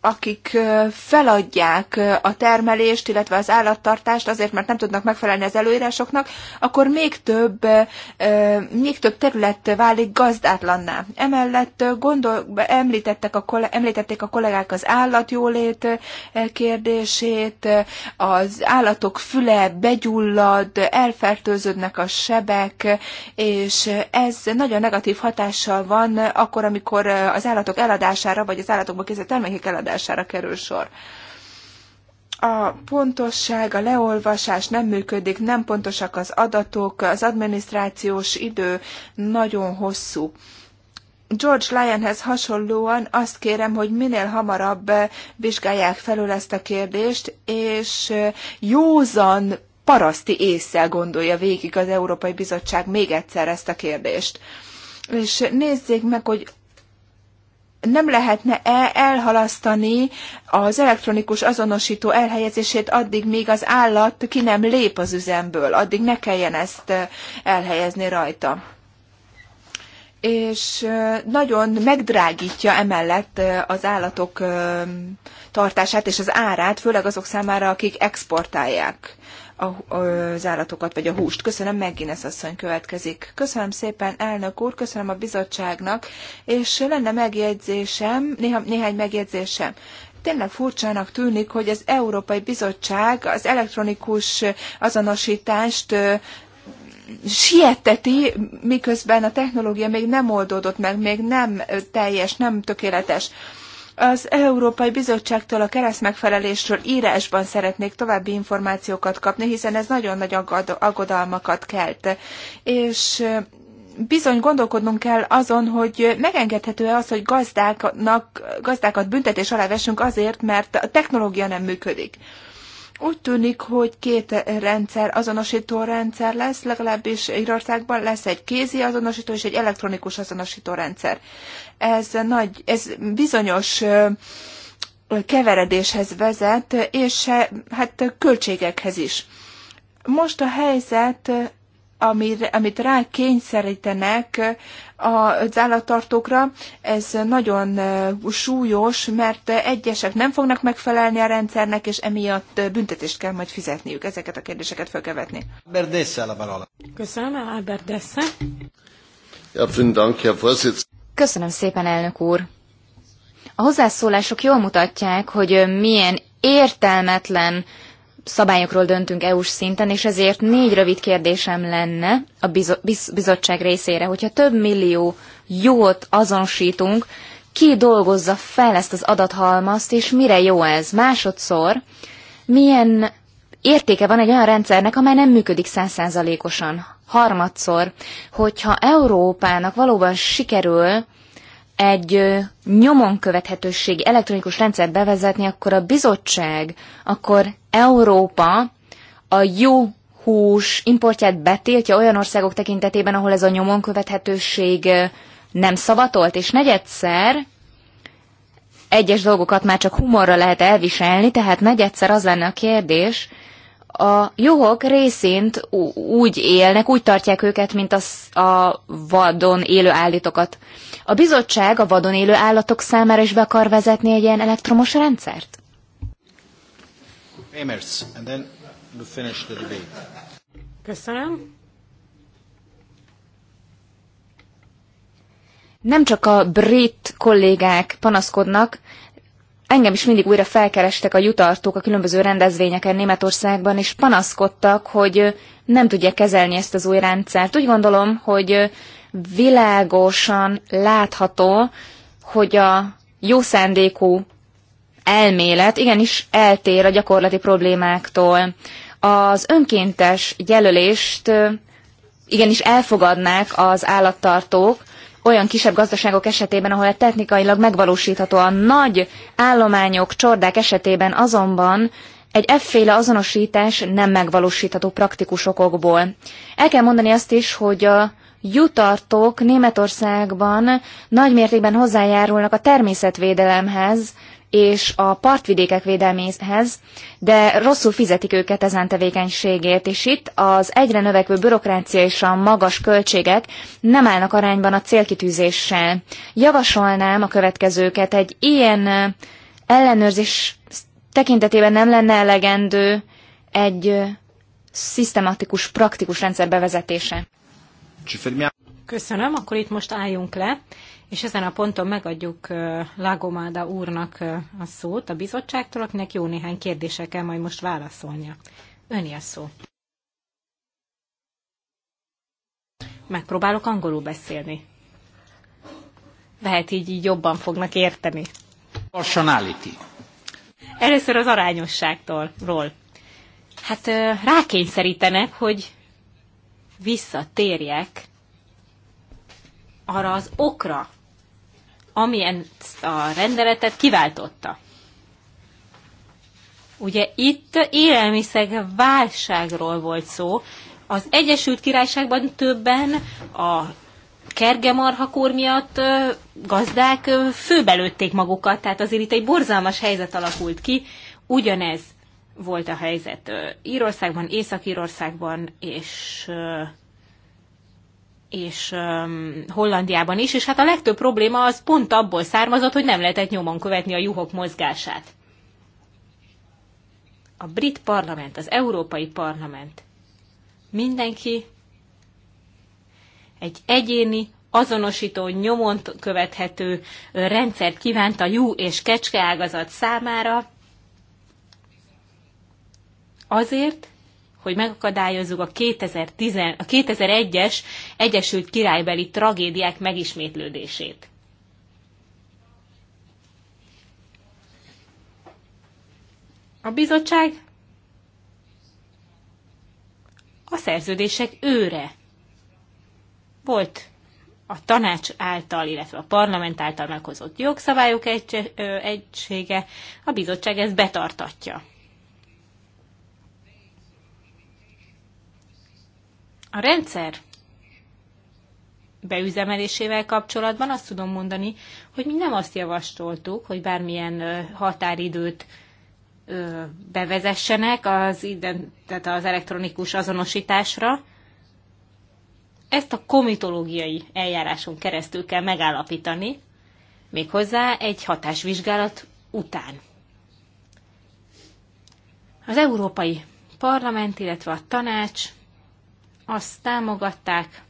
akik feladják a termelést, illetve az állattartást azért, mert nem tudnak megfelelni az előírásoknak, akkor még több, még több terület válik gazdátlanná. Emellett gondol, említettek a, említették a kollégák az állatjólét kérdését, az állatok füle begyullad, elfertőződnek a sebek, és ez nagyon negatív hatással van akkor, amikor az állatok eladására, vagy az állatokba készített termékek eladására eljárására kerül sor a pontosság, a leolvasás nem működik, nem pontosak az adatok, az adminisztrációs idő nagyon hosszú. George Lyonhez hasonlóan azt kérem, hogy minél hamarabb vizsgálják felül ezt a kérdést, és józan paraszti észsel gondolja végig az Európai Bizottság még egyszer ezt a kérdést. És nézzék meg, hogy nem lehetne-e elhalasztani az elektronikus azonosító elhelyezését addig, míg az állat ki nem lép az üzemből, addig ne kelljen ezt e, elhelyezni rajta. És e, nagyon megdrágítja emellett e, az állatok tartását és az árát, főleg azok számára, akik exportálják az állatokat vagy a húst. Köszönöm, ez asszony következik. Köszönöm szépen, elnök úr, köszönöm a bizottságnak, és lenne megjegyzésem, néha, néhány megjegyzésem tényleg furcsának tűnik, hogy az Európai Bizottság az elektronikus azonosítást sieteti, miközben a technológia még nem oldódott meg, még nem teljes, nem tökéletes. Az Európai Bizottságtól a keresztmegfelelésről írásban szeretnék további információkat kapni, hiszen ez nagyon nagy aggodalmakat kelt. És bizony gondolkodnunk kell azon, hogy megengedhető-e az, hogy gazdáknak, gazdákat büntetés alá vessünk azért, mert a technológia nem működik. Úgy tűnik, hogy két rendszer, azonosító rendszer lesz, legalábbis Írországban lesz egy kézi azonosító és egy elektronikus azonosító rendszer ez, nagy, ez bizonyos keveredéshez vezet, és hát költségekhez is. Most a helyzet, amit rá kényszerítenek az állattartókra, ez nagyon súlyos, mert egyesek nem fognak megfelelni a rendszernek, és emiatt büntetést kell majd fizetniük. Ezeket a kérdéseket fel kell vetni.
Köszönöm, Albert Dessa.
Ja, vielen Dank, Herr Vorsitz.
Köszönöm szépen, elnök úr! A hozzászólások jól mutatják, hogy milyen értelmetlen szabályokról döntünk EU-s szinten, és ezért négy rövid kérdésem lenne a bizottság részére, hogyha több millió jót azonosítunk, ki dolgozza fel ezt az adathalmazt, és mire jó ez? Másodszor, milyen értéke van egy olyan rendszernek, amely nem működik százszázalékosan? harmadszor, hogyha Európának valóban sikerül egy nyomon követhetőség elektronikus rendszert bevezetni, akkor a bizottság, akkor Európa a jó hús importját betiltja olyan országok tekintetében, ahol ez a nyomon követhetőség nem szavatolt, és negyedszer egyes dolgokat már csak humorra lehet elviselni, tehát negyedszer az lenne a kérdés, a juhok részint úgy élnek, úgy tartják őket, mint a, a vadon élő állatokat. A bizottság a vadon élő állatok számára is be akar vezetni egy ilyen elektromos rendszert?
Köszönöm.
Nem csak a brit kollégák panaszkodnak, engem is mindig újra felkerestek a jutartók a különböző rendezvényeken Németországban, és panaszkodtak, hogy nem tudják kezelni ezt az új rendszert. Úgy gondolom, hogy világosan látható, hogy a jó szándékú elmélet igenis eltér a gyakorlati problémáktól. Az önkéntes jelölést igenis elfogadnák az állattartók, olyan kisebb gazdaságok esetében, ahol technikailag megvalósítható a nagy állományok, csordák esetében azonban egy efféle azonosítás nem megvalósítható praktikus okokból. El kell mondani azt is, hogy a jutartók Németországban nagy mértékben hozzájárulnak a természetvédelemhez, és a partvidékek védelméhez, de rosszul fizetik őket ezen tevékenységért, és itt az egyre növekvő bürokrácia és a magas költségek nem állnak arányban a célkitűzéssel. Javasolnám a következőket, egy ilyen ellenőrzés tekintetében nem lenne elegendő egy szisztematikus, praktikus rendszer bevezetése.
Köszönöm, akkor itt most álljunk le, és ezen a ponton megadjuk Lágomáda úrnak a szót a bizottságtól, akinek jó néhány kérdése kell majd most válaszolnia. Öni a szó. Megpróbálok angolul beszélni. Lehet így, így jobban fognak érteni.
Personality.
Először az arányosságtól. Ról. Hát rákényszerítenek, hogy visszatérjek arra az okra, amilyen a rendeletet kiváltotta. Ugye itt élelmiszer válságról volt szó. Az Egyesült Királyságban többen a kergemarhakór miatt gazdák főbelőtték magukat, tehát azért itt egy borzalmas helyzet alakult ki. Ugyanez volt a helyzet Írországban, Észak-Írországban és és Hollandiában is, és hát a legtöbb probléma az pont abból származott, hogy nem lehetett nyomon követni a juhok mozgását. A brit parlament, az európai parlament, mindenki egy egyéni, azonosító, nyomon követhető rendszert kívánt a jú és kecske ágazat számára, azért, hogy megakadályozzuk a, 2010, a 2001-es Egyesült Királybeli tragédiák megismétlődését. A bizottság a szerződések őre. Volt a tanács által, illetve a parlament által meghozott jogszabályok egysége, a bizottság ezt betartatja. A rendszer beüzemelésével kapcsolatban azt tudom mondani, hogy mi nem azt javasoltuk, hogy bármilyen határidőt bevezessenek az, tehát az elektronikus azonosításra. Ezt a komitológiai eljáráson keresztül kell megállapítani, méghozzá egy hatásvizsgálat után. Az Európai Parlament, illetve a tanács azt támogatták,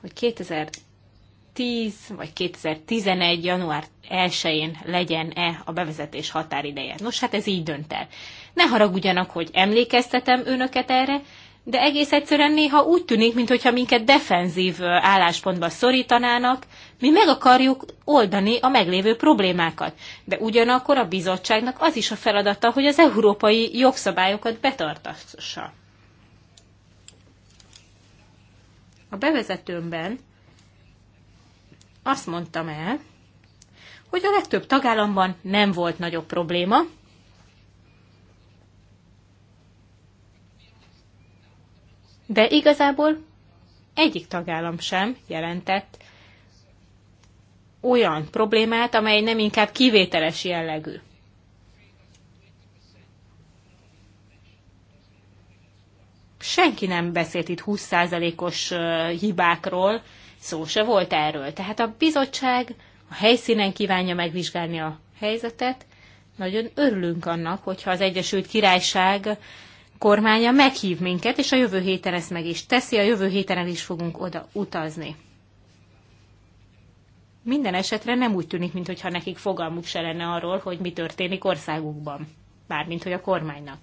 hogy 2010 vagy 2011. január 1-én legyen-e a bevezetés határideje. Nos, hát ez így dönt el. Ne haragudjanak, hogy emlékeztetem önöket erre, de egész egyszerűen néha úgy tűnik, mintha minket defenzív álláspontba szorítanának, mi meg akarjuk oldani a meglévő problémákat. De ugyanakkor a bizottságnak az is a feladata, hogy az európai jogszabályokat betartassa. A bevezetőmben azt mondtam el, hogy a legtöbb tagállamban nem volt nagyobb probléma, de igazából egyik tagállam sem jelentett olyan problémát, amely nem inkább kivételes jellegű. senki nem beszélt itt 20%-os hibákról, szó se volt erről. Tehát a bizottság a helyszínen kívánja megvizsgálni a helyzetet. Nagyon örülünk annak, hogyha az Egyesült Királyság kormánya meghív minket, és a jövő héten ezt meg is teszi, a jövő héten el is fogunk oda utazni. Minden esetre nem úgy tűnik, mintha nekik fogalmuk se lenne arról, hogy mi történik országukban, bármint hogy a kormánynak.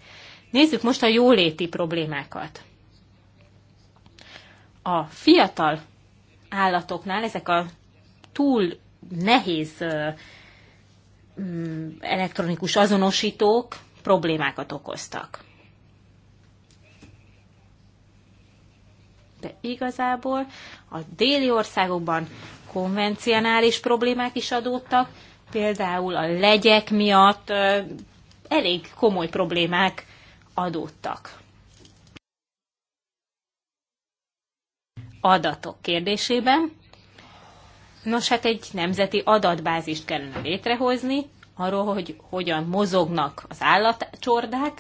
Nézzük most a jóléti problémákat. A fiatal állatoknál ezek a túl nehéz mm, elektronikus azonosítók problémákat okoztak. De igazából a déli országokban konvencionális problémák is adódtak, például a legyek miatt elég komoly problémák adódtak. Adatok kérdésében. Nos, hát egy nemzeti adatbázist kellene létrehozni, arról, hogy hogyan mozognak az állatcsordák,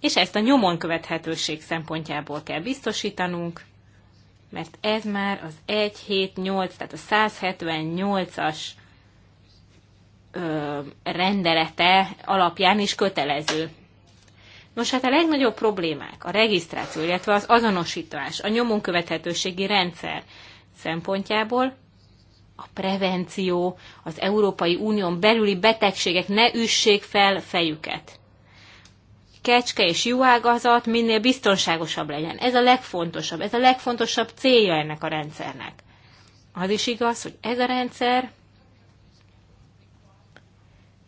és ezt a nyomon követhetőség szempontjából kell biztosítanunk, mert ez már az 178, tehát a 178-as rendelete alapján is kötelező. Nos, hát a legnagyobb problémák a regisztráció, illetve az azonosítás, a nyomon követhetőségi rendszer szempontjából a prevenció, az Európai Unión belüli betegségek ne üssék fel fejüket kecske és juhágazat minél biztonságosabb legyen. Ez a legfontosabb, ez a legfontosabb célja ennek a rendszernek. Az is igaz, hogy ez a rendszer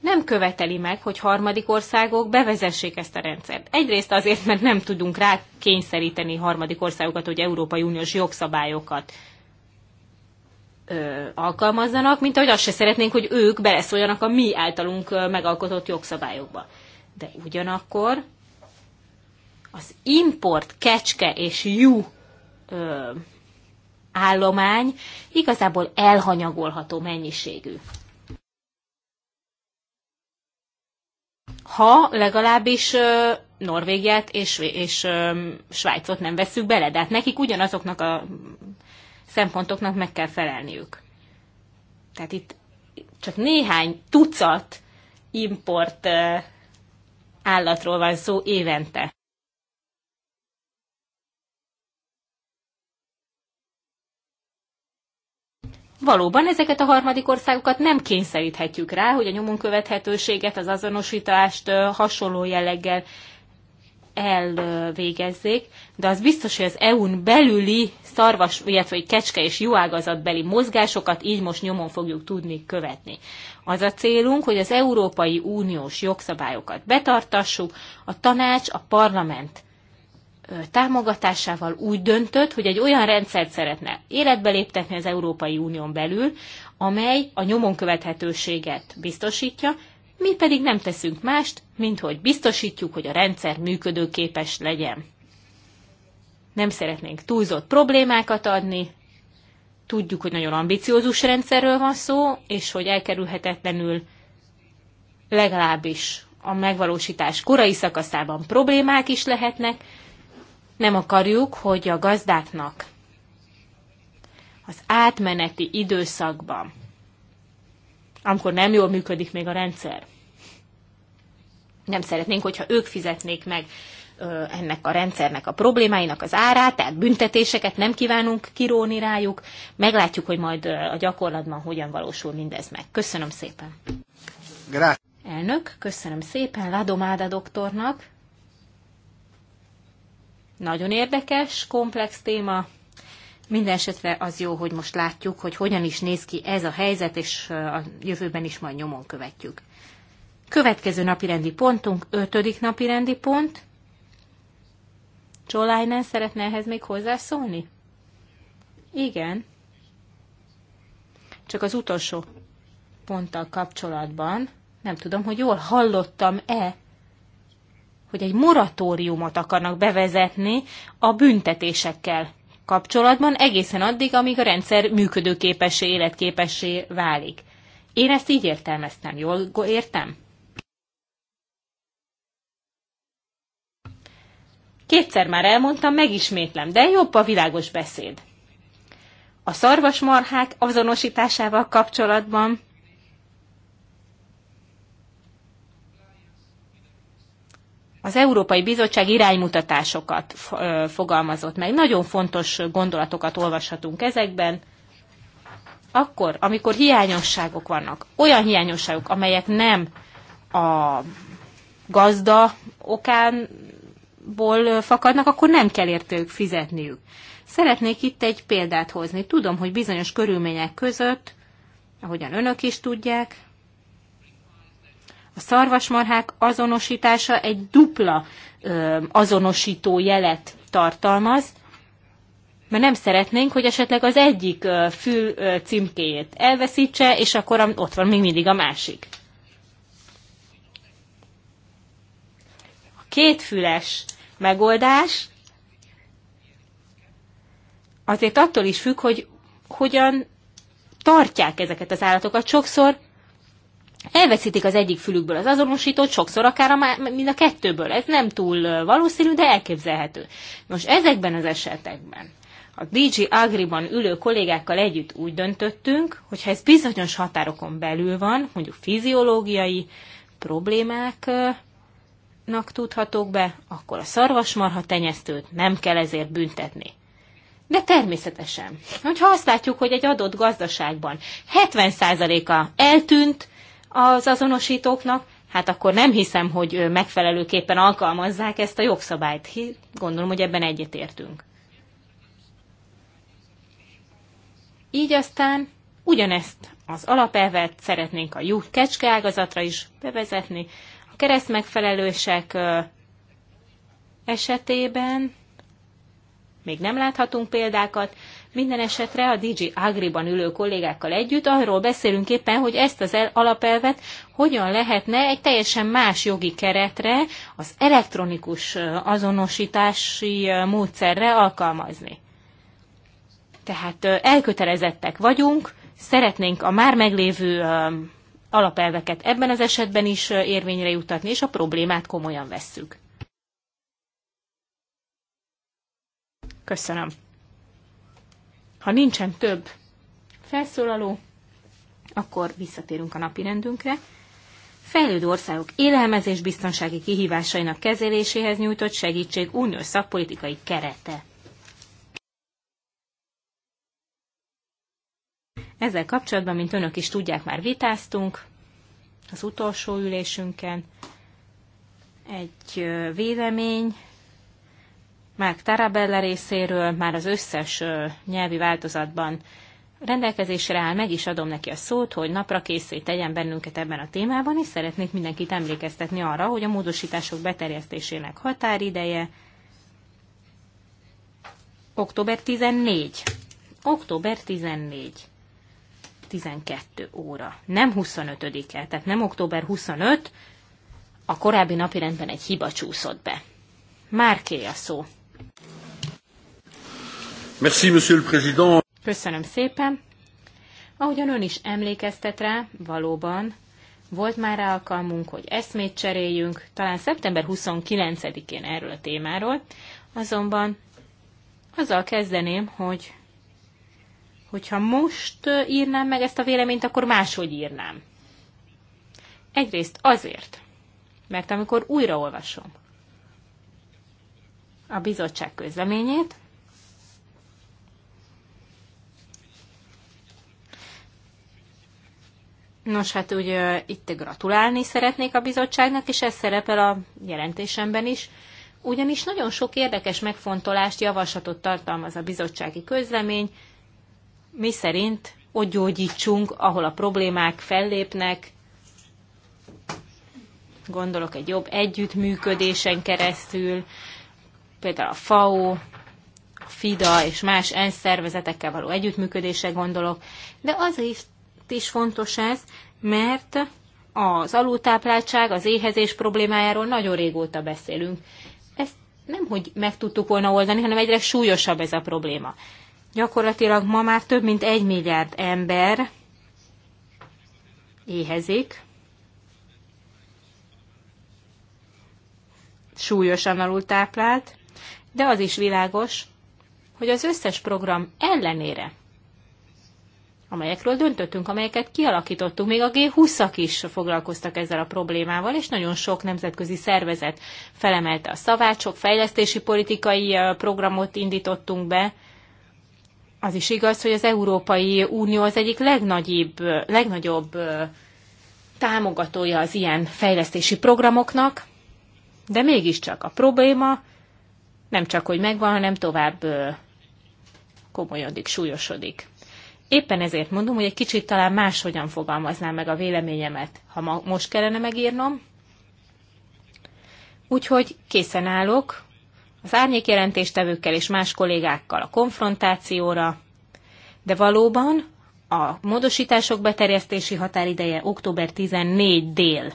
nem követeli meg, hogy harmadik országok bevezessék ezt a rendszert. Egyrészt azért, mert nem tudunk rá kényszeríteni harmadik országokat, hogy Európai Uniós jogszabályokat ö, alkalmazzanak, mint ahogy azt se szeretnénk, hogy ők beleszóljanak a mi általunk megalkotott jogszabályokba de ugyanakkor az import kecske és jú ö, állomány igazából elhanyagolható mennyiségű. Ha legalábbis ö, Norvégiát és, és ö, Svájcot nem veszük bele, de hát nekik ugyanazoknak a szempontoknak meg kell felelniük. Tehát itt csak néhány tucat import állatról van szó évente. Valóban ezeket a harmadik országokat nem kényszeríthetjük rá, hogy a nyomon követhetőséget, az azonosítást hasonló jelleggel elvégezzék, de az biztos, hogy az EU-n belüli szarvas, illetve egy kecske és juhágazatbeli mozgásokat így most nyomon fogjuk tudni követni. Az a célunk, hogy az Európai Uniós jogszabályokat betartassuk, a tanács, a parlament támogatásával úgy döntött, hogy egy olyan rendszert szeretne életbe léptetni az Európai Unión belül, amely a nyomon követhetőséget biztosítja, mi pedig nem teszünk mást, mint hogy biztosítjuk, hogy a rendszer működőképes legyen. Nem szeretnénk túlzott problémákat adni, tudjuk, hogy nagyon ambiciózus rendszerről van szó, és hogy elkerülhetetlenül legalábbis a megvalósítás korai szakaszában problémák is lehetnek. Nem akarjuk, hogy a gazdáknak az átmeneti időszakban, amikor nem jól működik még a rendszer, nem szeretnénk, hogyha ők fizetnék meg ennek a rendszernek a problémáinak az árát, tehát büntetéseket nem kívánunk kiróni rájuk. Meglátjuk, hogy majd a gyakorlatban hogyan valósul mindez meg. Köszönöm szépen. Grazie. Elnök, köszönöm szépen Ladomáda doktornak. Nagyon érdekes, komplex téma. Mindenesetre az jó, hogy most látjuk, hogy hogyan is néz ki ez a helyzet, és a jövőben is majd nyomon követjük. Következő napirendi pontunk, ötödik napirendi pont. Csolájnán szeretne ehhez még hozzászólni? Igen. Csak az utolsó ponttal kapcsolatban, nem tudom, hogy jól hallottam-e, hogy egy moratóriumot akarnak bevezetni a büntetésekkel kapcsolatban egészen addig, amíg a rendszer működőképessé, életképessé válik. Én ezt így értelmeztem, jól értem? Kétszer már elmondtam, megismétlem, de jobb a világos beszéd. A szarvasmarhák azonosításával kapcsolatban az Európai Bizottság iránymutatásokat fogalmazott meg. Nagyon fontos gondolatokat olvashatunk ezekben. Akkor, amikor hiányosságok vannak, olyan hiányosságok, amelyek nem a gazda okán ból fakadnak, akkor nem kell értők fizetniük. Szeretnék itt egy példát hozni. Tudom, hogy bizonyos körülmények között, ahogyan önök is tudják, a szarvasmarhák azonosítása egy dupla ö, azonosító jelet tartalmaz, mert nem szeretnénk, hogy esetleg az egyik ö, fül ö, címkéjét elveszítse, és akkor ott van még mindig a másik. A kétfüles megoldás, azért attól is függ, hogy hogyan tartják ezeket az állatokat. Sokszor elveszítik az egyik fülükből az azonosítót, sokszor akár a, mind a kettőből. Ez nem túl valószínű, de elképzelhető. Nos, ezekben az esetekben a DG Agriban ülő kollégákkal együtt úgy döntöttünk, hogy ha ez bizonyos határokon belül van, mondjuk fiziológiai problémák nak tudhatók be, akkor a szarvasmarha tenyesztőt nem kell ezért büntetni. De természetesen, hogyha azt látjuk, hogy egy adott gazdaságban 70%-a eltűnt az azonosítóknak, hát akkor nem hiszem, hogy megfelelőképpen alkalmazzák ezt a jogszabályt. Gondolom, hogy ebben egyetértünk. Így aztán ugyanezt az alapelvet szeretnénk a juh kecske ágazatra is bevezetni, megfelelősek esetében még nem láthatunk példákat, minden esetre a DG Agriban ülő kollégákkal együtt arról beszélünk éppen, hogy ezt az alapelvet hogyan lehetne egy teljesen más jogi keretre, az elektronikus azonosítási módszerre alkalmazni. Tehát elkötelezettek vagyunk, szeretnénk a már meglévő alapelveket ebben az esetben is érvényre jutatni, és a problémát komolyan vesszük. Köszönöm. Ha nincsen több felszólaló, akkor visszatérünk a rendünkre. Fejlődő országok élelmezés biztonsági kihívásainak kezeléséhez nyújtott segítség uniós szakpolitikai kerete. Ezzel kapcsolatban, mint önök is tudják, már vitáztunk az utolsó ülésünken. Egy vélemény Mark Tarabella részéről már az összes nyelvi változatban rendelkezésre áll, meg is adom neki a szót, hogy napra készé tegyen bennünket ebben a témában, és szeretnék mindenkit emlékeztetni arra, hogy a módosítások beterjesztésének határideje október 14. Október 14. 12 óra, nem 25-e, tehát nem október 25, a korábbi napi rendben egy hiba csúszott be. Márké a szó.
Merci, monsieur le président.
Köszönöm szépen. Ahogyan ön is emlékeztet rá, valóban volt már alkalmunk, hogy eszmét cseréljünk, talán szeptember 29-én erről a témáról, azonban azzal kezdeném, hogy hogyha most írnám meg ezt a véleményt, akkor máshogy írnám. Egyrészt azért, mert amikor újraolvasom a bizottság közleményét, Nos, hát úgy, itt gratulálni szeretnék a bizottságnak, és ez szerepel a jelentésemben is, ugyanis nagyon sok érdekes megfontolást, javaslatot tartalmaz a bizottsági közlemény, mi szerint ott gyógyítsunk, ahol a problémák fellépnek, gondolok egy jobb együttműködésen keresztül, például a FAO, a FIDA és más ENSZ szervezetekkel való együttműködésre gondolok, de azért is fontos ez, mert az alultápláltság, az éhezés problémájáról nagyon régóta beszélünk. Ezt nem, hogy meg tudtuk volna oldani, hanem egyre súlyosabb ez a probléma. Gyakorlatilag ma már több mint egy milliárd ember éhezik, súlyosan alultáplált, de az is világos, hogy az összes program ellenére, amelyekről döntöttünk, amelyeket kialakítottunk, még a G20-ak is foglalkoztak ezzel a problémával, és nagyon sok nemzetközi szervezet felemelte a szavácsok, fejlesztési politikai programot indítottunk be, az is igaz, hogy az Európai Unió az egyik legnagyobb, legnagyobb támogatója az ilyen fejlesztési programoknak, de mégiscsak a probléma nem csak, hogy megvan, hanem tovább komolyodik, súlyosodik. Éppen ezért mondom, hogy egy kicsit talán máshogyan fogalmaznám meg a véleményemet, ha ma, most kellene megírnom. Úgyhogy készen állok az árnyékjelentéstevőkkel és más kollégákkal a konfrontációra, de valóban a módosítások beterjesztési határideje október 14 dél.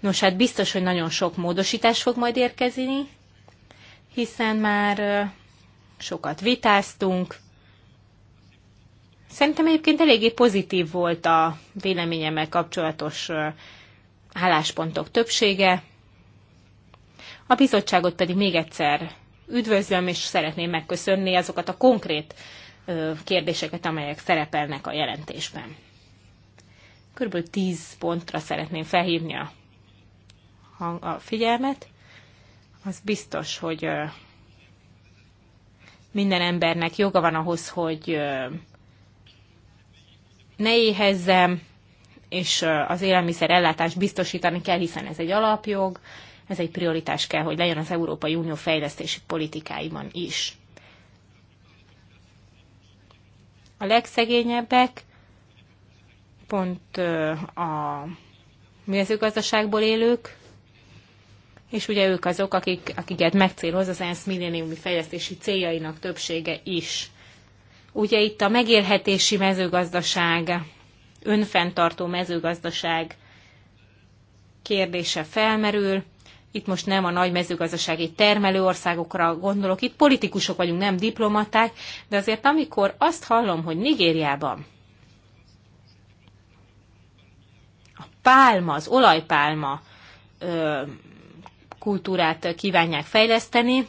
Nos, hát biztos, hogy nagyon sok módosítás fog majd érkezni, hiszen már sokat vitáztunk. Szerintem egyébként eléggé pozitív volt a véleményemmel kapcsolatos álláspontok többsége, a bizottságot pedig még egyszer üdvözlöm, és szeretném megköszönni azokat a konkrét kérdéseket, amelyek szerepelnek a jelentésben. Körülbelül tíz pontra szeretném felhívni a, a figyelmet. Az biztos, hogy minden embernek joga van ahhoz, hogy ne éhezzem, és az élelmiszer ellátást biztosítani kell, hiszen ez egy alapjog, ez egy prioritás kell, hogy legyen az Európai Unió fejlesztési politikáiban is. A legszegényebbek pont a mezőgazdaságból élők, és ugye ők azok, akik, akiket megcéloz az ENSZ milléniumi fejlesztési céljainak többsége is. Ugye itt a megélhetési mezőgazdaság, önfenntartó mezőgazdaság kérdése felmerül, itt most nem a nagy mezőgazdasági termelő országokra gondolok, itt politikusok vagyunk, nem diplomaták, de azért amikor azt hallom, hogy Nigériában a pálma, az olajpálma ö, kultúrát kívánják fejleszteni,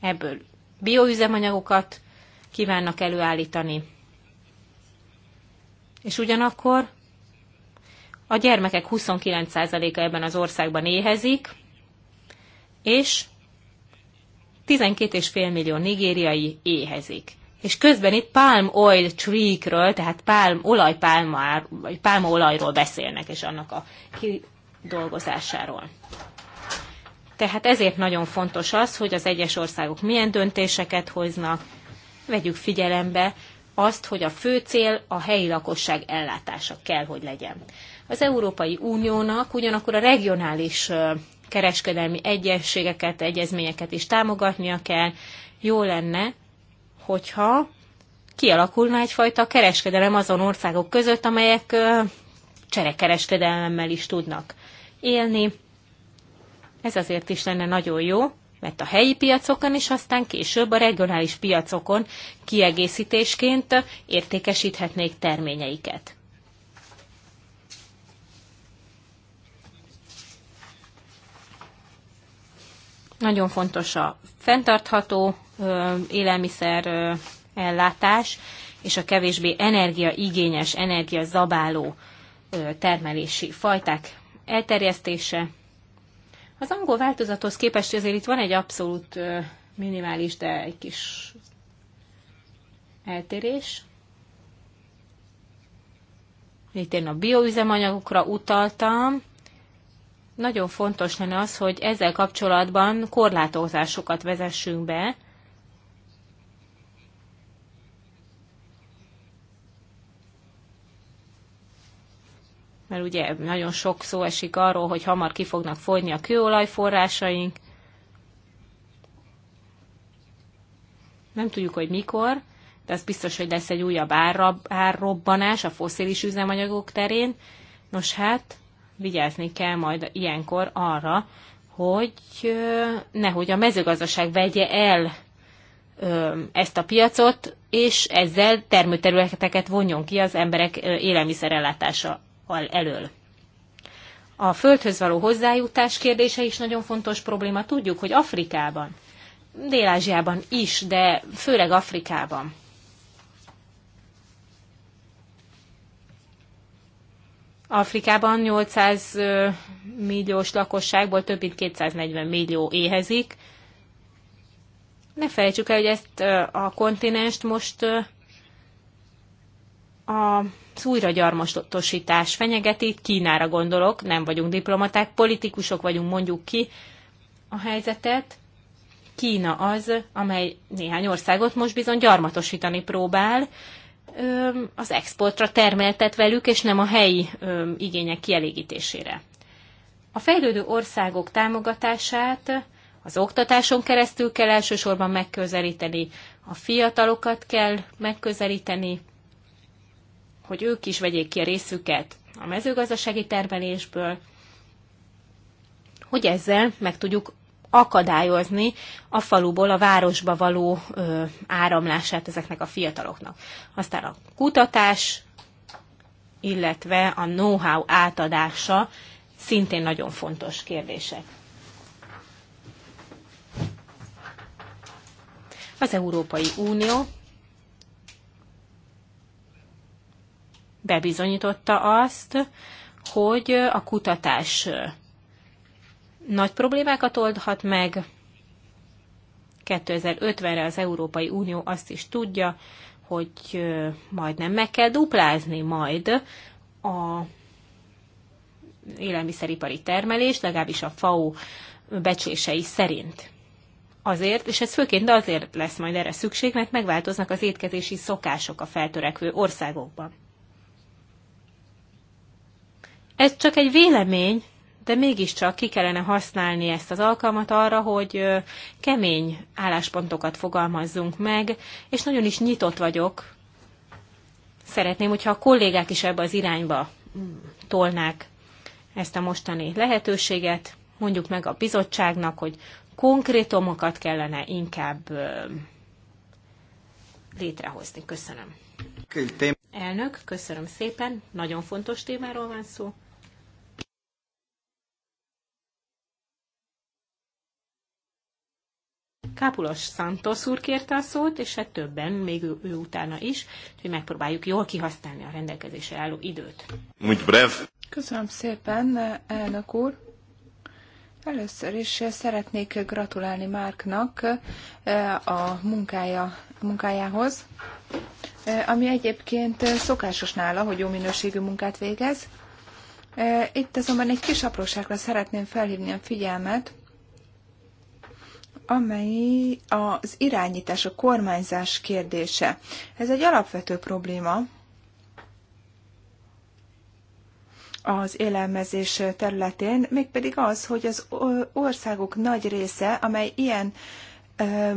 ebből bioüzemanyagokat kívánnak előállítani. És ugyanakkor a gyermekek 29%-a ebben az országban éhezik, és 12,5 millió nigériai éhezik. És közben itt palm oil tree-kről, tehát palm olajpálmár, vagy pálmaolajról beszélnek, és annak a kidolgozásáról. Tehát ezért nagyon fontos az, hogy az egyes országok milyen döntéseket hoznak, vegyük figyelembe azt, hogy a fő cél a helyi lakosság ellátása kell, hogy legyen. Az Európai Uniónak ugyanakkor a regionális kereskedelmi egyességeket, egyezményeket is támogatnia kell. Jó lenne, hogyha kialakulna egyfajta kereskedelem azon országok között, amelyek cserekereskedelemmel is tudnak élni. Ez azért is lenne nagyon jó, mert a helyi piacokon is, aztán később a regionális piacokon kiegészítésként értékesíthetnék terményeiket. Nagyon fontos a fenntartható élelmiszer ellátás és a kevésbé energiaigényes, energiazabáló termelési fajták elterjesztése. Az angol változathoz képest azért itt van egy abszolút minimális, de egy kis eltérés. Itt én a bioüzemanyagokra utaltam, nagyon fontos lenne az, hogy ezzel kapcsolatban korlátozásokat vezessünk be, mert ugye nagyon sok szó esik arról, hogy hamar ki fognak fogyni a kőolajforrásaink. Nem tudjuk, hogy mikor, de az biztos, hogy lesz egy újabb árrobbanás a foszilis üzemanyagok terén. Nos hát, vigyázni kell majd ilyenkor arra, hogy nehogy a mezőgazdaság vegye el ezt a piacot, és ezzel termőterületeket vonjon ki az emberek élelmiszerellátása elől. A földhöz való hozzájutás kérdése is nagyon fontos probléma. Tudjuk, hogy Afrikában, Dél-Ázsiában is, de főleg Afrikában Afrikában 800 milliós lakosságból több mint 240 millió éhezik. Ne felejtsük el, hogy ezt a kontinenst most a újragyarmatosítás fenyegeti, Kínára gondolok, nem vagyunk diplomaták, politikusok vagyunk, mondjuk ki a helyzetet. Kína az, amely néhány országot most bizony gyarmatosítani próbál, az exportra termeltet velük, és nem a helyi igények kielégítésére. A fejlődő országok támogatását az oktatáson keresztül kell elsősorban megközelíteni, a fiatalokat kell megközelíteni, hogy ők is vegyék ki a részüket a mezőgazdasági termelésből, hogy ezzel meg tudjuk akadályozni a faluból a városba való ö, áramlását ezeknek a fiataloknak. Aztán a kutatás, illetve a know-how átadása szintén nagyon fontos kérdések. Az Európai Unió bebizonyította azt, hogy a kutatás nagy problémákat oldhat meg. 2050-re az Európai Unió azt is tudja, hogy majdnem meg kell duplázni majd a élelmiszeripari termelést, legalábbis a FAO becslései szerint. Azért, és ez főként azért lesz majd erre szükség, mert megváltoznak az étkezési szokások a feltörekvő országokban. Ez csak egy vélemény, de mégiscsak ki kellene használni ezt az alkalmat arra, hogy kemény álláspontokat fogalmazzunk meg, és nagyon is nyitott vagyok. Szeretném, hogyha a kollégák is ebbe az irányba tolnák ezt a mostani lehetőséget, mondjuk meg a bizottságnak, hogy konkrétumokat kellene inkább létrehozni. Köszönöm. Elnök, köszönöm szépen, nagyon fontos témáról van szó. Kápulos Santos úr kérte a szót, és hát többen, még ő, ő utána is, hogy megpróbáljuk jól kihasználni a rendelkezésre álló időt.
Úgy brev.
Köszönöm szépen, elnök úr. Először is szeretnék gratulálni Márknak eh, a munkája, munkájához, eh, ami egyébként szokásos nála, hogy jó minőségű munkát végez. Eh, itt azonban egy kis apróságra szeretném felhívni a figyelmet, amely az irányítás, a kormányzás kérdése. Ez egy alapvető probléma az élelmezés területén, mégpedig az, hogy az országok nagy része, amely ilyen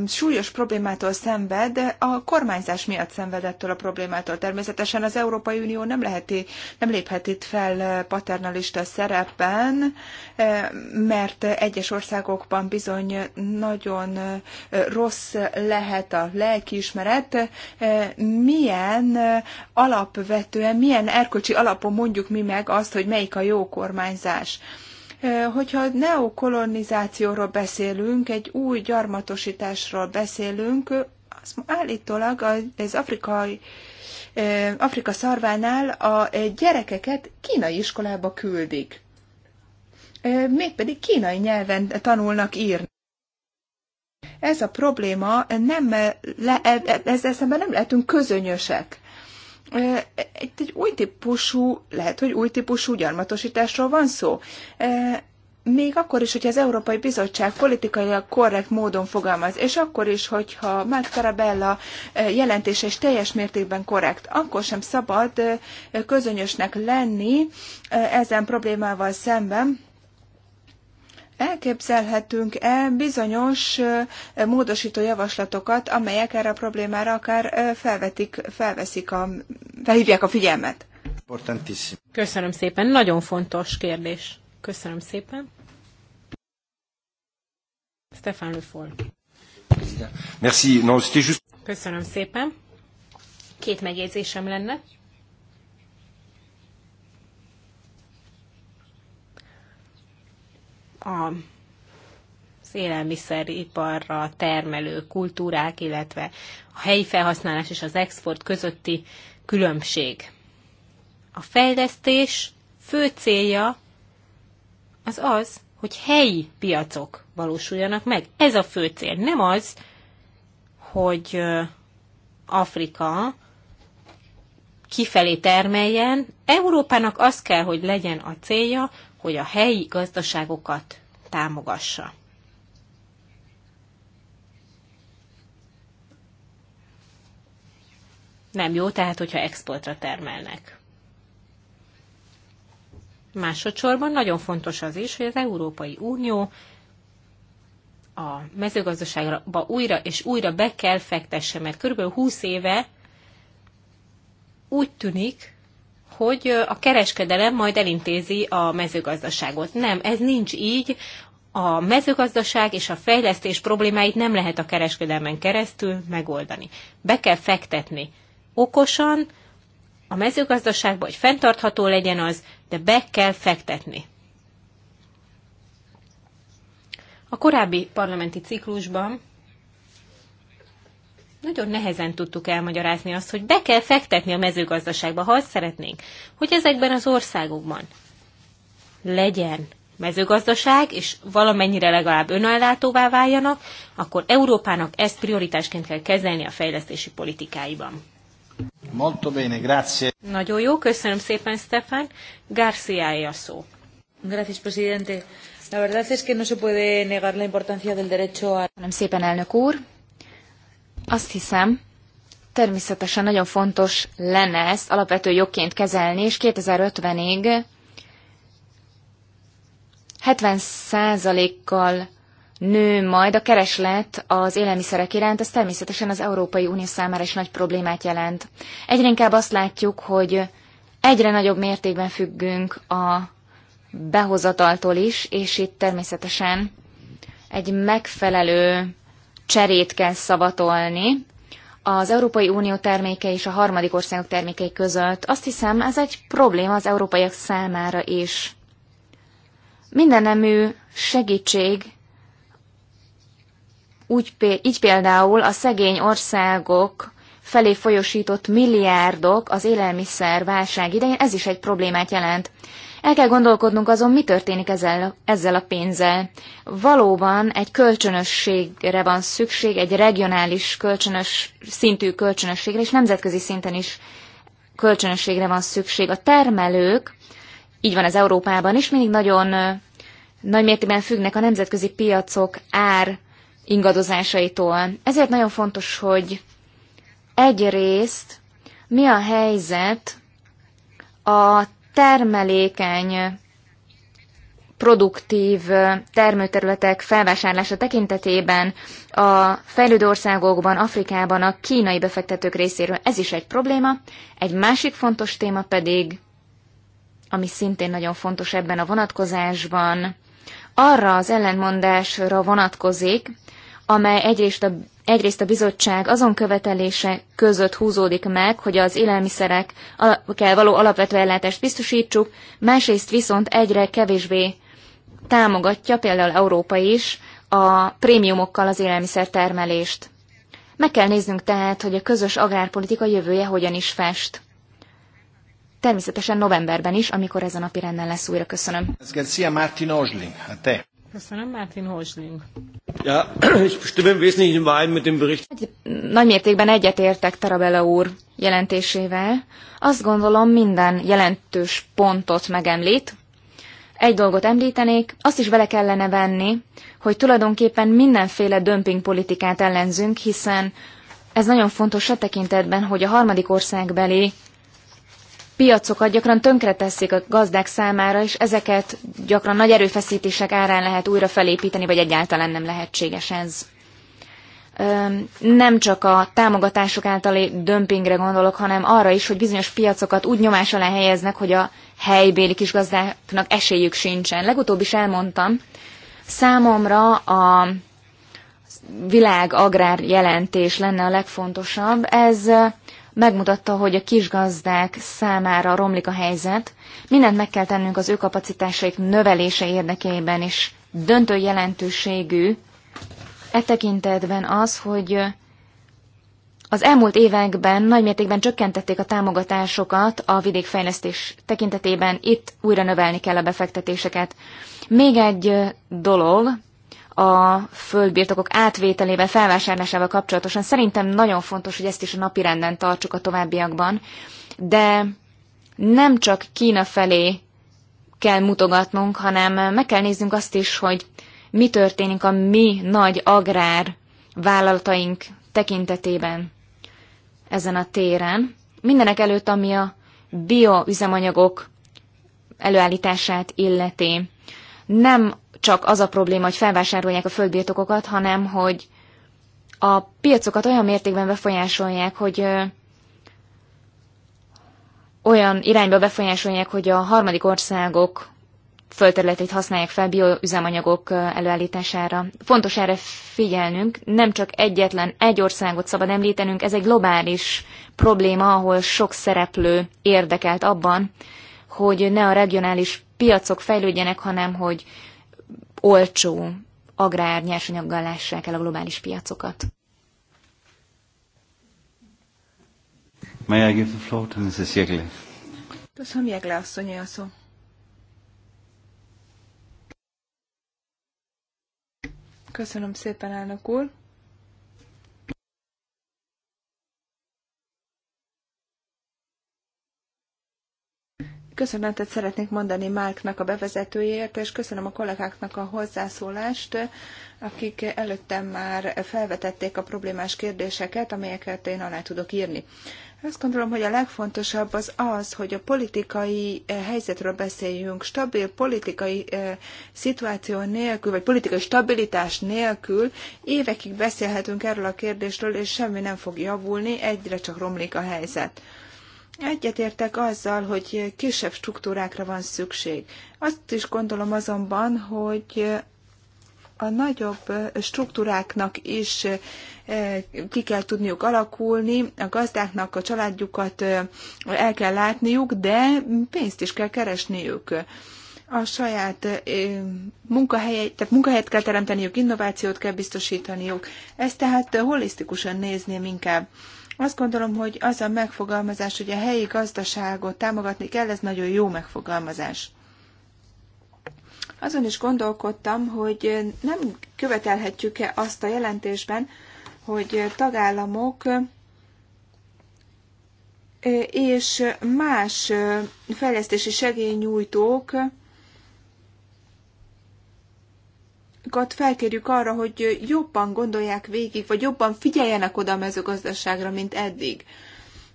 súlyos problémától szenved, a kormányzás miatt szenvedettől a problémától. Természetesen az Európai Unió nem, leheti, nem léphet itt fel paternalista szerepben, mert egyes országokban bizony nagyon rossz lehet a lelkiismeret. Milyen alapvetően, milyen erkölcsi alapon mondjuk mi meg azt, hogy melyik a jó kormányzás? Hogyha neokolonizációról beszélünk, egy új gyarmatosításról beszélünk, az állítólag az afrikai Afrika szarvánál a gyerekeket kínai iskolába küldik. Mégpedig kínai nyelven tanulnak írni. Ez a probléma, nem le, e- e- ezzel szemben nem lehetünk közönösek egy, egy új típusú, lehet, hogy új típusú gyarmatosításról van szó. Még akkor is, hogyha az Európai Bizottság politikailag korrekt módon fogalmaz, és akkor is, hogyha Mark Tarabella jelentése is teljes mértékben korrekt, akkor sem szabad közönösnek lenni ezen problémával szemben, elképzelhetünk-e bizonyos módosító javaslatokat, amelyek erre a problémára akár felvetik, felveszik a, felhívják a figyelmet?
Köszönöm szépen, nagyon fontos kérdés. Köszönöm szépen. Stefan Le Foll. Merci. Köszönöm szépen. Két megjegyzésem lenne. a élelmiszeriparra termelő kultúrák, illetve a helyi felhasználás és az export közötti különbség. A fejlesztés fő célja az az, hogy helyi piacok valósuljanak meg. Ez a fő cél. Nem az, hogy Afrika kifelé termeljen. Európának az kell, hogy legyen a célja, hogy a helyi gazdaságokat támogassa. Nem jó, tehát hogyha exportra termelnek. Másodszorban nagyon fontos az is, hogy az Európai Unió a mezőgazdaságba újra és újra be kell fektesse, mert kb. 20 éve úgy tűnik, hogy a kereskedelem majd elintézi a mezőgazdaságot. Nem, ez nincs így. A mezőgazdaság és a fejlesztés problémáit nem lehet a kereskedelmen keresztül megoldani. Be kell fektetni okosan, a mezőgazdaságba, hogy fenntartható legyen az, de be kell fektetni. A korábbi parlamenti ciklusban nagyon nehezen tudtuk elmagyarázni azt, hogy be kell fektetni a mezőgazdaságba, ha azt szeretnénk, hogy ezekben az országokban legyen mezőgazdaság, és valamennyire legalább önellátóvá váljanak, akkor Európának ezt prioritásként kell kezelni a fejlesztési politikáiban.
Molto bene, grazie.
Nagyon jó, köszönöm szépen, Stefan. Garcia a szó. Gracias, presidente. La verdad
es que no se puede negar la importancia del derecho a... Köszönöm szépen, elnök úr. Azt hiszem, természetesen nagyon fontos lenne ezt alapvető jogként kezelni, és 2050-ig 70%-kal nő majd a kereslet az élelmiszerek iránt, ez természetesen az Európai Unió számára is nagy problémát jelent. Egyre inkább azt látjuk, hogy egyre nagyobb mértékben függünk a behozataltól is, és itt természetesen egy megfelelő cserét kell szavatolni az Európai Unió termékei és a harmadik országok termékei között. Azt hiszem, ez egy probléma az európaiak számára is. mindenemű segítség úgy, így például a szegény országok felé folyosított milliárdok az élelmiszer válság idején, ez is egy problémát jelent. El kell gondolkodnunk azon, mi történik ezzel, ezzel a pénzzel. Valóban egy kölcsönösségre van szükség, egy regionális kölcsönös, szintű kölcsönösségre, és nemzetközi szinten is kölcsönösségre van szükség. A termelők, így van ez Európában is, mindig nagyon nagy mértében függnek a nemzetközi piacok ár ingadozásaitól. Ezért nagyon fontos, hogy egyrészt mi a helyzet a termelékeny, produktív termőterületek felvásárlása tekintetében a fejlődő országokban, Afrikában a kínai befektetők részéről ez is egy probléma. Egy másik fontos téma pedig, ami szintén nagyon fontos ebben a vonatkozásban, arra az ellentmondásra vonatkozik, amely egyrészt a egyrészt a bizottság azon követelése között húzódik meg, hogy az élelmiszerek kell való alapvető ellátást biztosítsuk, másrészt viszont egyre kevésbé támogatja például Európa is a prémiumokkal az élelmiszertermelést. Meg kell néznünk tehát, hogy a közös agrárpolitika jövője hogyan is fest. Természetesen novemberben is, amikor ez a napi renden lesz újra. Köszönöm.
Garcia a
Köszönöm, Martin Hozsling.
Ja, [clears throat] ich stimme im Wesentlichen überein mit dem Bericht. Nagy
mértékben egyetértek Tarabella úr jelentésével. Azt gondolom, minden jelentős pontot megemlít. Egy dolgot említenék, azt is bele kellene venni, hogy tulajdonképpen mindenféle dömpingpolitikát ellenzünk, hiszen ez nagyon fontos a tekintetben, hogy a harmadik országbeli piacokat gyakran tönkreteszik a gazdák számára, és ezeket gyakran nagy erőfeszítések árán lehet újra felépíteni, vagy egyáltalán nem lehetséges ez. Nem csak a támogatások általi dömpingre gondolok, hanem arra is, hogy bizonyos piacokat úgy nyomás alá helyeznek, hogy a helybéli kis gazdáknak esélyük sincsen. Legutóbb is elmondtam, számomra a világ agrár jelentés lenne a legfontosabb. Ez megmutatta, hogy a kisgazdák számára romlik a helyzet. Mindent meg kell tennünk az ő kapacitásaik növelése érdekében, és döntő jelentőségű e tekintetben az, hogy az elmúlt években nagymértékben csökkentették a támogatásokat a vidékfejlesztés tekintetében, itt újra növelni kell a befektetéseket. Még egy dolog, a földbirtokok átvételével, felvásárlásával kapcsolatosan. Szerintem nagyon fontos, hogy ezt is a napirenden tartsuk a továbbiakban, de nem csak Kína felé kell mutogatnunk, hanem meg kell néznünk azt is, hogy mi történik a mi nagy agrár vállalataink tekintetében ezen a téren. Mindenek előtt, ami a bioüzemanyagok előállítását illeti. Nem csak az a probléma, hogy felvásárolják a földbirtokokat, hanem hogy a piacokat olyan mértékben befolyásolják, hogy olyan irányba befolyásolják, hogy a harmadik országok földterületét használják fel bioüzemanyagok előállítására. Fontos erre figyelnünk, nem csak egyetlen egy országot szabad említenünk, ez egy globális probléma, ahol sok szereplő érdekelt abban, hogy ne a regionális piacok fejlődjenek, hanem hogy olcsó agrár nyersanyaggal lássák el a globális piacokat.
May I give the floor to Mrs. Jegle?
Köszönöm, Jegle asszony, a szó. Köszönöm szépen, elnök úr. Köszönetet szeretnék mondani Márknak a bevezetőjéért, és köszönöm a kollégáknak a hozzászólást, akik előttem már felvetették a problémás kérdéseket, amelyeket én alá tudok írni. Azt gondolom, hogy a legfontosabb az az, hogy a politikai eh, helyzetről beszéljünk. Stabil politikai eh, szituáció nélkül, vagy politikai stabilitás nélkül évekig beszélhetünk erről a kérdésről, és semmi nem fog javulni, egyre csak romlik a helyzet. Egyetértek azzal, hogy kisebb struktúrákra van szükség. Azt is gondolom azonban, hogy a nagyobb struktúráknak is eh, ki kell tudniuk alakulni, a gazdáknak a családjukat eh, el kell látniuk, de pénzt is kell keresniük. A saját eh, munkahelyet, tehát munkahelyet kell teremteniük, innovációt kell biztosítaniuk. Ezt tehát holisztikusan nézném inkább. Azt gondolom, hogy az a megfogalmazás, hogy a helyi gazdaságot támogatni kell, ez nagyon jó megfogalmazás. Azon is gondolkodtam, hogy nem követelhetjük-e azt a jelentésben, hogy tagállamok eh, és más eh, fejlesztési segélynyújtók felkérjük arra, hogy jobban gondolják végig, vagy jobban figyeljenek oda a mezőgazdaságra, mint eddig.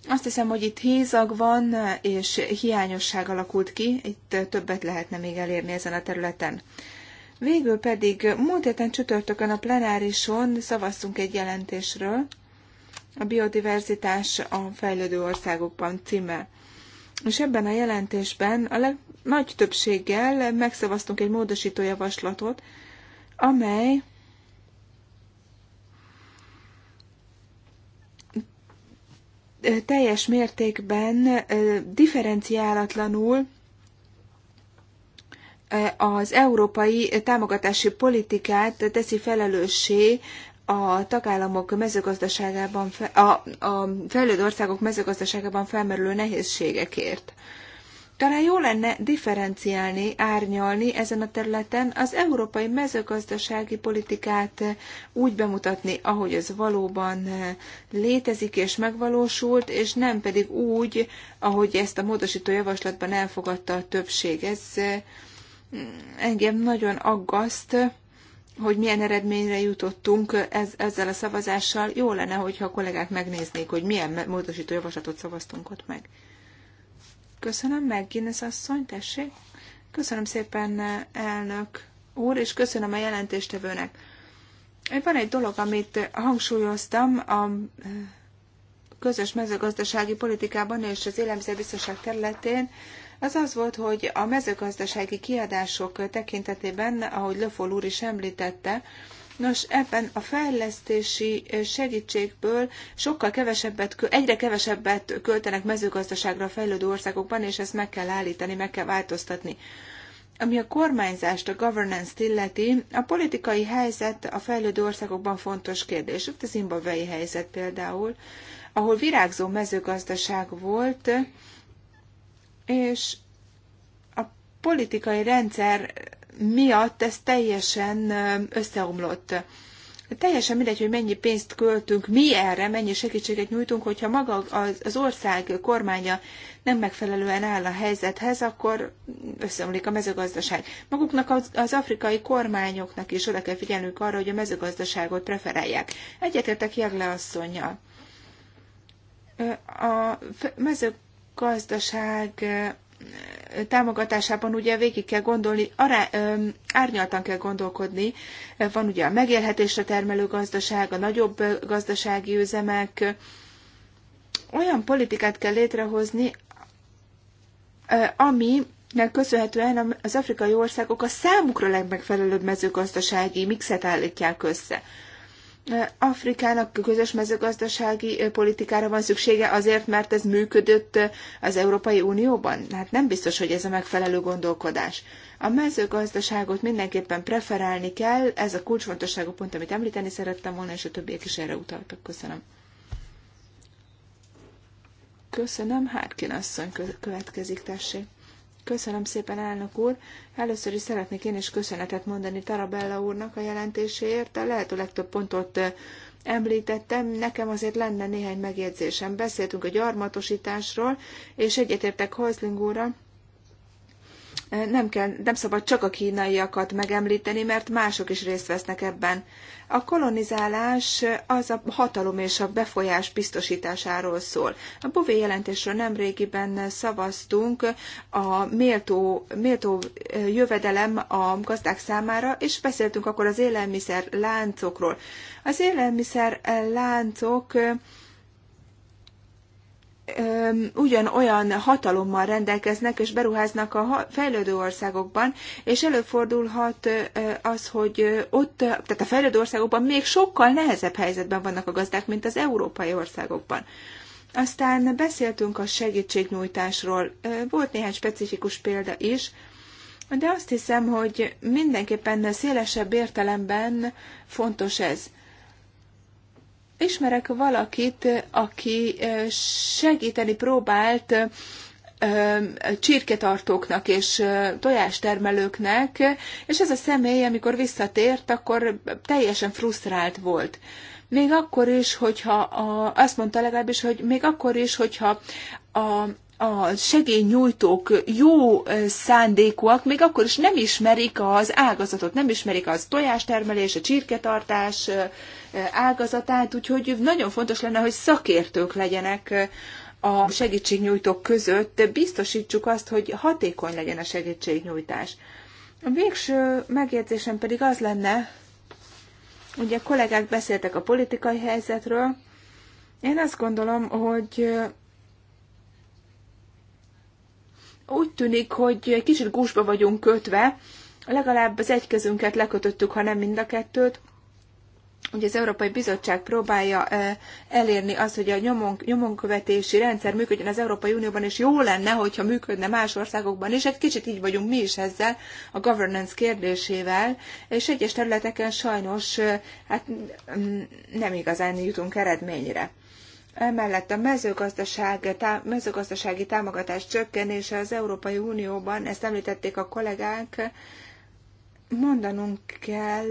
Azt hiszem, hogy itt hézag van, és hiányosság alakult ki, itt többet lehetne még elérni ezen a területen. Végül pedig múlt héten csütörtökön a plenárison szavaztunk egy jelentésről, a biodiverzitás a fejlődő országokban címe. És ebben a jelentésben a leg, nagy többséggel megszavaztunk egy módosító javaslatot, amely teljes mértékben differenciálatlanul az európai támogatási politikát teszi felelőssé a tagállamok mezőgazdaságában, a, a fejlődő országok mezőgazdaságában felmerülő nehézségekért. Talán jó lenne differenciálni, árnyalni ezen a területen, az európai mezőgazdasági politikát úgy bemutatni, ahogy ez valóban eh, létezik és megvalósult, és nem pedig úgy, ahogy ezt a módosító javaslatban elfogadta a többség. Ez eh, engem nagyon aggaszt, hogy milyen eredményre jutottunk ez, ezzel a szavazással. Jó lenne, hogyha a kollégák megnéznék, hogy milyen módosító javaslatot szavaztunk ott meg. Köszönöm, Guinness asszony, tessék. Köszönöm szépen, elnök úr, és köszönöm a jelentéstevőnek. Van egy dolog, amit hangsúlyoztam a eh, közös mezőgazdasági politikában és az élelmiszerbiztonság területén, az az volt, hogy a mezőgazdasági kiadások tekintetében, ahogy Löfol úr is említette, Nos, ebben a fejlesztési segítségből sokkal kevesebbet, egyre kevesebbet költenek mezőgazdaságra a fejlődő országokban, és ezt meg kell állítani, meg kell változtatni. Ami a kormányzást, a governance-t illeti, a politikai helyzet a fejlődő országokban fontos kérdés. Ott a zimbabwei helyzet például, ahol virágzó mezőgazdaság volt, és a politikai rendszer miatt ez teljesen összeomlott. Teljesen mindegy, hogy mennyi pénzt költünk mi erre, mennyi segítséget nyújtunk, hogyha maga az, ország kormánya nem megfelelően áll a helyzethez, akkor összeomlik a mezőgazdaság. Maguknak az, az afrikai kormányoknak is oda kell figyelnünk arra, hogy a mezőgazdaságot preferálják. Egyetértek Jegle asszonya. A mezőgazdaság támogatásában ugye végig kell gondolni, ará, árnyaltan kell gondolkodni. Van ugye a megélhetésre termelő gazdaság, a nagyobb gazdasági üzemek. Olyan politikát kell létrehozni, ami aminek köszönhetően az afrikai országok a számukra legmegfelelőbb mezőgazdasági mixet állítják össze. Afrikának közös mezőgazdasági politikára van szüksége azért, mert ez működött az Európai Unióban? Hát nem biztos, hogy ez a megfelelő gondolkodás. A mezőgazdaságot mindenképpen preferálni kell, ez a kulcsfontosságú pont, amit említeni szerettem volna, és a többiek is erre utaltak. Köszönöm. Köszönöm, Hárkin asszony következik, tessék. Köszönöm szépen, elnök úr! Először is szeretnék én is köszönetet mondani Tarabella úrnak a jelentéséért. A lehető legtöbb pontot említettem, nekem azért lenne néhány megjegyzésem. Beszéltünk a gyarmatosításról, és egyetértek Hozling úrral, nem, kell, nem szabad csak a kínaiakat megemlíteni, mert mások is részt vesznek ebben. A kolonizálás az a hatalom és a befolyás biztosításáról szól. A Bové jelentésről nemrégiben szavaztunk a méltó, méltó jövedelem a gazdák számára, és beszéltünk akkor az élelmiszer láncokról. Az élelmiszer láncok ugyanolyan hatalommal rendelkeznek és beruháznak a fejlődő országokban, és előfordulhat az, hogy ott, tehát a fejlődő országokban még sokkal nehezebb helyzetben vannak a gazdák, mint az európai országokban. Aztán beszéltünk a segítségnyújtásról. Volt néhány specifikus példa is, de azt hiszem, hogy mindenképpen szélesebb értelemben fontos ez ismerek valakit, aki segíteni próbált csirketartóknak és tojástermelőknek, és ez a személy, amikor visszatért, akkor teljesen frusztrált volt. Még akkor is, hogyha a, azt mondta legalábbis, hogy még akkor is, hogyha a a segélynyújtók jó szándékúak, még akkor is nem ismerik az ágazatot, nem ismerik az tojástermelés, a csirketartás ágazatát, úgyhogy nagyon fontos lenne, hogy szakértők legyenek a segítségnyújtók között, biztosítsuk azt, hogy hatékony legyen a segítségnyújtás. A végső megjegyzésem pedig az lenne, ugye kollégák beszéltek a politikai helyzetről, én azt gondolom, hogy úgy tűnik, hogy kicsit gúzsba vagyunk kötve, legalább az egy kezünket lekötöttük, ha nem mind a kettőt, Ugye az Európai Bizottság próbálja elérni azt, hogy a nyomon, nyomonkövetési rendszer működjön az Európai Unióban, és jó lenne, hogyha működne más országokban is. Egy kicsit így vagyunk mi is ezzel, a governance kérdésével, és egyes területeken sajnos hát, mm, nem igazán jutunk eredményre. Emellett a mezőgazdaság, tá, mezőgazdasági támogatás csökkenése az Európai Unióban, ezt említették a kollégák, mondanunk kell,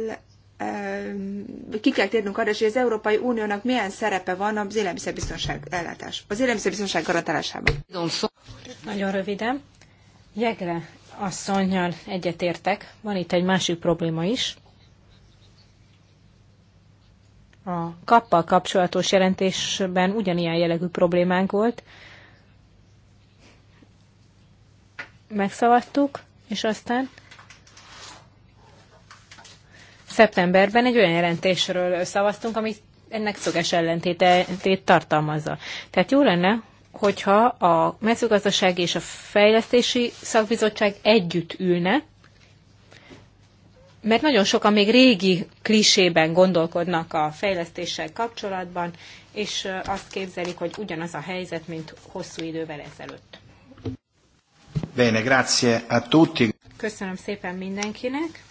ki kell térnünk arra, hogy az Európai Uniónak milyen szerepe van az élelmiszerbiztonság ellátás, az élelmiszerbiztonság garantálásában.
Nagyon röviden. Jegle asszonynal egyetértek. Van itt egy másik probléma is a kappal kapcsolatos jelentésben ugyanilyen jellegű problémánk volt. Megszavattuk, és aztán szeptemberben egy olyan jelentésről szavaztunk, ami ennek szöges ellentétét tartalmazza. Tehát jó lenne, hogyha a mezőgazdasági és a fejlesztési szakbizottság együtt ülne, mert nagyon sokan még régi klisében gondolkodnak a fejlesztéssel kapcsolatban, és azt képzelik, hogy ugyanaz a helyzet, mint hosszú idővel ezelőtt.
Bene, grazie a tutti.
Köszönöm szépen mindenkinek.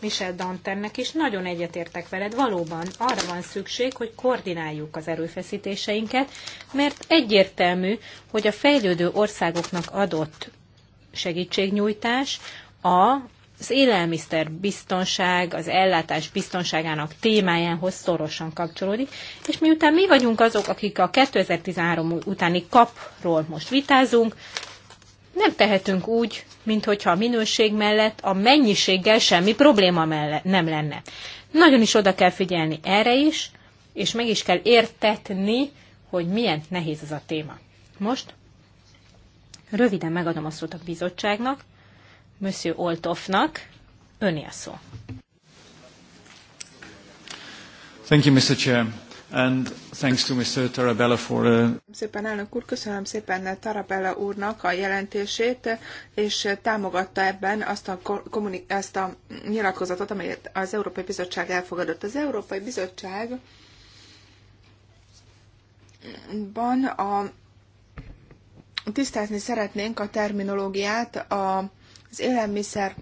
Michel Dantennek is nagyon egyetértek veled. Valóban arra van szükség, hogy koordináljuk az erőfeszítéseinket, mert egyértelmű, hogy a fejlődő országoknak adott segítségnyújtás a az élelmiszer biztonság, az ellátás biztonságának témájához szorosan kapcsolódik, és miután mi vagyunk azok, akik a 2013 utáni kapról most vitázunk, nem tehetünk úgy, mint hogyha a minőség mellett a mennyiséggel semmi probléma mellett nem lenne. Nagyon is oda kell figyelni erre is, és meg is kell értetni, hogy milyen nehéz ez a téma. Most röviden megadom a szót a bizottságnak, Monsieur Oltofnak. Öné a szó.
Thank you, Mr. Chair. And thanks to Mr. Tarabella for a... Uh,
szépen elnök úr, köszönöm szépen Tarabella úrnak a jelentését, és támogatta ebben azt a, kommunik- ezt a nyilatkozatot, amelyet az Európai Bizottság elfogadott. Az Európai Bizottság a tisztázni szeretnénk a terminológiát a az élelmiszer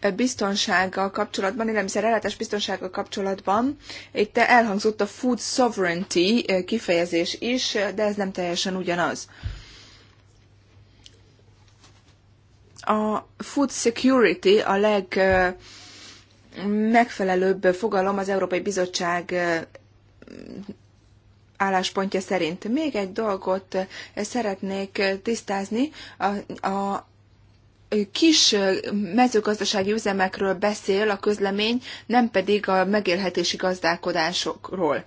eh, biztonsággal kapcsolatban, élelmiszer ellátás biztonsággal kapcsolatban. Itt elhangzott a food sovereignty eh, kifejezés is, de ez nem teljesen ugyanaz. A food security a legmegfelelőbb eh, fogalom az Európai Bizottság álláspontja szerint. Még egy dolgot szeretnék tisztázni. A, a kis mezőgazdasági üzemekről beszél a közlemény, nem pedig a megélhetési gazdálkodásokról.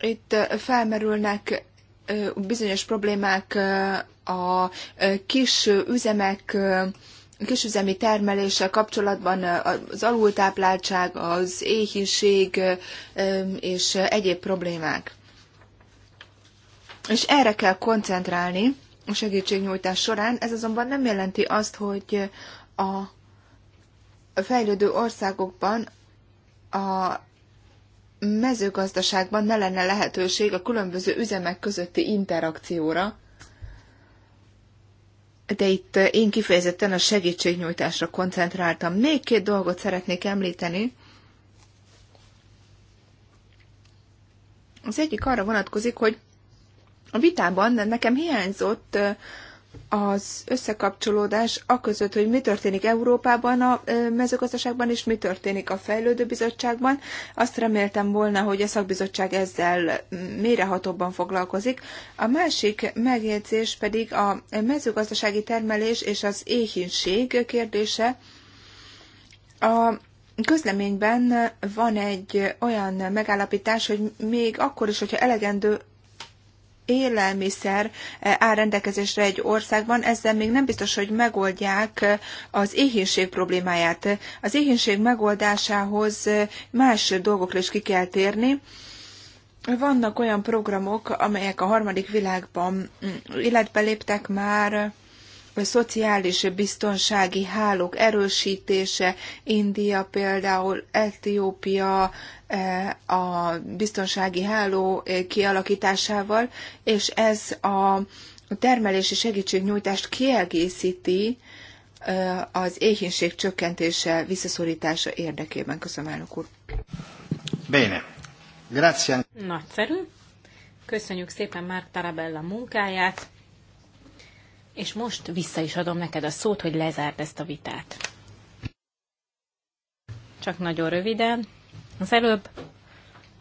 Itt felmerülnek bizonyos problémák a kis üzemek kisüzemi termeléssel kapcsolatban az alultápláltság, az éhínség és egyéb problémák. És erre kell koncentrálni, a segítségnyújtás során. Ez azonban nem jelenti azt, hogy a fejlődő országokban a mezőgazdaságban ne lenne lehetőség a különböző üzemek közötti interakcióra, de itt én kifejezetten a segítségnyújtásra koncentráltam. Még két dolgot szeretnék említeni. Az egyik arra vonatkozik, hogy a vitában nekem hiányzott az összekapcsolódás aközött, hogy mi történik Európában a mezőgazdaságban, és mi történik a fejlődő bizottságban. Azt reméltem volna, hogy a szakbizottság ezzel mérehatóbban foglalkozik. A másik megjegyzés pedig a mezőgazdasági termelés és az éhínség kérdése. A közleményben van egy olyan megállapítás, hogy még akkor is, hogyha elegendő élelmiszer eh, áll rendelkezésre egy országban, ezzel még nem biztos, hogy megoldják eh, az éhénység problémáját. Az éhénység megoldásához eh, más dolgokra is ki kell térni. Vannak olyan programok, amelyek a harmadik világban mm, életbe léptek már, szociális biztonsági hálók erősítése, India például, Etiópia, eh, a biztonsági háló eh, kialakításával, és ez a termelési segítségnyújtást kiegészíti eh, az éhínség csökkentése, visszaszorítása érdekében. Köszönöm, elnök úr.
Bene. Grazie.
Nagyszerű. Köszönjük szépen Márk Tarabella munkáját és most vissza is adom neked a szót, hogy lezárd ezt a vitát. Csak nagyon röviden. Az előbb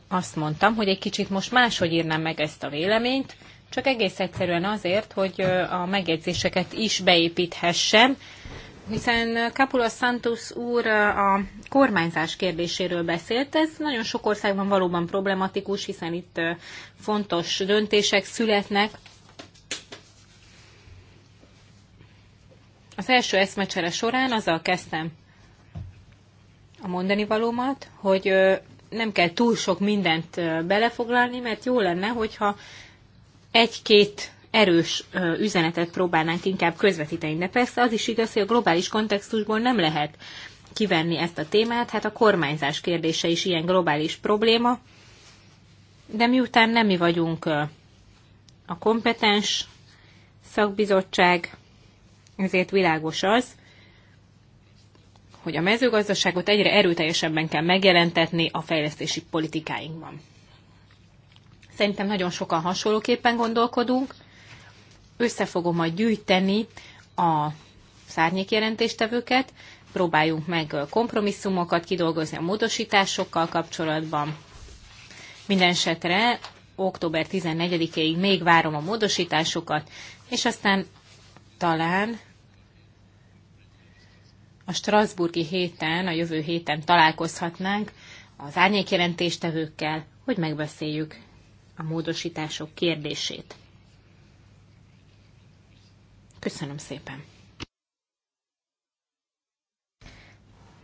azt mondtam, hogy egy kicsit most máshogy írnám meg ezt a véleményt, csak egész egyszerűen azért, hogy a megjegyzéseket is beépíthessem, hiszen Capula Santos úr a kormányzás kérdéséről beszélt. Ez nagyon sok országban valóban problematikus, hiszen itt fontos döntések születnek, Az első eszmecsere során azzal kezdtem a mondani valómat, hogy nem kell túl sok mindent belefoglalni, mert jó lenne, hogyha egy-két erős üzenetet próbálnánk inkább közvetíteni. De persze az is igaz, hogy a globális kontextusból nem lehet kivenni ezt a témát, hát a kormányzás kérdése is ilyen globális probléma, de miután nem mi vagyunk a kompetens szakbizottság, ezért világos az, hogy a mezőgazdaságot egyre erőteljesebben kell megjelentetni a fejlesztési politikáinkban. Szerintem nagyon sokan hasonlóképpen gondolkodunk. Össze fogom majd gyűjteni a szárnyékjelentéstevőket, próbáljunk meg kompromisszumokat kidolgozni a módosításokkal kapcsolatban. Minden esetre október 14-ig még várom a módosításokat, és aztán talán a Strasburgi héten, a jövő héten találkozhatnánk az árnyékjelentéstevőkkel, hogy megbeszéljük a módosítások kérdését. Köszönöm szépen!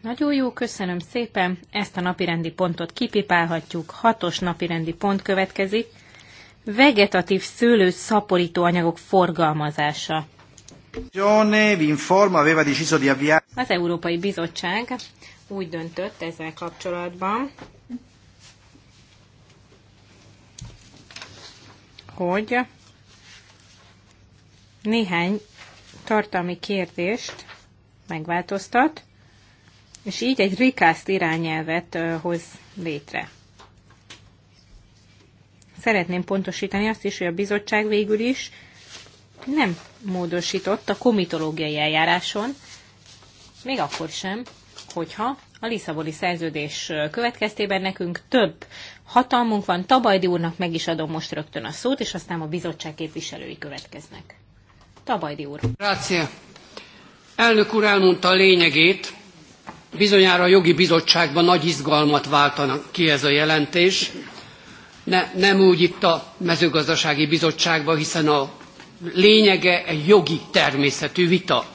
Nagyon jó, köszönöm szépen. Ezt a napirendi pontot kipipálhatjuk. Hatos napirendi pont következik. Vegetatív szőlő szaporító anyagok forgalmazása. Az Európai Bizottság úgy döntött ezzel kapcsolatban, hogy néhány tartalmi kérdést megváltoztat, és így egy rikászt irányelvet hoz létre. Szeretném pontosítani azt is, hogy a bizottság végül is nem módosított a komitológiai eljáráson, még akkor sem, hogyha a Lisszaboni szerződés következtében nekünk több hatalmunk van. Tabajdi úrnak meg is adom most rögtön a szót, és aztán a bizottság képviselői következnek.
Tabajdi úr. Grácia. Elnök úr elmondta a lényegét. Bizonyára a jogi bizottságban nagy izgalmat váltanak ki ez a jelentés. Ne, nem úgy itt a mezőgazdasági bizottságban, hiszen a lényege egy jogi természetű vita.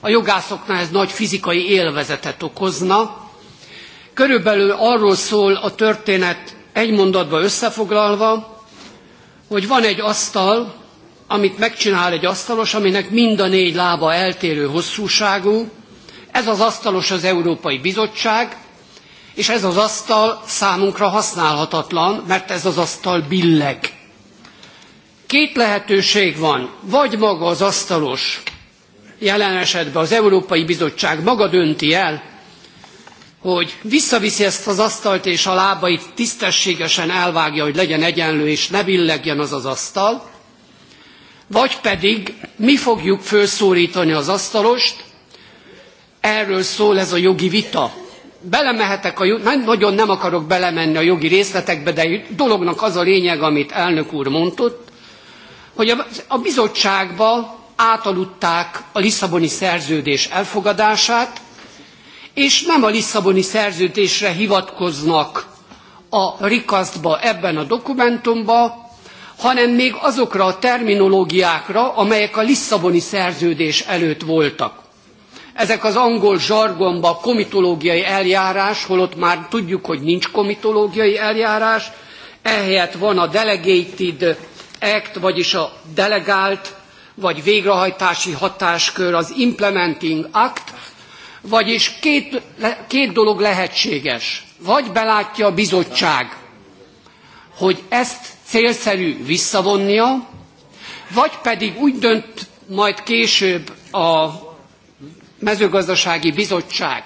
A jogászoknál ez nagy fizikai élvezetet okozna. Körülbelül arról szól a történet egy mondatba összefoglalva, hogy van egy asztal, amit megcsinál egy asztalos, aminek mind a négy lába eltérő hosszúságú. Ez az asztalos az Európai Bizottság, és ez az asztal számunkra használhatatlan, mert ez az asztal billeg. Két lehetőség van. Vagy maga az asztalos, jelen esetben az Európai Bizottság maga dönti el, hogy visszaviszi ezt az asztalt, és a lábait tisztességesen elvágja, hogy legyen egyenlő, és ne billegjen az az asztal, vagy pedig mi fogjuk felszólítani az asztalost, erről szól ez a jogi vita. Belemehetek a nem, nagyon nem akarok belemenni a jogi részletekbe, de dolognak az a lényeg, amit elnök úr mondott, hogy a, bizottságba átaludták a Lisszaboni szerződés elfogadását, és nem a Lisszaboni szerződésre hivatkoznak a rikasztba ebben a dokumentumban, hanem még azokra a terminológiákra, amelyek a Lisszaboni szerződés előtt voltak. Ezek az angol zsargonba komitológiai eljárás, holott már tudjuk, hogy nincs komitológiai eljárás, ehelyett van a delegated act, vagyis a delegált vagy végrehajtási hatáskör, az implementing act, vagyis két, két dolog lehetséges. Vagy belátja a bizottság, hogy ezt célszerű visszavonnia, vagy pedig úgy dönt majd később a mezőgazdasági bizottság,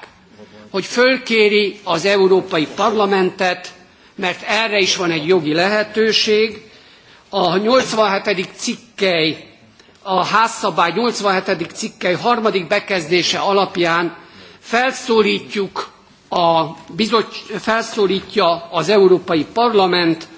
hogy fölkéri az Európai Parlamentet, mert erre is van egy jogi lehetőség, a 87. cikkely, a házszabály 87. cikkely harmadik bekezdése alapján felszólítjuk a bizot, felszólítja az Európai Parlament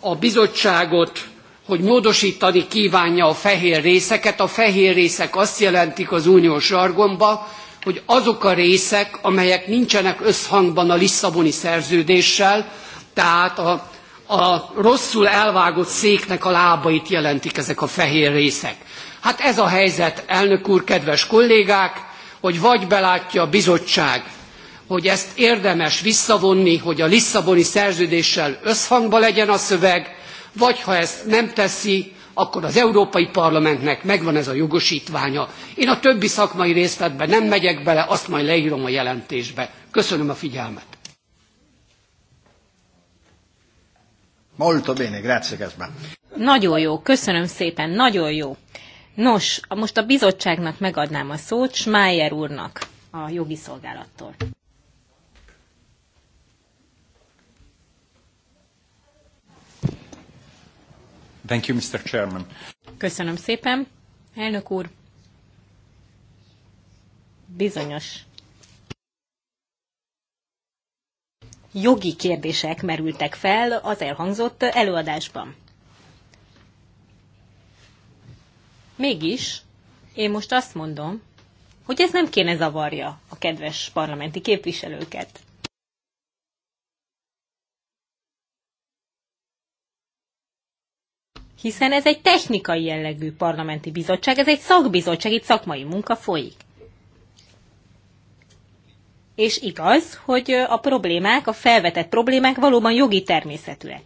a bizottságot, hogy módosítani kívánja a fehér részeket. A fehér részek azt jelentik az uniós zsargonba, hogy azok a részek, amelyek nincsenek összhangban a Lisszaboni szerződéssel, tehát a a rosszul elvágott széknek a lábait jelentik ezek a fehér részek. Hát ez a helyzet, elnök úr, kedves kollégák, hogy vagy belátja a bizottság, hogy ezt érdemes visszavonni, hogy a Lisszaboni szerződéssel összhangba legyen a szöveg, vagy ha ezt nem teszi, akkor az Európai Parlamentnek megvan ez a jogosítványa. Én a többi szakmai részletbe nem megyek bele, azt majd leírom a jelentésbe. Köszönöm a figyelmet. Molto bene, grazie
Nagyon jó, köszönöm szépen, nagyon jó. Nos, most a bizottságnak megadnám a szót, Schmeier úrnak a jogi szolgálattól.
Thank you, Mr. Chairman.
Köszönöm szépen, elnök úr. Bizonyos jogi kérdések merültek fel az elhangzott előadásban. Mégis én most azt mondom, hogy ez nem kéne zavarja a kedves parlamenti képviselőket. Hiszen ez egy technikai jellegű parlamenti bizottság, ez egy szakbizottság, itt szakmai munka folyik és igaz, hogy a problémák, a felvetett problémák valóban jogi természetűek.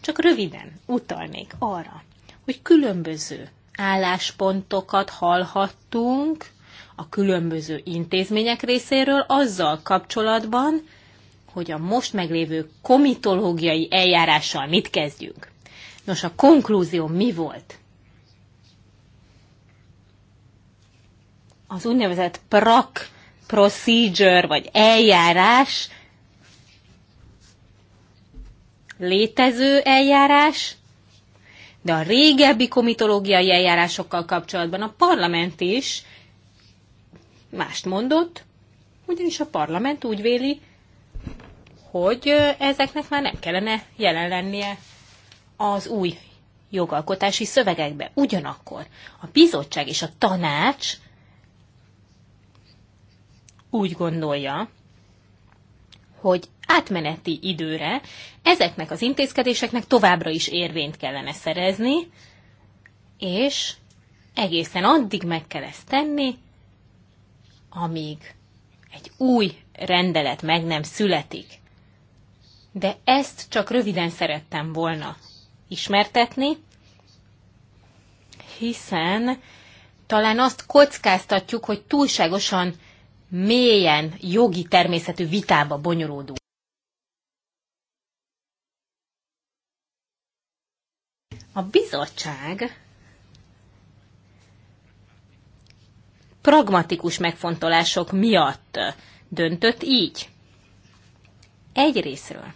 Csak röviden utalnék arra, hogy különböző álláspontokat hallhattunk a különböző intézmények részéről azzal kapcsolatban, hogy a most meglévő komitológiai eljárással mit kezdjünk. Nos, a konklúzió mi volt? Az úgynevezett PRAK procedure vagy eljárás, létező eljárás, de a régebbi komitológiai eljárásokkal kapcsolatban a parlament is mást mondott, ugyanis a parlament úgy véli, hogy ezeknek már nem kellene jelen lennie az új jogalkotási szövegekbe. Ugyanakkor a bizottság és a tanács úgy gondolja, hogy átmeneti időre ezeknek az intézkedéseknek továbbra is érvényt kellene szerezni, és egészen addig meg kell ezt tenni, amíg egy új rendelet meg nem születik. De ezt csak röviden szerettem volna ismertetni, hiszen talán azt kockáztatjuk, hogy túlságosan mélyen jogi természetű vitába bonyolódunk. A bizottság pragmatikus megfontolások miatt döntött így. Egy részről.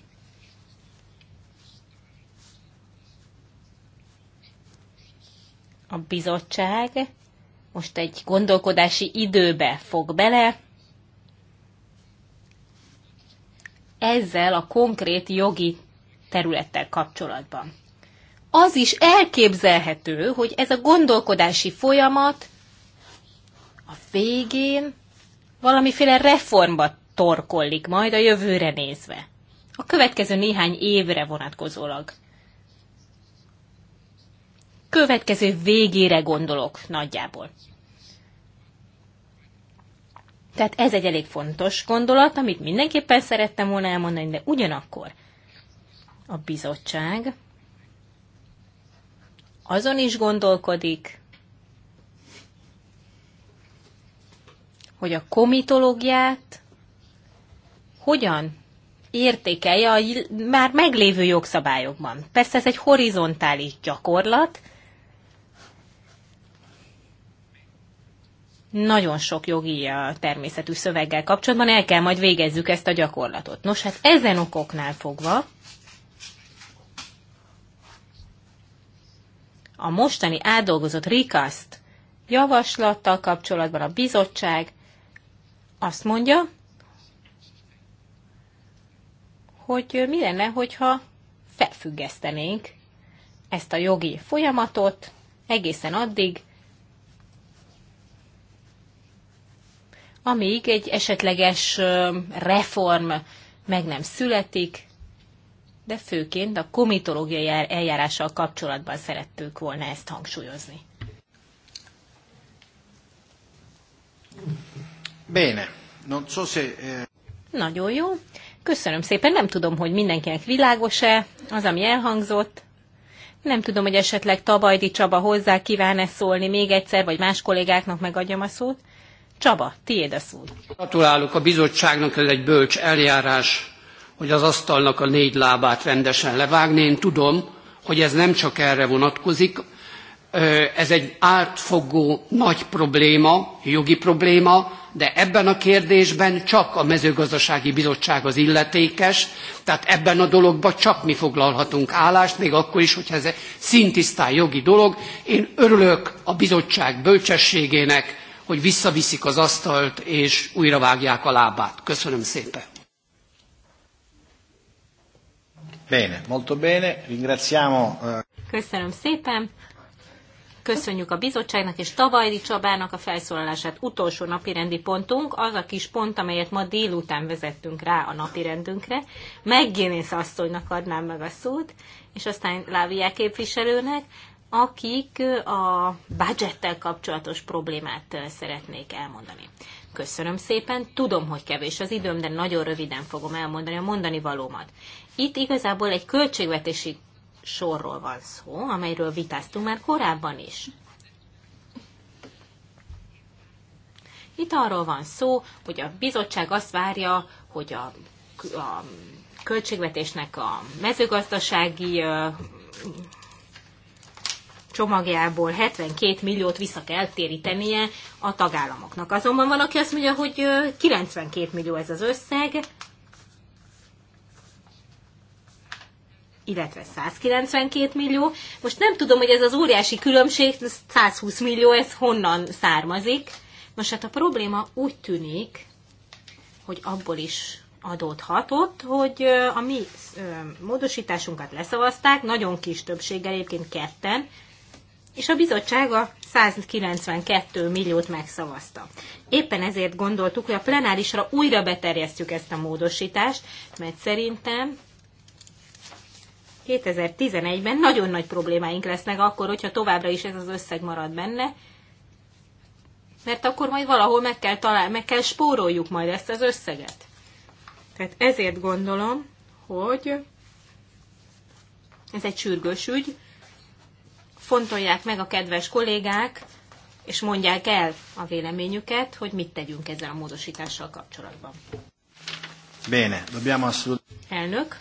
A bizottság most egy gondolkodási időbe fog bele, ezzel a konkrét jogi területtel kapcsolatban. Az is elképzelhető, hogy ez a gondolkodási folyamat a végén valamiféle reformba torkollik majd a jövőre nézve. A következő néhány évre vonatkozólag. Következő végére gondolok nagyjából. Tehát ez egy elég fontos gondolat, amit mindenképpen szerettem volna elmondani, de ugyanakkor a bizottság azon is gondolkodik, hogy a komitológiát hogyan értékelje a már meglévő jogszabályokban. Persze ez egy horizontális gyakorlat, nagyon sok jogi természetű szöveggel kapcsolatban el kell majd végezzük ezt a gyakorlatot. Nos, hát ezen okoknál fogva a mostani átdolgozott rikaszt javaslattal kapcsolatban a bizottság azt mondja, hogy mi lenne, hogyha felfüggesztenénk ezt a jogi folyamatot egészen addig, amíg egy esetleges reform meg nem születik, de főként a komitológiai eljárással kapcsolatban szerettük volna ezt hangsúlyozni.
Bene. Non so se, eh...
Nagyon jó. Köszönöm szépen. Nem tudom, hogy mindenkinek világos-e az, ami elhangzott. Nem tudom, hogy esetleg Tabajdi Csaba hozzá kíván-e szólni még egyszer, vagy más kollégáknak megadjam a szót. Csaba, tiéd a szó.
Gratulálok a bizottságnak, ez egy bölcs eljárás, hogy az asztalnak a négy lábát rendesen levágni. Én tudom, hogy ez nem csak erre vonatkozik, ez egy átfogó nagy probléma, jogi probléma, de ebben a kérdésben csak a mezőgazdasági bizottság az illetékes, tehát ebben a dologban csak mi foglalhatunk állást, még akkor is, hogyha ez egy szintisztán jogi dolog. Én örülök a bizottság bölcsességének, hogy visszaviszik az asztalt és újra vágják a lábát. Köszönöm szépen. Bene, molto bene, ringraziamo. Eh,
Köszönöm szépen. Köszönjük a bizottságnak és Tavajdi Csabának a felszólalását. Utolsó napirendi pontunk, az a kis pont, amelyet ma délután vezettünk rá a napirendünkre. Meggénész asszonynak adnám meg a szót, és aztán Lávia képviselőnek, akik a budgettel kapcsolatos problémát szeretnék elmondani. Köszönöm szépen, tudom, hogy kevés az időm, de nagyon röviden fogom elmondani a mondani valómat. Itt igazából egy költségvetési sorról van szó, amelyről vitáztunk már korábban is. Itt arról van szó, hogy a bizottság azt várja, hogy a, a költségvetésnek a mezőgazdasági csomagjából 72 milliót vissza kell térítenie a tagállamoknak. Azonban van, aki azt mondja, hogy 92 millió ez az összeg, illetve 192 millió. Most nem tudom, hogy ez az óriási különbség, 120 millió, ez honnan származik. Most hát a probléma úgy tűnik, hogy abból is adódhatott, hogy a mi módosításunkat leszavazták, nagyon kis többséggel, egyébként ketten, és a bizottság a 192 milliót megszavazta. Éppen ezért gondoltuk, hogy a plenárisra újra beterjesztjük ezt a módosítást, mert szerintem 2011-ben nagyon nagy problémáink lesznek akkor, hogyha továbbra is ez az összeg marad benne, mert akkor majd valahol meg kell, talál, meg kell spóroljuk majd ezt az összeget. Tehát ezért gondolom, hogy ez egy sürgős ügy, fontolják meg a kedves kollégák, és mondják el a véleményüket, hogy mit tegyünk ezzel a módosítással kapcsolatban. Bene, dobbiamo assolutamente. Elnök,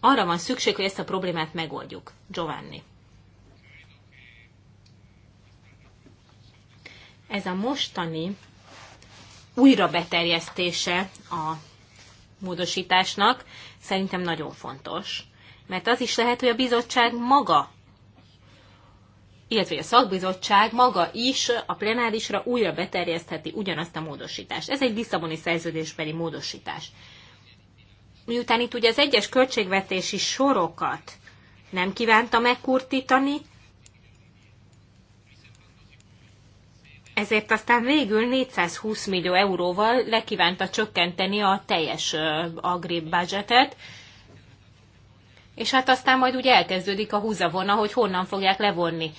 arra van szükség, hogy ezt a problémát megoldjuk. Giovanni. Ez a mostani újra beterjesztése a módosításnak szerintem nagyon fontos, mert az is lehet, hogy a bizottság maga illetve a szakbizottság maga is a plenárisra újra beterjesztheti ugyanazt a módosítást. Ez egy Lisszaboni szerződésbeli módosítás. Miután itt ugye az egyes költségvetési sorokat nem kívánta megkurtítani, ezért aztán végül 420 millió euróval lekívánta csökkenteni a teljes agri budgetet, és hát aztán majd ugye elkezdődik a húzavona, hogy honnan fogják levonni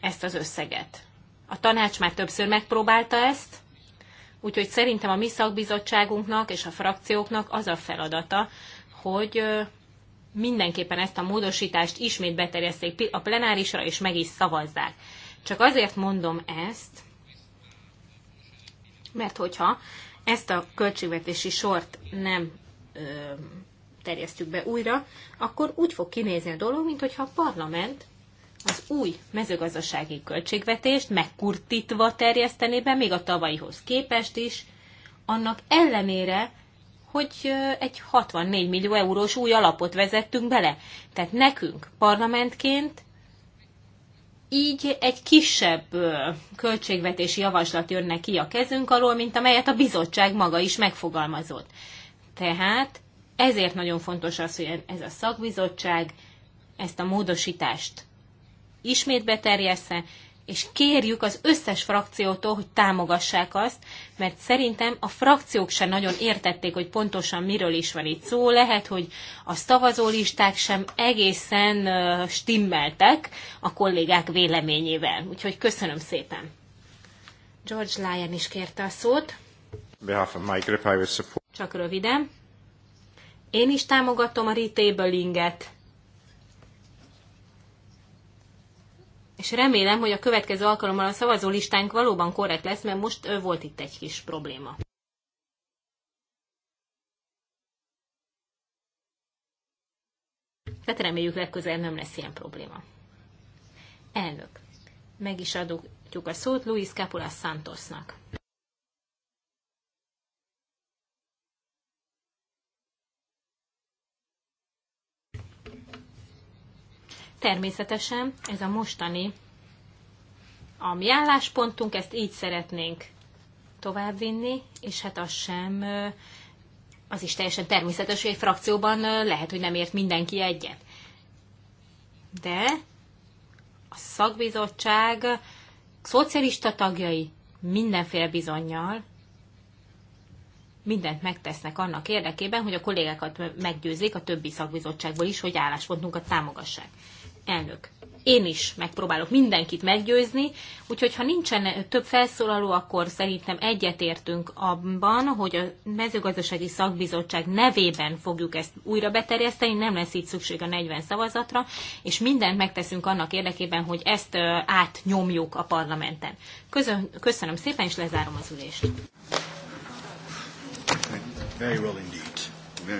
ezt az összeget. A tanács már többször megpróbálta ezt, úgyhogy szerintem a mi szakbizottságunknak és a frakcióknak az a feladata, hogy mindenképpen ezt a módosítást ismét beterjeszték a plenárisra, és meg is szavazzák. Csak azért mondom ezt, mert hogyha ezt a költségvetési sort nem ö, terjesztjük be újra, akkor úgy fog kinézni a dolog, mint hogyha a parlament az új mezőgazdasági költségvetést megkurtítva terjeszteni be, még a tavalyihoz képest is, annak ellenére, hogy egy 64 millió eurós új alapot vezettünk bele. Tehát nekünk parlamentként így egy kisebb költségvetési javaslat jönne ki a kezünk alól, mint amelyet a bizottság maga is megfogalmazott. Tehát ezért nagyon fontos az, hogy ez a szakbizottság ezt a módosítást ismét beterjessze, és kérjük az összes frakciótól, hogy támogassák azt, mert szerintem a frakciók sem nagyon értették, hogy pontosan miről is van itt szó. Lehet, hogy a szavazólisták sem egészen stimmeltek a kollégák véleményével. Úgyhogy köszönöm szépen. George Lyon is kérte a szót. Csak röviden. Én is támogatom a retablinget. és remélem, hogy a következő alkalommal a szavazó listánk valóban korrekt lesz, mert most volt itt egy kis probléma. Tehát reméljük legközelebb nem lesz ilyen probléma. Elnök. Meg is adjuk a szót Luis Capula Santosnak. Természetesen ez a mostani a mi álláspontunk, ezt így szeretnénk továbbvinni, és hát az sem, az is teljesen természetes, hogy egy frakcióban lehet, hogy nem ért mindenki egyet. De a szakbizottság szocialista tagjai mindenféle bizonyjal mindent megtesznek annak érdekében, hogy a kollégákat meggyőzzék a többi szakbizottságból is, hogy álláspontunkat támogassák. Elnök, én is megpróbálok mindenkit meggyőzni, úgyhogy ha nincsen több felszólaló, akkor szerintem egyetértünk abban, hogy a mezőgazdasági szakbizottság nevében fogjuk ezt újra beterjeszteni, nem lesz itt szükség a 40 szavazatra, és mindent megteszünk annak érdekében, hogy ezt átnyomjuk a parlamenten. Közön, köszönöm szépen, és lezárom az ülést.
Very well indeed.